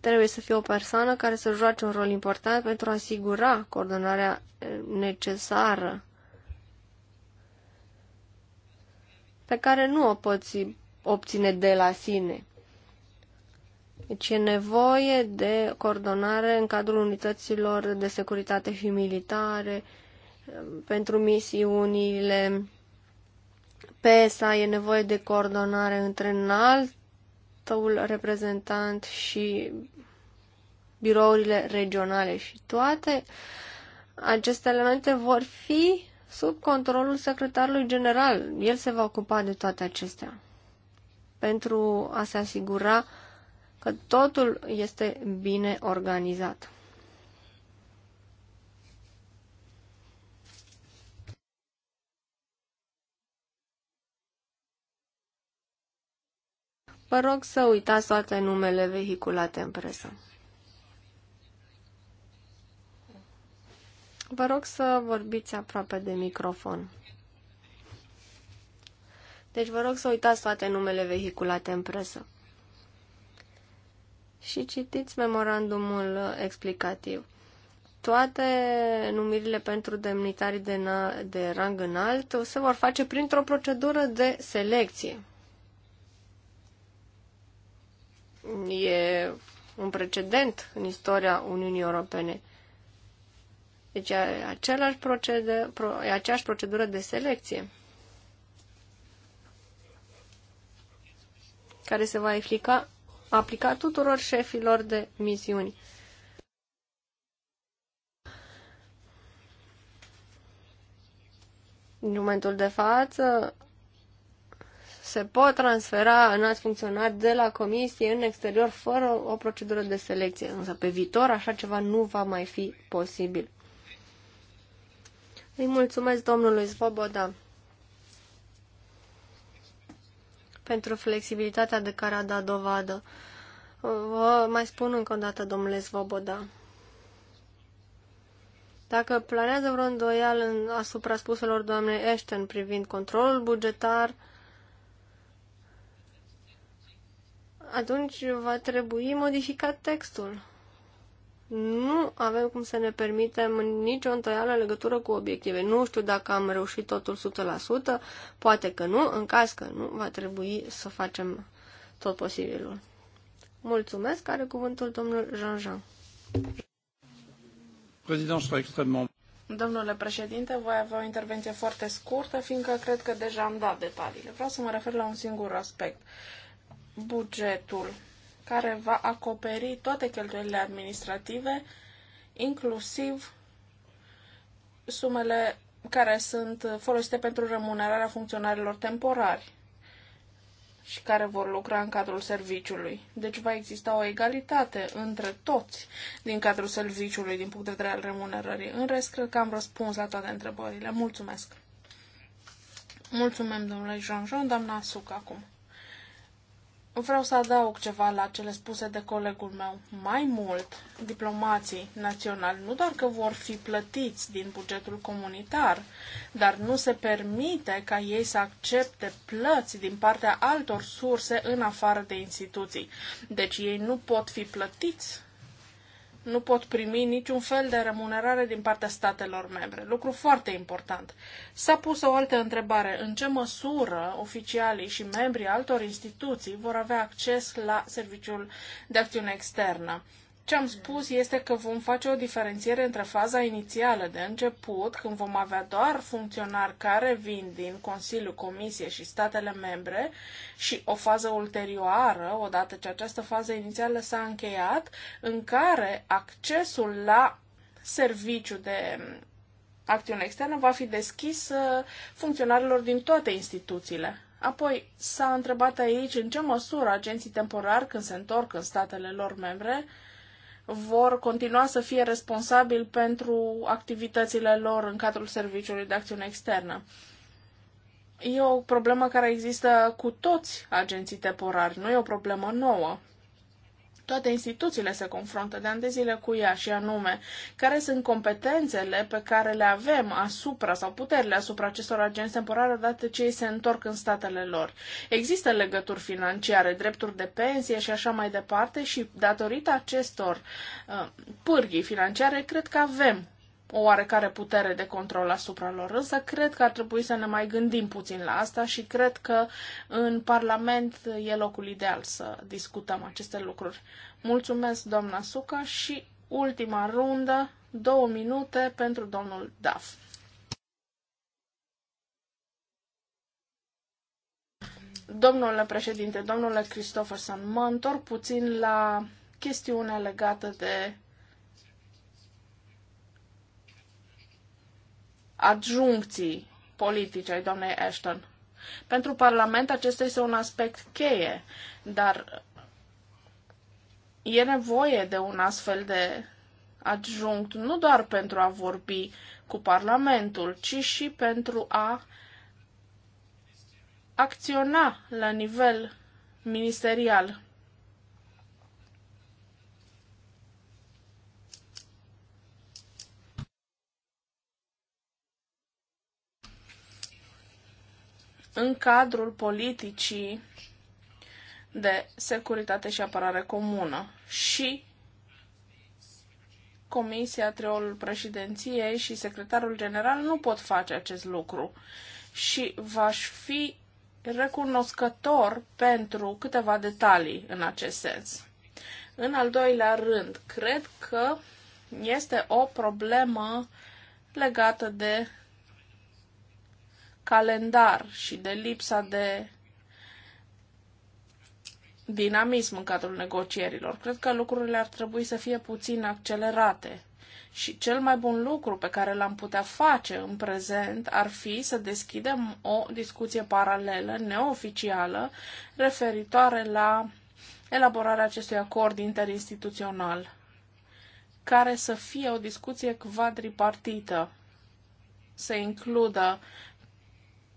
Trebuie să fie o persoană care să joace un rol important pentru a asigura coordonarea eh, necesară pe care nu o poți obține de la sine. Deci e nevoie de coordonare în cadrul unităților de securitate și militare eh, pentru misiunile PSA e nevoie de coordonare între înaltul reprezentant și birourile regionale și toate aceste elemente vor fi sub controlul secretarului general. El se va ocupa de toate acestea pentru a se asigura că totul este bine organizat. Vă rog să uitați toate numele vehiculate în presă. Vă rog să vorbiți aproape de microfon. Deci vă rog să uitați toate numele vehiculate în presă. Și citiți memorandumul explicativ. Toate numirile pentru demnitarii de, de rang înalt se vor face printr-o procedură de selecție. E un precedent în istoria Uniunii Europene. Deci e, același procedă, pro, e aceeași procedură de selecție care se va aplica, aplica tuturor șefilor de misiuni. În momentul de față, se pot transfera în alți funcționari de la comisie în exterior fără o procedură de selecție. Însă pe viitor așa ceva nu va mai fi posibil. Îi mulțumesc domnului Svoboda pentru flexibilitatea de care a dat dovadă. Vă mai spun încă o dată, domnule Svoboda. Dacă planează vreo îndoială asupra spuselor doamnei Ashton privind controlul bugetar, atunci va trebui modificat textul. Nu avem cum să ne permitem nicio întoială legătură cu obiective. Nu știu dacă am reușit totul 100%, poate că nu, în caz că nu, va trebui să facem tot posibilul. Mulțumesc, are cuvântul domnul Jean-Jean. Domnule președinte, voi avea o intervenție foarte scurtă, fiindcă cred că deja am dat detaliile. Vreau să mă refer la un singur aspect bugetul care va acoperi toate cheltuielile administrative, inclusiv sumele care sunt folosite pentru remunerarea funcționarilor temporari și care vor lucra în cadrul serviciului. Deci va exista o egalitate între toți din cadrul serviciului din punct de vedere al remunerării. În rest, cred că am răspuns la toate întrebările. Mulțumesc! Mulțumim, domnule Jean-Jean, doamna Suc, acum. Vreau să adaug ceva la cele spuse de colegul meu. Mai mult, diplomații naționali nu doar că vor fi plătiți din bugetul comunitar, dar nu se permite ca ei să accepte plăți din partea altor surse în afară de instituții. Deci ei nu pot fi plătiți nu pot primi niciun fel de remunerare din partea statelor membre. Lucru foarte important. S-a pus o altă întrebare. În ce măsură oficialii și membrii altor instituții vor avea acces la serviciul de acțiune externă? Ce am spus este că vom face o diferențiere între faza inițială de început, când vom avea doar funcționari care vin din Consiliu, Comisie și statele membre, și o fază ulterioară, odată ce această fază inițială s-a încheiat, în care accesul la serviciu de acțiune externă va fi deschis uh, funcționarilor din toate instituțiile. Apoi s-a întrebat aici în ce măsură agenții temporari, când se întorc în statele lor membre, vor continua să fie responsabili pentru activitățile lor în cadrul Serviciului de Acțiune Externă. E o problemă care există cu toți agenții temporari, nu e o problemă nouă toate instituțiile se confruntă de ani de zile cu ea și anume care sunt competențele pe care le avem asupra sau puterile asupra acestor agenți temporare odată ce ei se întorc în statele lor. Există legături financiare, drepturi de pensie și așa mai departe și datorită acestor uh, pârghii financiare cred că avem o oarecare putere de control asupra lor, însă cred că ar trebui să ne mai gândim puțin la asta și cred că în Parlament e locul ideal să discutăm aceste lucruri. Mulțumesc, doamna Suca, și ultima rundă, două minute pentru domnul Daf. Domnule președinte, domnule Christopherson, mă întorc puțin la chestiunea legată de adjuncții politice, ai doamnei Ashton. Pentru Parlament acesta este un aspect cheie, dar e nevoie de un astfel de adjunct nu doar pentru a vorbi cu Parlamentul, ci și pentru a acționa la nivel ministerial. în cadrul politicii de securitate și apărare comună și Comisia, Treolul Președinției și Secretarul General nu pot face acest lucru și v-aș fi recunoscător pentru câteva detalii în acest sens. În al doilea rând, cred că este o problemă legată de calendar și de lipsa de dinamism în cadrul negocierilor. Cred că lucrurile ar trebui să fie puțin accelerate. Și cel mai bun lucru pe care l-am putea face în prezent ar fi să deschidem o discuție paralelă, neoficială, referitoare la elaborarea acestui acord interinstituțional, care să fie o discuție quadripartită, să includă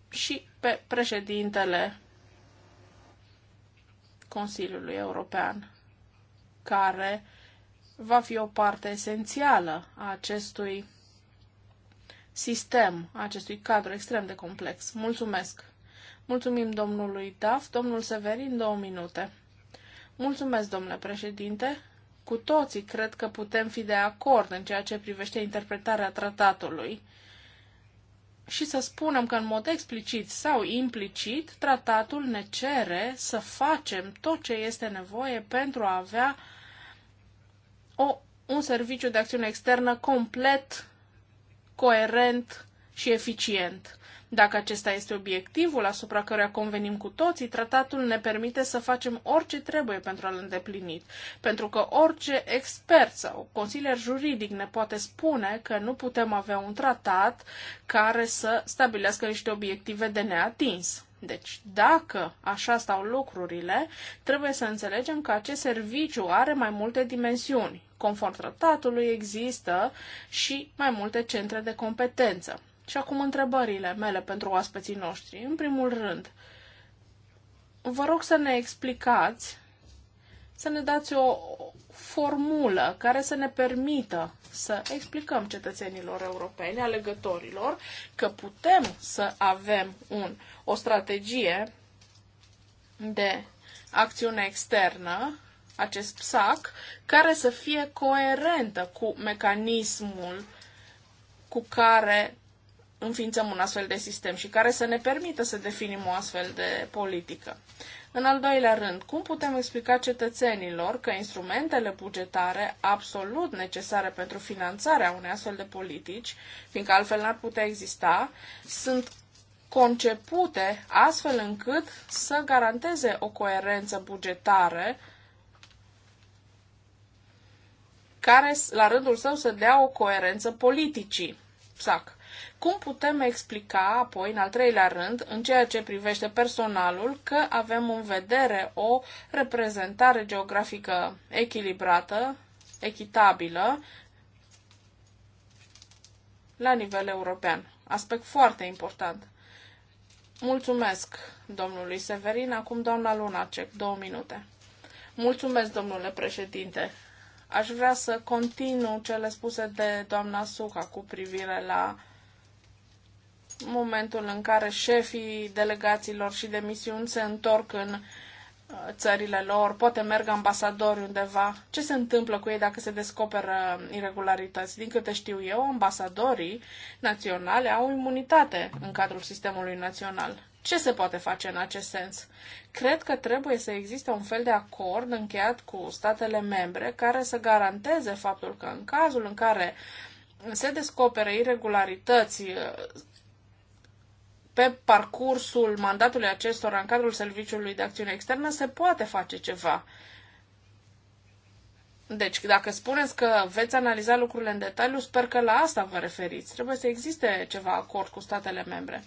și pe președintele Consiliului European, care va fi o parte esențială a acestui sistem, a acestui cadru extrem de complex. Mulțumesc! Mulțumim domnului Daf, domnul Severin, două minute. Mulțumesc, domnule președinte. Cu toții cred că putem fi de acord în ceea ce privește interpretarea tratatului și să spunem că în mod explicit sau implicit, tratatul ne cere să facem tot ce este nevoie pentru a avea o, un serviciu de acțiune externă complet, coerent și eficient. Dacă acesta este obiectivul asupra căruia convenim cu toții, tratatul ne permite să facem orice trebuie pentru a-l îndeplini, pentru că orice expert sau consilier juridic ne poate spune că nu putem avea un tratat care să stabilească niște obiective de neatins. Deci, dacă așa stau lucrurile, trebuie să înțelegem că acest serviciu are mai multe dimensiuni. Conform tratatului există și mai multe centre de competență. Și acum întrebările mele pentru oaspeții noștri. În primul rând, vă rog să ne explicați, să ne dați o formulă care să ne permită să explicăm cetățenilor europeni, alegătorilor, că putem să avem un, o strategie de acțiune externă, acest PSAC, care să fie coerentă cu mecanismul cu care înființăm un astfel de sistem și care să ne permită să definim o astfel de politică. În al doilea rând, cum putem explica cetățenilor că instrumentele bugetare absolut necesare pentru finanțarea unei astfel de politici, fiindcă altfel n-ar putea exista, sunt concepute astfel încât să garanteze o coerență bugetară care, la rândul său, să dea o coerență politicii. Sac. Cum putem explica, apoi, în al treilea rând, în ceea ce privește personalul, că avem în vedere o reprezentare geografică echilibrată, echitabilă, la nivel european? Aspect foarte important. Mulțumesc domnului Severin. Acum doamna Lunacek, două minute. Mulțumesc, domnule președinte. Aș vrea să continu cele spuse de doamna Suca cu privire la momentul în care șefii delegațiilor și de misiuni se întorc în uh, țările lor, poate merg ambasadori undeva. Ce se întâmplă cu ei dacă se descoperă irregularități? Din câte știu eu, ambasadorii naționale au imunitate în cadrul sistemului național. Ce se poate face în acest sens? Cred că trebuie să existe un fel de acord încheiat cu statele membre care să garanteze faptul că în cazul în care se descopere irregularități pe parcursul mandatului acestora în cadrul Serviciului de Acțiune Externă se poate face ceva. Deci, dacă spuneți că veți analiza lucrurile în detaliu, sper că la asta vă referiți. Trebuie să existe ceva acord cu statele membre.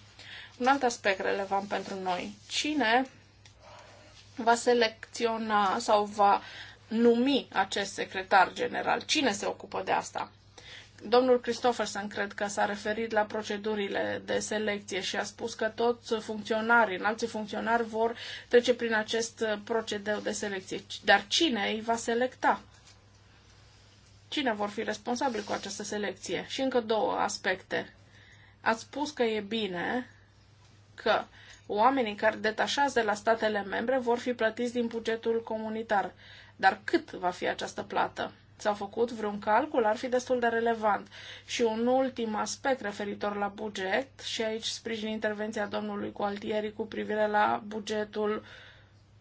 Un alt aspect relevant pentru noi. Cine va selecționa sau va numi acest secretar general? Cine se ocupă de asta? Domnul Christofferson cred că s-a referit la procedurile de selecție și a spus că toți funcționarii, înalții funcționari vor trece prin acest procedeu de selecție. Dar cine îi va selecta? Cine vor fi responsabili cu această selecție? Și încă două aspecte. Ați spus că e bine că oamenii care detașează de la statele membre vor fi plătiți din bugetul comunitar. Dar cât va fi această plată? s-a făcut vreun calcul, ar fi destul de relevant. Și un ultim aspect referitor la buget, și aici sprijin intervenția domnului Gualtieri cu privire la bugetul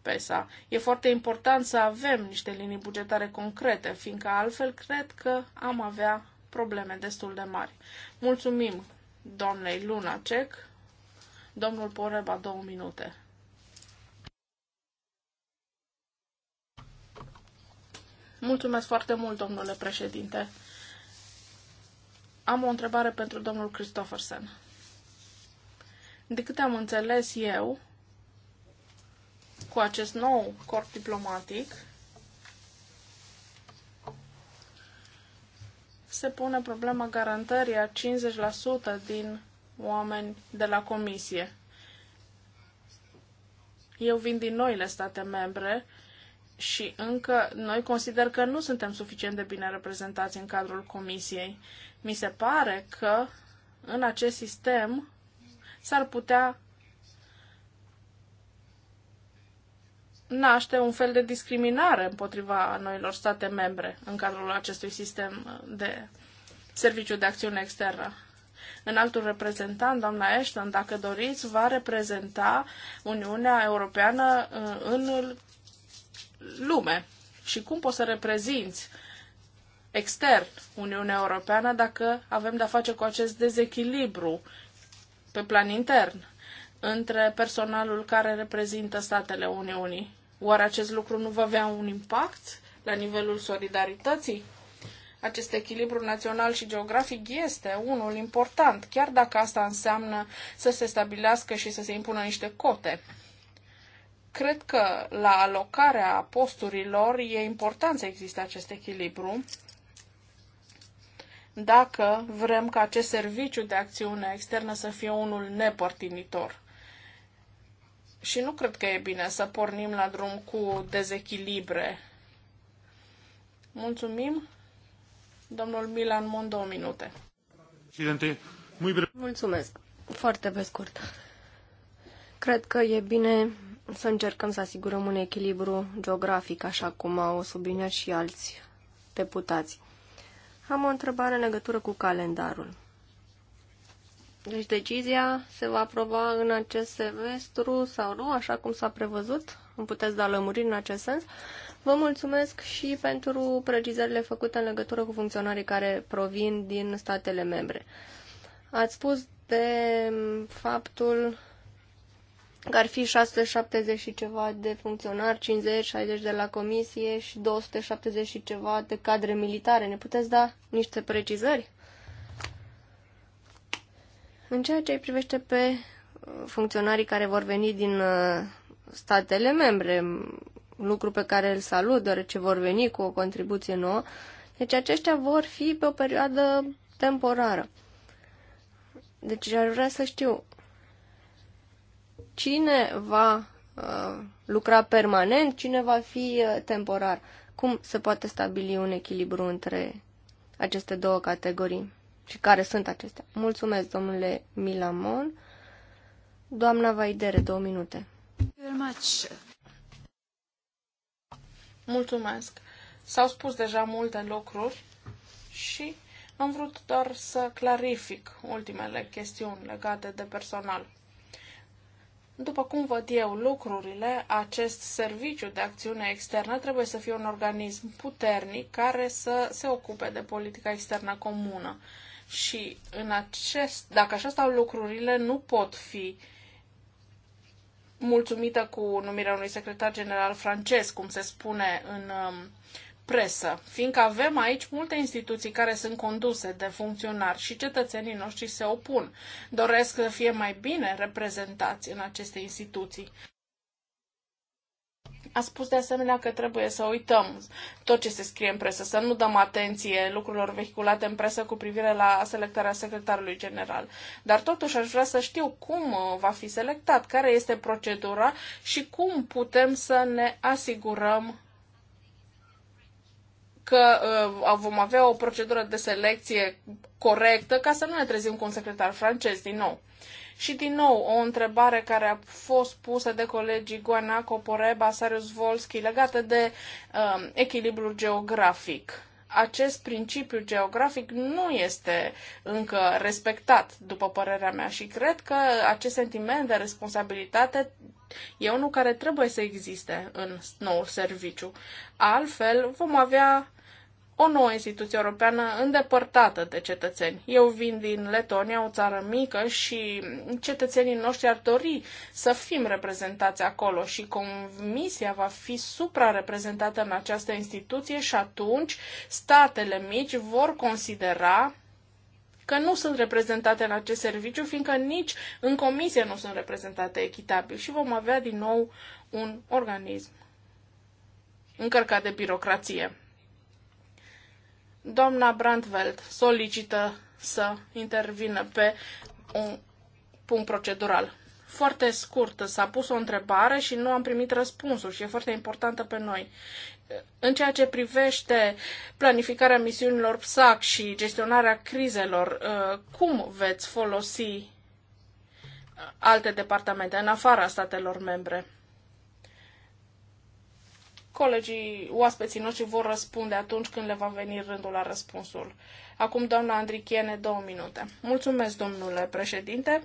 PESA. E foarte important să avem niște linii bugetare concrete, fiindcă altfel cred că am avea probleme destul de mari. Mulțumim doamnei Cec, Domnul Poreba, două minute. Mulțumesc foarte mult, domnule președinte. Am o întrebare pentru domnul Christoffersen. De câte am înțeles eu, cu acest nou corp diplomatic, se pune problema garantării a 50% din oameni de la comisie. Eu vin din noile state membre și încă noi consider că nu suntem suficient de bine reprezentați în cadrul comisiei. Mi se pare că în acest sistem s-ar putea naște un fel de discriminare împotriva noilor state membre în cadrul acestui sistem de serviciu de acțiune externă. În altul reprezentant, doamna Ashton, dacă doriți, va reprezenta Uniunea Europeană uh, în lume și cum poți să reprezinți extern Uniunea Europeană dacă avem de-a face cu acest dezechilibru pe plan intern între personalul care reprezintă statele Uniunii. Oare acest lucru nu va avea un impact la nivelul solidarității? Acest echilibru național și geografic este unul important, chiar dacă asta înseamnă să se stabilească și să se impună niște cote. Cred că la alocarea posturilor e important să existe acest echilibru dacă vrem ca acest serviciu de acțiune externă să fie unul nepărtinitor. Și nu cred că e bine să pornim la drum cu dezechilibre. Mulțumim. Domnul Milan Mon, două minute. Mulțumesc. Foarte pe scurt. Cred că e bine să încercăm să asigurăm un echilibru geografic, așa cum au subliniat și alți deputați. Am o întrebare în legătură cu calendarul. Deci decizia se va aproba în acest semestru sau nu, așa cum s-a prevăzut? Îmi puteți da lămuriri în acest sens? Vă mulțumesc și pentru precizările făcute în legătură cu funcționarii care provin din statele membre. Ați spus de faptul că ar fi 670 și ceva de funcționari, 50-60 de la comisie și 270 și ceva de cadre militare. Ne puteți da niște precizări? În ceea ce îi privește pe uh, funcționarii care vor veni din uh, statele membre, lucru pe care îl salut, deoarece vor veni cu o contribuție nouă, deci aceștia vor fi pe o perioadă temporară. Deci ar vrea să știu, cine va uh, lucra permanent, cine va fi uh, temporar. Cum se poate stabili un echilibru între aceste două categorii și care sunt acestea? Mulțumesc, domnule Milamon. Doamna Vaidere, două minute. Mulțumesc. S-au spus deja multe lucruri și am vrut doar să clarific ultimele chestiuni legate de personal. După cum văd eu lucrurile, acest serviciu de acțiune externă trebuie să fie un organism puternic care să se ocupe de politica externă comună. Și în acest, dacă așa stau lucrurile, nu pot fi mulțumită cu numirea unui secretar general francez, cum se spune în um, presă, fiindcă avem aici multe instituții care sunt conduse de funcționari și cetățenii noștri se opun. Doresc să fie mai bine reprezentați în aceste instituții. A spus de asemenea că trebuie să uităm tot ce se scrie în presă, să nu dăm atenție lucrurilor vehiculate în presă cu privire la selectarea secretarului general. Dar totuși aș vrea să știu cum uh, va fi selectat, care este procedura și cum putem să ne asigurăm că uh, vom avea o procedură de selecție corectă ca să nu ne trezim cu un secretar francez din nou. Și din nou, o întrebare care a fost pusă de colegii Guanaco, Coporeba, Sarius Volski legată de uh, echilibrul geografic. Acest principiu geografic nu este încă respectat, după părerea mea, și cred că acest sentiment de responsabilitate e unul care trebuie să existe în noul serviciu. Altfel, vom avea o nouă instituție europeană îndepărtată de cetățeni. Eu vin din Letonia, o țară mică, și cetățenii noștri ar dori să fim reprezentați acolo și comisia va fi suprareprezentată în această instituție și atunci statele mici vor considera că nu sunt reprezentate în acest serviciu, fiindcă nici în comisie nu sunt reprezentate echitabil și vom avea din nou un organism încărcat de birocrație. Doamna Brandveld solicită să intervină pe un punct procedural. Foarte scurt, s-a pus o întrebare și nu am primit răspunsul și e foarte importantă pe noi. În ceea ce privește planificarea misiunilor PSAC și gestionarea crizelor, uh, cum veți folosi uh, alte departamente în afara statelor membre? Colegii, oaspeții noștri vor răspunde atunci când le va veni rândul la răspunsul. Acum, doamna Andrichiene, două minute. Mulțumesc, domnule președinte.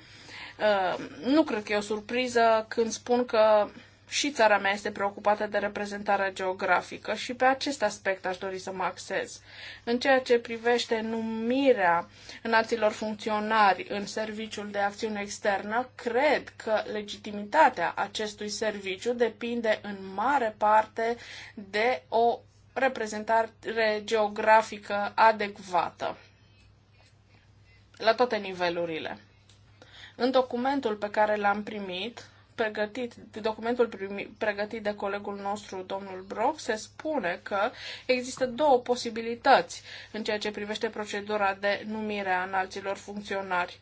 Uh, nu cred că e o surpriză când spun că și țara mea este preocupată de reprezentarea geografică și pe acest aspect aș dori să mă axez. În ceea ce privește numirea înalților funcționari în Serviciul de Acțiune Externă, cred că legitimitatea acestui serviciu depinde în mare parte de o reprezentare geografică adecvată la toate nivelurile. În documentul pe care l-am primit, pregătit, documentul primi, pregătit de colegul nostru, domnul Brock, se spune că există două posibilități în ceea ce privește procedura de numire a înalților funcționari.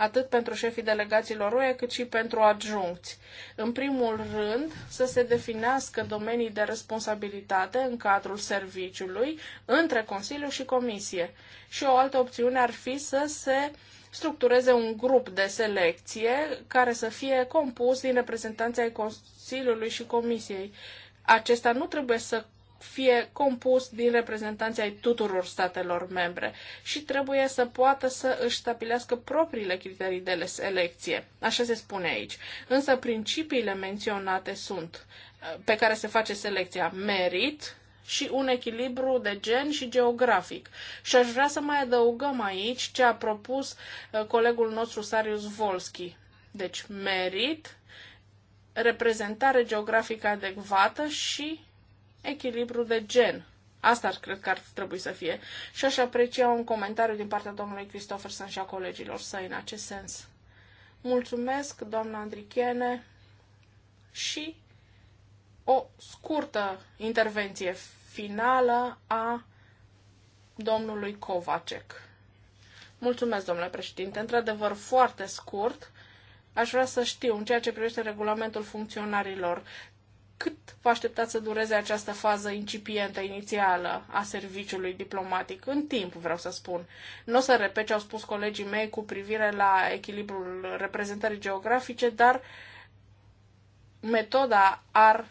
atât pentru șefii delegațiilor UE, cât și pentru adjuncți. În primul rând, să se definească domenii de responsabilitate în cadrul serviciului între Consiliu și Comisie. Și o altă opțiune ar fi să se uh, structureze un grup de selecție care să fie compus din reprezentanții ai Consiliului și Comisiei. Acesta nu trebuie să fie compus din reprezentanții ai tuturor statelor membre și trebuie să poată să își stabilească propriile criterii de selecție. Așa se spune aici. Însă principiile menționate sunt pe care se face selecția merit, și un echilibru de gen și geografic. Și aș vrea să mai adăugăm aici ce a propus uh, colegul nostru Sarius Volski. Deci merit, reprezentare geografică adecvată și echilibru de gen. Asta cred că ar trebui să fie. Și aș aprecia un comentariu din partea domnului Christopherson și a colegilor săi în acest sens. Mulțumesc, doamna Andrichene, și o scurtă intervenție finală a domnului Kovacek. Mulțumesc, domnule președinte. Într-adevăr, foarte scurt, aș vrea să știu, în ceea ce privește regulamentul funcționarilor, cât vă așteptați să dureze această fază incipientă, inițială a serviciului diplomatic? În timp, vreau să spun. Nu o să repet ce au spus colegii mei cu privire la echilibrul reprezentării geografice, dar metoda ar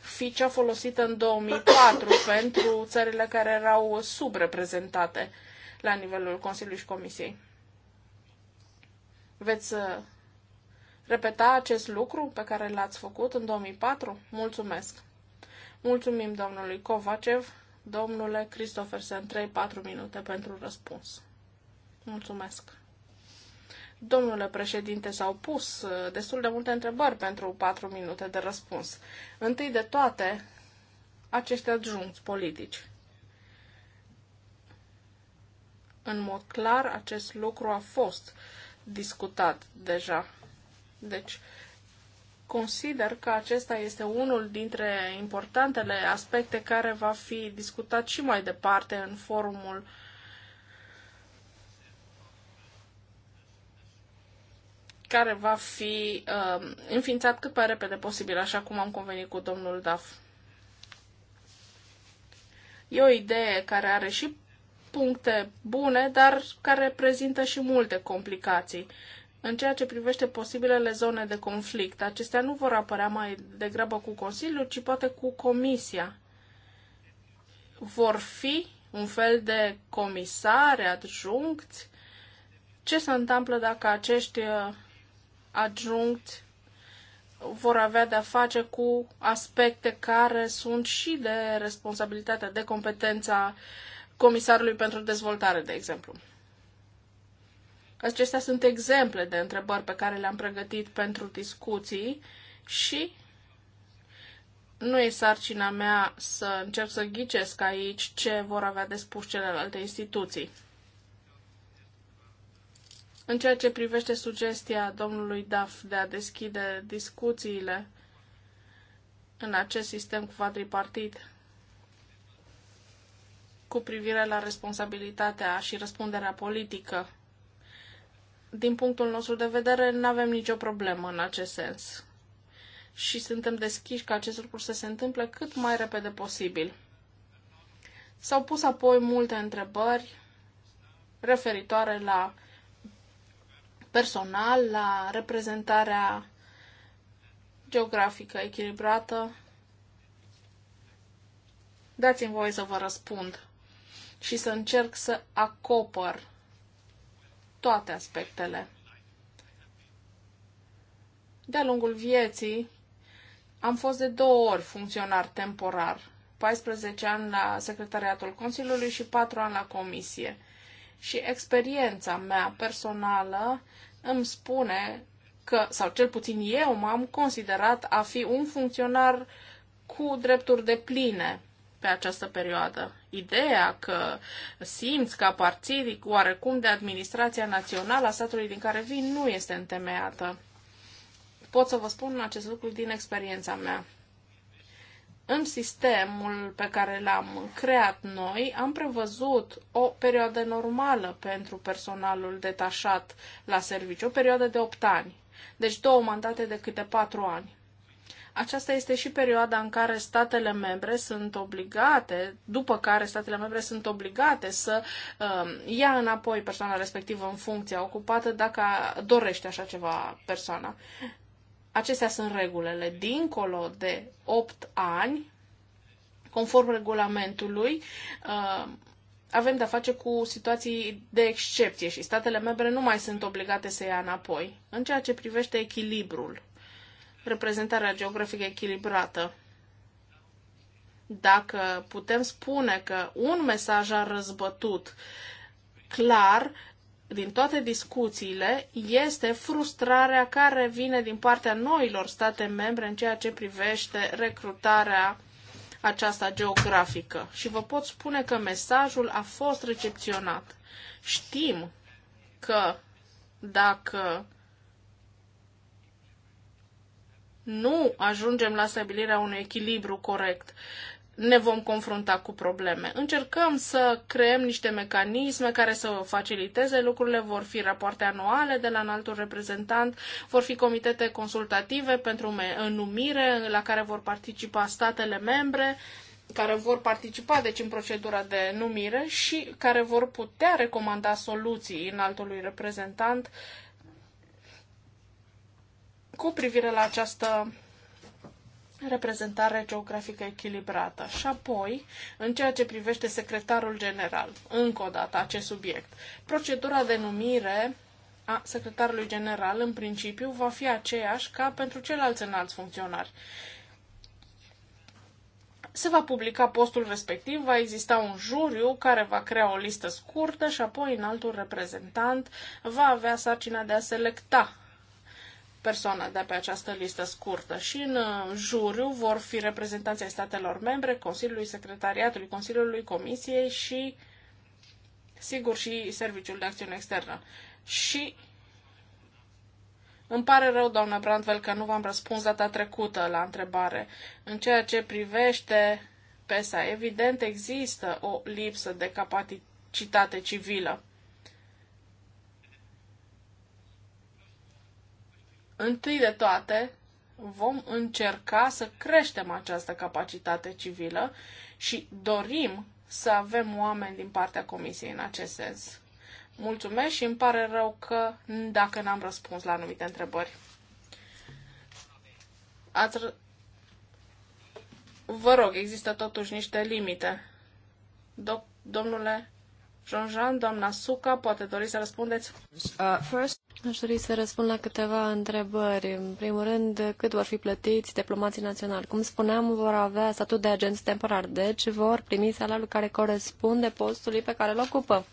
fi cea folosită în 2004 pentru țările care erau subreprezentate la nivelul Consiliului și Comisiei. Veți uh, repeta acest lucru pe care l-ați făcut în 2004? Mulțumesc! Mulțumim domnului Kovacev, domnule Christopher, 3-4 minute pentru răspuns. Mulțumesc! Domnule președinte, s-au pus uh, destul de multe întrebări pentru patru minute de răspuns. Întâi de toate, acești adjunți politici. În mod clar, acest lucru a fost discutat deja. Deci, consider că acesta este unul dintre importantele aspecte care va fi discutat și mai departe în forumul uh, care va fi uh, înființat cât mai repede posibil, așa cum am convenit cu domnul Daf. E o idee care are și puncte bune, dar care prezintă și multe complicații. În ceea ce privește posibilele zone de conflict, acestea nu vor apărea mai degrabă cu Consiliul, ci poate cu Comisia. Vor fi un fel de comisare adjuncți? Ce se întâmplă dacă acești uh, adjunct vor avea de-a face cu aspecte care sunt și de responsabilitatea, de competența Comisarului pentru Dezvoltare, de exemplu. Acestea sunt exemple de întrebări pe care le-am pregătit pentru discuții și nu e sarcina mea să încerc să ghicesc aici ce vor avea de spus celelalte instituții. În ceea ce privește sugestia domnului Daf de a deschide discuțiile în acest sistem quadripartit cu privire la responsabilitatea și răspunderea politică, din punctul nostru de vedere, nu avem nicio problemă în acest sens. Și suntem deschiși ca acest lucru să se întâmple cât mai repede posibil. S-au pus apoi multe întrebări referitoare la personal, la reprezentarea geografică echilibrată. Dați-mi voie să vă răspund și să încerc să acopăr toate aspectele. De-a lungul vieții am fost de două ori funcționar temporar, 14 ani la Secretariatul Consiliului și 4 ani la Comisie și experiența mea personală îmi spune că, sau cel puțin eu m-am considerat a fi un funcționar cu drepturi de pline pe această perioadă. Ideea că simți că aparții oarecum de administrația națională a statului din care vin nu este întemeiată. Pot să vă spun acest lucru din experiența mea. În sistemul pe care l-am creat noi, am prevăzut o perioadă normală pentru personalul detașat la serviciu, o perioadă de 8 ani, deci două mandate de câte 4 ani. Aceasta este și perioada în care statele membre sunt obligate, după care statele membre sunt obligate să uh, ia înapoi persoana respectivă în funcția ocupată dacă dorește așa ceva persoana. Acestea sunt regulile. Dincolo de 8 ani, conform regulamentului, uh, avem de-a face cu situații de excepție și statele membre nu mai sunt obligate să ia înapoi. În ceea ce privește echilibrul, reprezentarea geografică echilibrată, dacă putem spune că un mesaj a răzbătut clar din toate discuțiile este frustrarea care vine din partea noilor state membre în ceea ce privește recrutarea aceasta geografică. Și vă pot spune că mesajul a fost recepționat. Știm că dacă nu ajungem la stabilirea unui echilibru corect ne vom confrunta cu probleme. Încercăm să creăm niște mecanisme care să faciliteze lucrurile, vor fi rapoarte anuale de la înaltul reprezentant, vor fi comitete consultative pentru numire la care vor participa statele membre care vor participa deci în procedura de numire și care vor putea recomanda soluții înaltului reprezentant cu privire la această reprezentare geografică echilibrată. Și apoi, în ceea ce privește secretarul general, încă o dată acest subiect, procedura de numire a secretarului general, în principiu, va fi aceeași ca pentru ceilalți înalți funcționari. Se va publica postul respectiv, va exista un juriu care va crea o listă scurtă și apoi în altul reprezentant va avea sarcina de a selecta persoane de pe această listă scurtă și în uh, juriu vor fi reprezentanții ai statelor membre, Consiliului Secretariatului, Consiliului Comisiei și, sigur, și Serviciul de Acțiune Externă. Și îmi pare rău, doamnă Brandvel, că nu v-am răspuns data trecută la întrebare. În ceea ce privește PESA, evident există o lipsă de capacitate civilă. Întâi de toate, vom încerca să creștem această capacitate civilă și dorim să avem oameni din partea Comisiei în acest sens. Mulțumesc și îmi pare rău că dacă n-am răspuns la anumite întrebări. Ați... Vă rog, există totuși niște limite. Do- domnule Jean-Jean, doamna Suca, poate dori să răspundeți. Uh, Aș dori să răspund la câteva întrebări. În primul rând, cât vor fi plătiți diplomații naționali? Cum spuneam, vor avea statut de agenți temporar, deci vor primi salariul care corespunde postului pe care îl ocupă. Uh,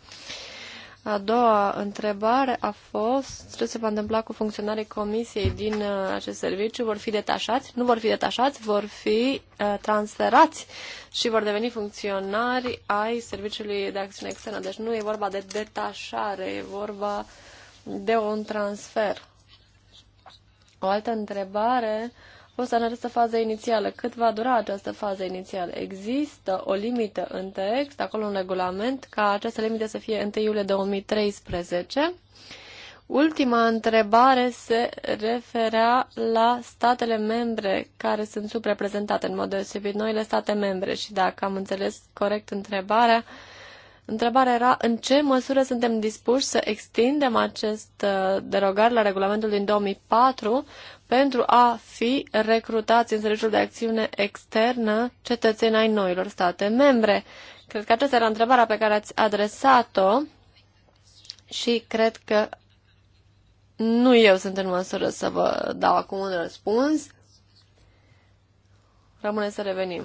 a doua întrebare a fost ce se va întâmpla cu funcționarii comisiei din uh, acest serviciu. Vor fi detașați? Nu vor fi detașați, vor fi uh, transferați și vor deveni funcționari ai Serviciului de Acțiune Externă. Deci nu e vorba de detașare, e vorba de un transfer. O altă întrebare uh, fost să această fază inițială. Cât va dura această fază inițială? Există o limită în text, acolo un regulament, ca această limită să fie 1 iulie 2013. Ultima întrebare se referea la statele membre care sunt subreprezentate, în mod deosebit noile state membre și dacă am înțeles corect întrebarea, Întrebarea era în ce măsură suntem dispuși să extindem acest uh, derogare la regulamentul din 2004 pentru a fi recrutați în serviciul de acțiune externă cetățeni ai noilor state membre. Cred că aceasta era întrebarea pe care ați adresat-o și cred că nu eu sunt în măsură să vă dau acum un răspuns. Rămâne să revenim.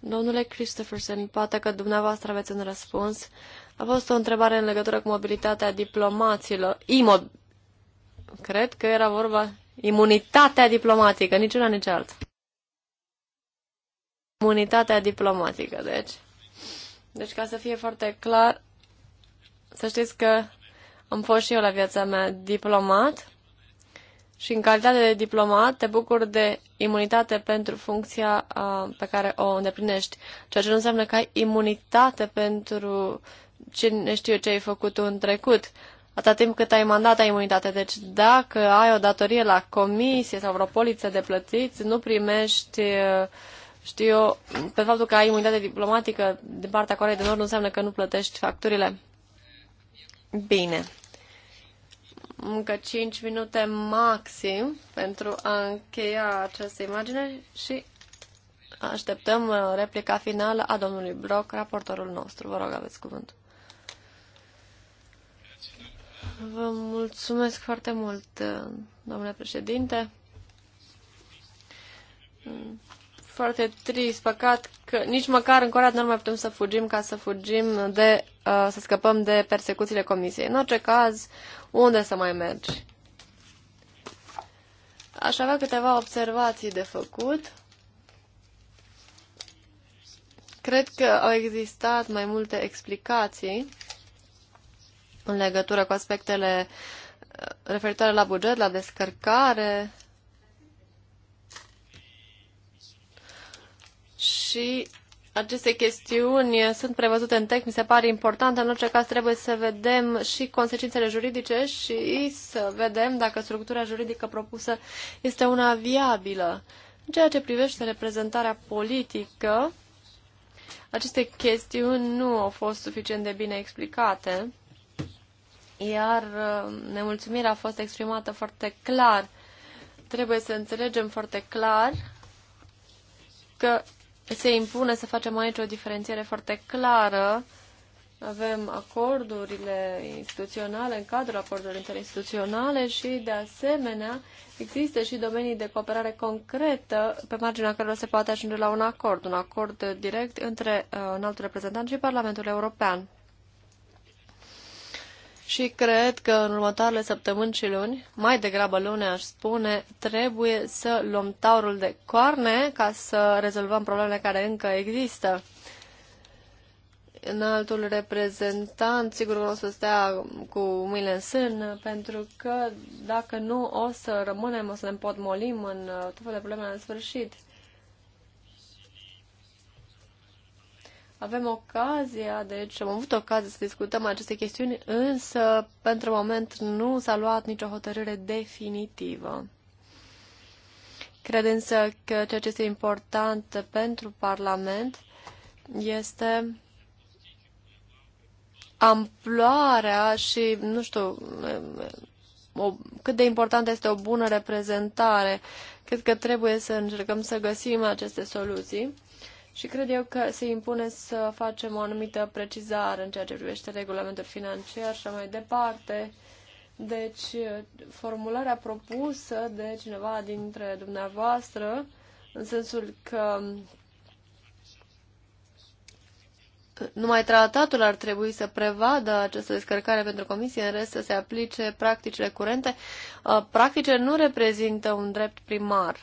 Domnule Christopherson, poate că dumneavoastră aveți un răspuns. A fost o întrebare în legătură cu mobilitatea diplomaților, imo- Cred că era vorba imunitatea diplomatică, nici una, nici alta. Imunitatea diplomatică, deci. Deci, ca să fie foarte clar, să știți că am fost și eu la viața mea diplomat și în calitate de diplomat te bucuri de imunitate pentru funcția pe care o îndeplinești, ceea ce nu înseamnă că ai imunitate pentru ce ne știu ce ai făcut în trecut atâta timp cât ai mandat, ai imunitate. Deci dacă ai o datorie la comisie sau vreo poliță de plătiți, nu primești știu eu, pe faptul că ai imunitate diplomatică din partea Coreei de Nord nu înseamnă că nu plătești facturile. Bine. Încă 5 minute maxim pentru a încheia această imagine și așteptăm replica finală a domnului Brock, raportorul nostru. Vă rog, aveți cuvântul. Vă mulțumesc foarte mult, domnule președinte. Foarte trist, păcat că nici măcar în Corea nu mai putem să fugim ca să fugim de, uh, să scăpăm de persecuțiile comisiei. În orice caz, unde să mai mergi? Aș avea câteva observații de făcut. Cred că au existat mai multe explicații în legătură cu aspectele uh, referitoare la buget, la descărcare și aceste chestiuni sunt prevăzute în text, mi se pare important. În orice caz trebuie să vedem și consecințele juridice și să vedem dacă structura juridică propusă este una viabilă. În ceea ce privește reprezentarea politică, aceste chestiuni nu au fost suficient de bine explicate iar uh, nemulțumirea a fost exprimată foarte clar. Trebuie să înțelegem foarte clar că se impune să facem aici o diferențiere foarte clară. Avem acordurile instituționale, în cadrul acordurilor interinstituționale și, de asemenea, există și domenii de cooperare concretă pe marginea cărora se poate ajunge la un acord, un acord direct între uh, un alt reprezentant și Parlamentul European și cred că în următoarele săptămâni și luni, mai degrabă luni aș spune, trebuie să luăm taurul de coarne ca să rezolvăm problemele care încă există. În altul reprezentant, sigur că o să stea cu mâinile în sân, pentru că dacă nu o să rămânem, o să ne împotmolim în uh, tot felul de probleme în sfârșit. Avem ocazia, deci am avut ocazia să discutăm aceste chestiuni, însă pentru moment nu s-a luat nicio hotărâre definitivă. Cred însă că ceea ce este important pentru Parlament este amploarea și, nu știu, o, cât de importantă este o bună reprezentare. Cred că trebuie să încercăm să găsim aceste soluții și cred eu că se impune să facem o anumită precizare în ceea ce privește regulamentul financiar și mai departe. Deci, formularea propusă de cineva dintre dumneavoastră, în sensul că numai tratatul ar trebui să prevadă această descărcare pentru comisie, în rest să se aplice practicile curente, uh, practicile nu reprezintă un drept primar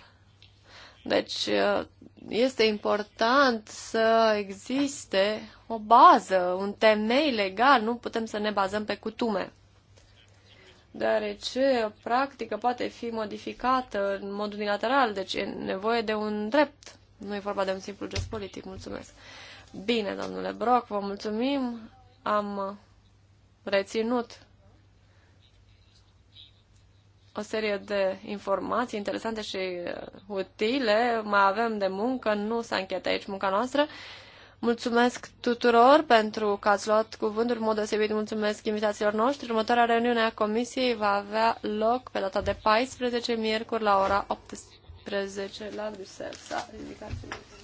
deci uh, este important să existe o bază, un temei legal, nu putem să ne bazăm pe cutume. Deoarece o practică poate fi modificată în mod unilateral, deci e nevoie de un drept. Nu e vorba de un simplu gest politic. Mulțumesc. Bine, domnule Brock, vă mulțumim. Am reținut o serie de informații interesante și uh, utile. Mai avem de muncă, nu s-a încheiat aici munca noastră. Mulțumesc tuturor pentru că ați luat cuvântul, în mod deosebit mulțumesc invitațiilor noștri. Următoarea reuniune a comisiei va avea loc pe data de 14 miercuri la ora 18 la Bruxelles.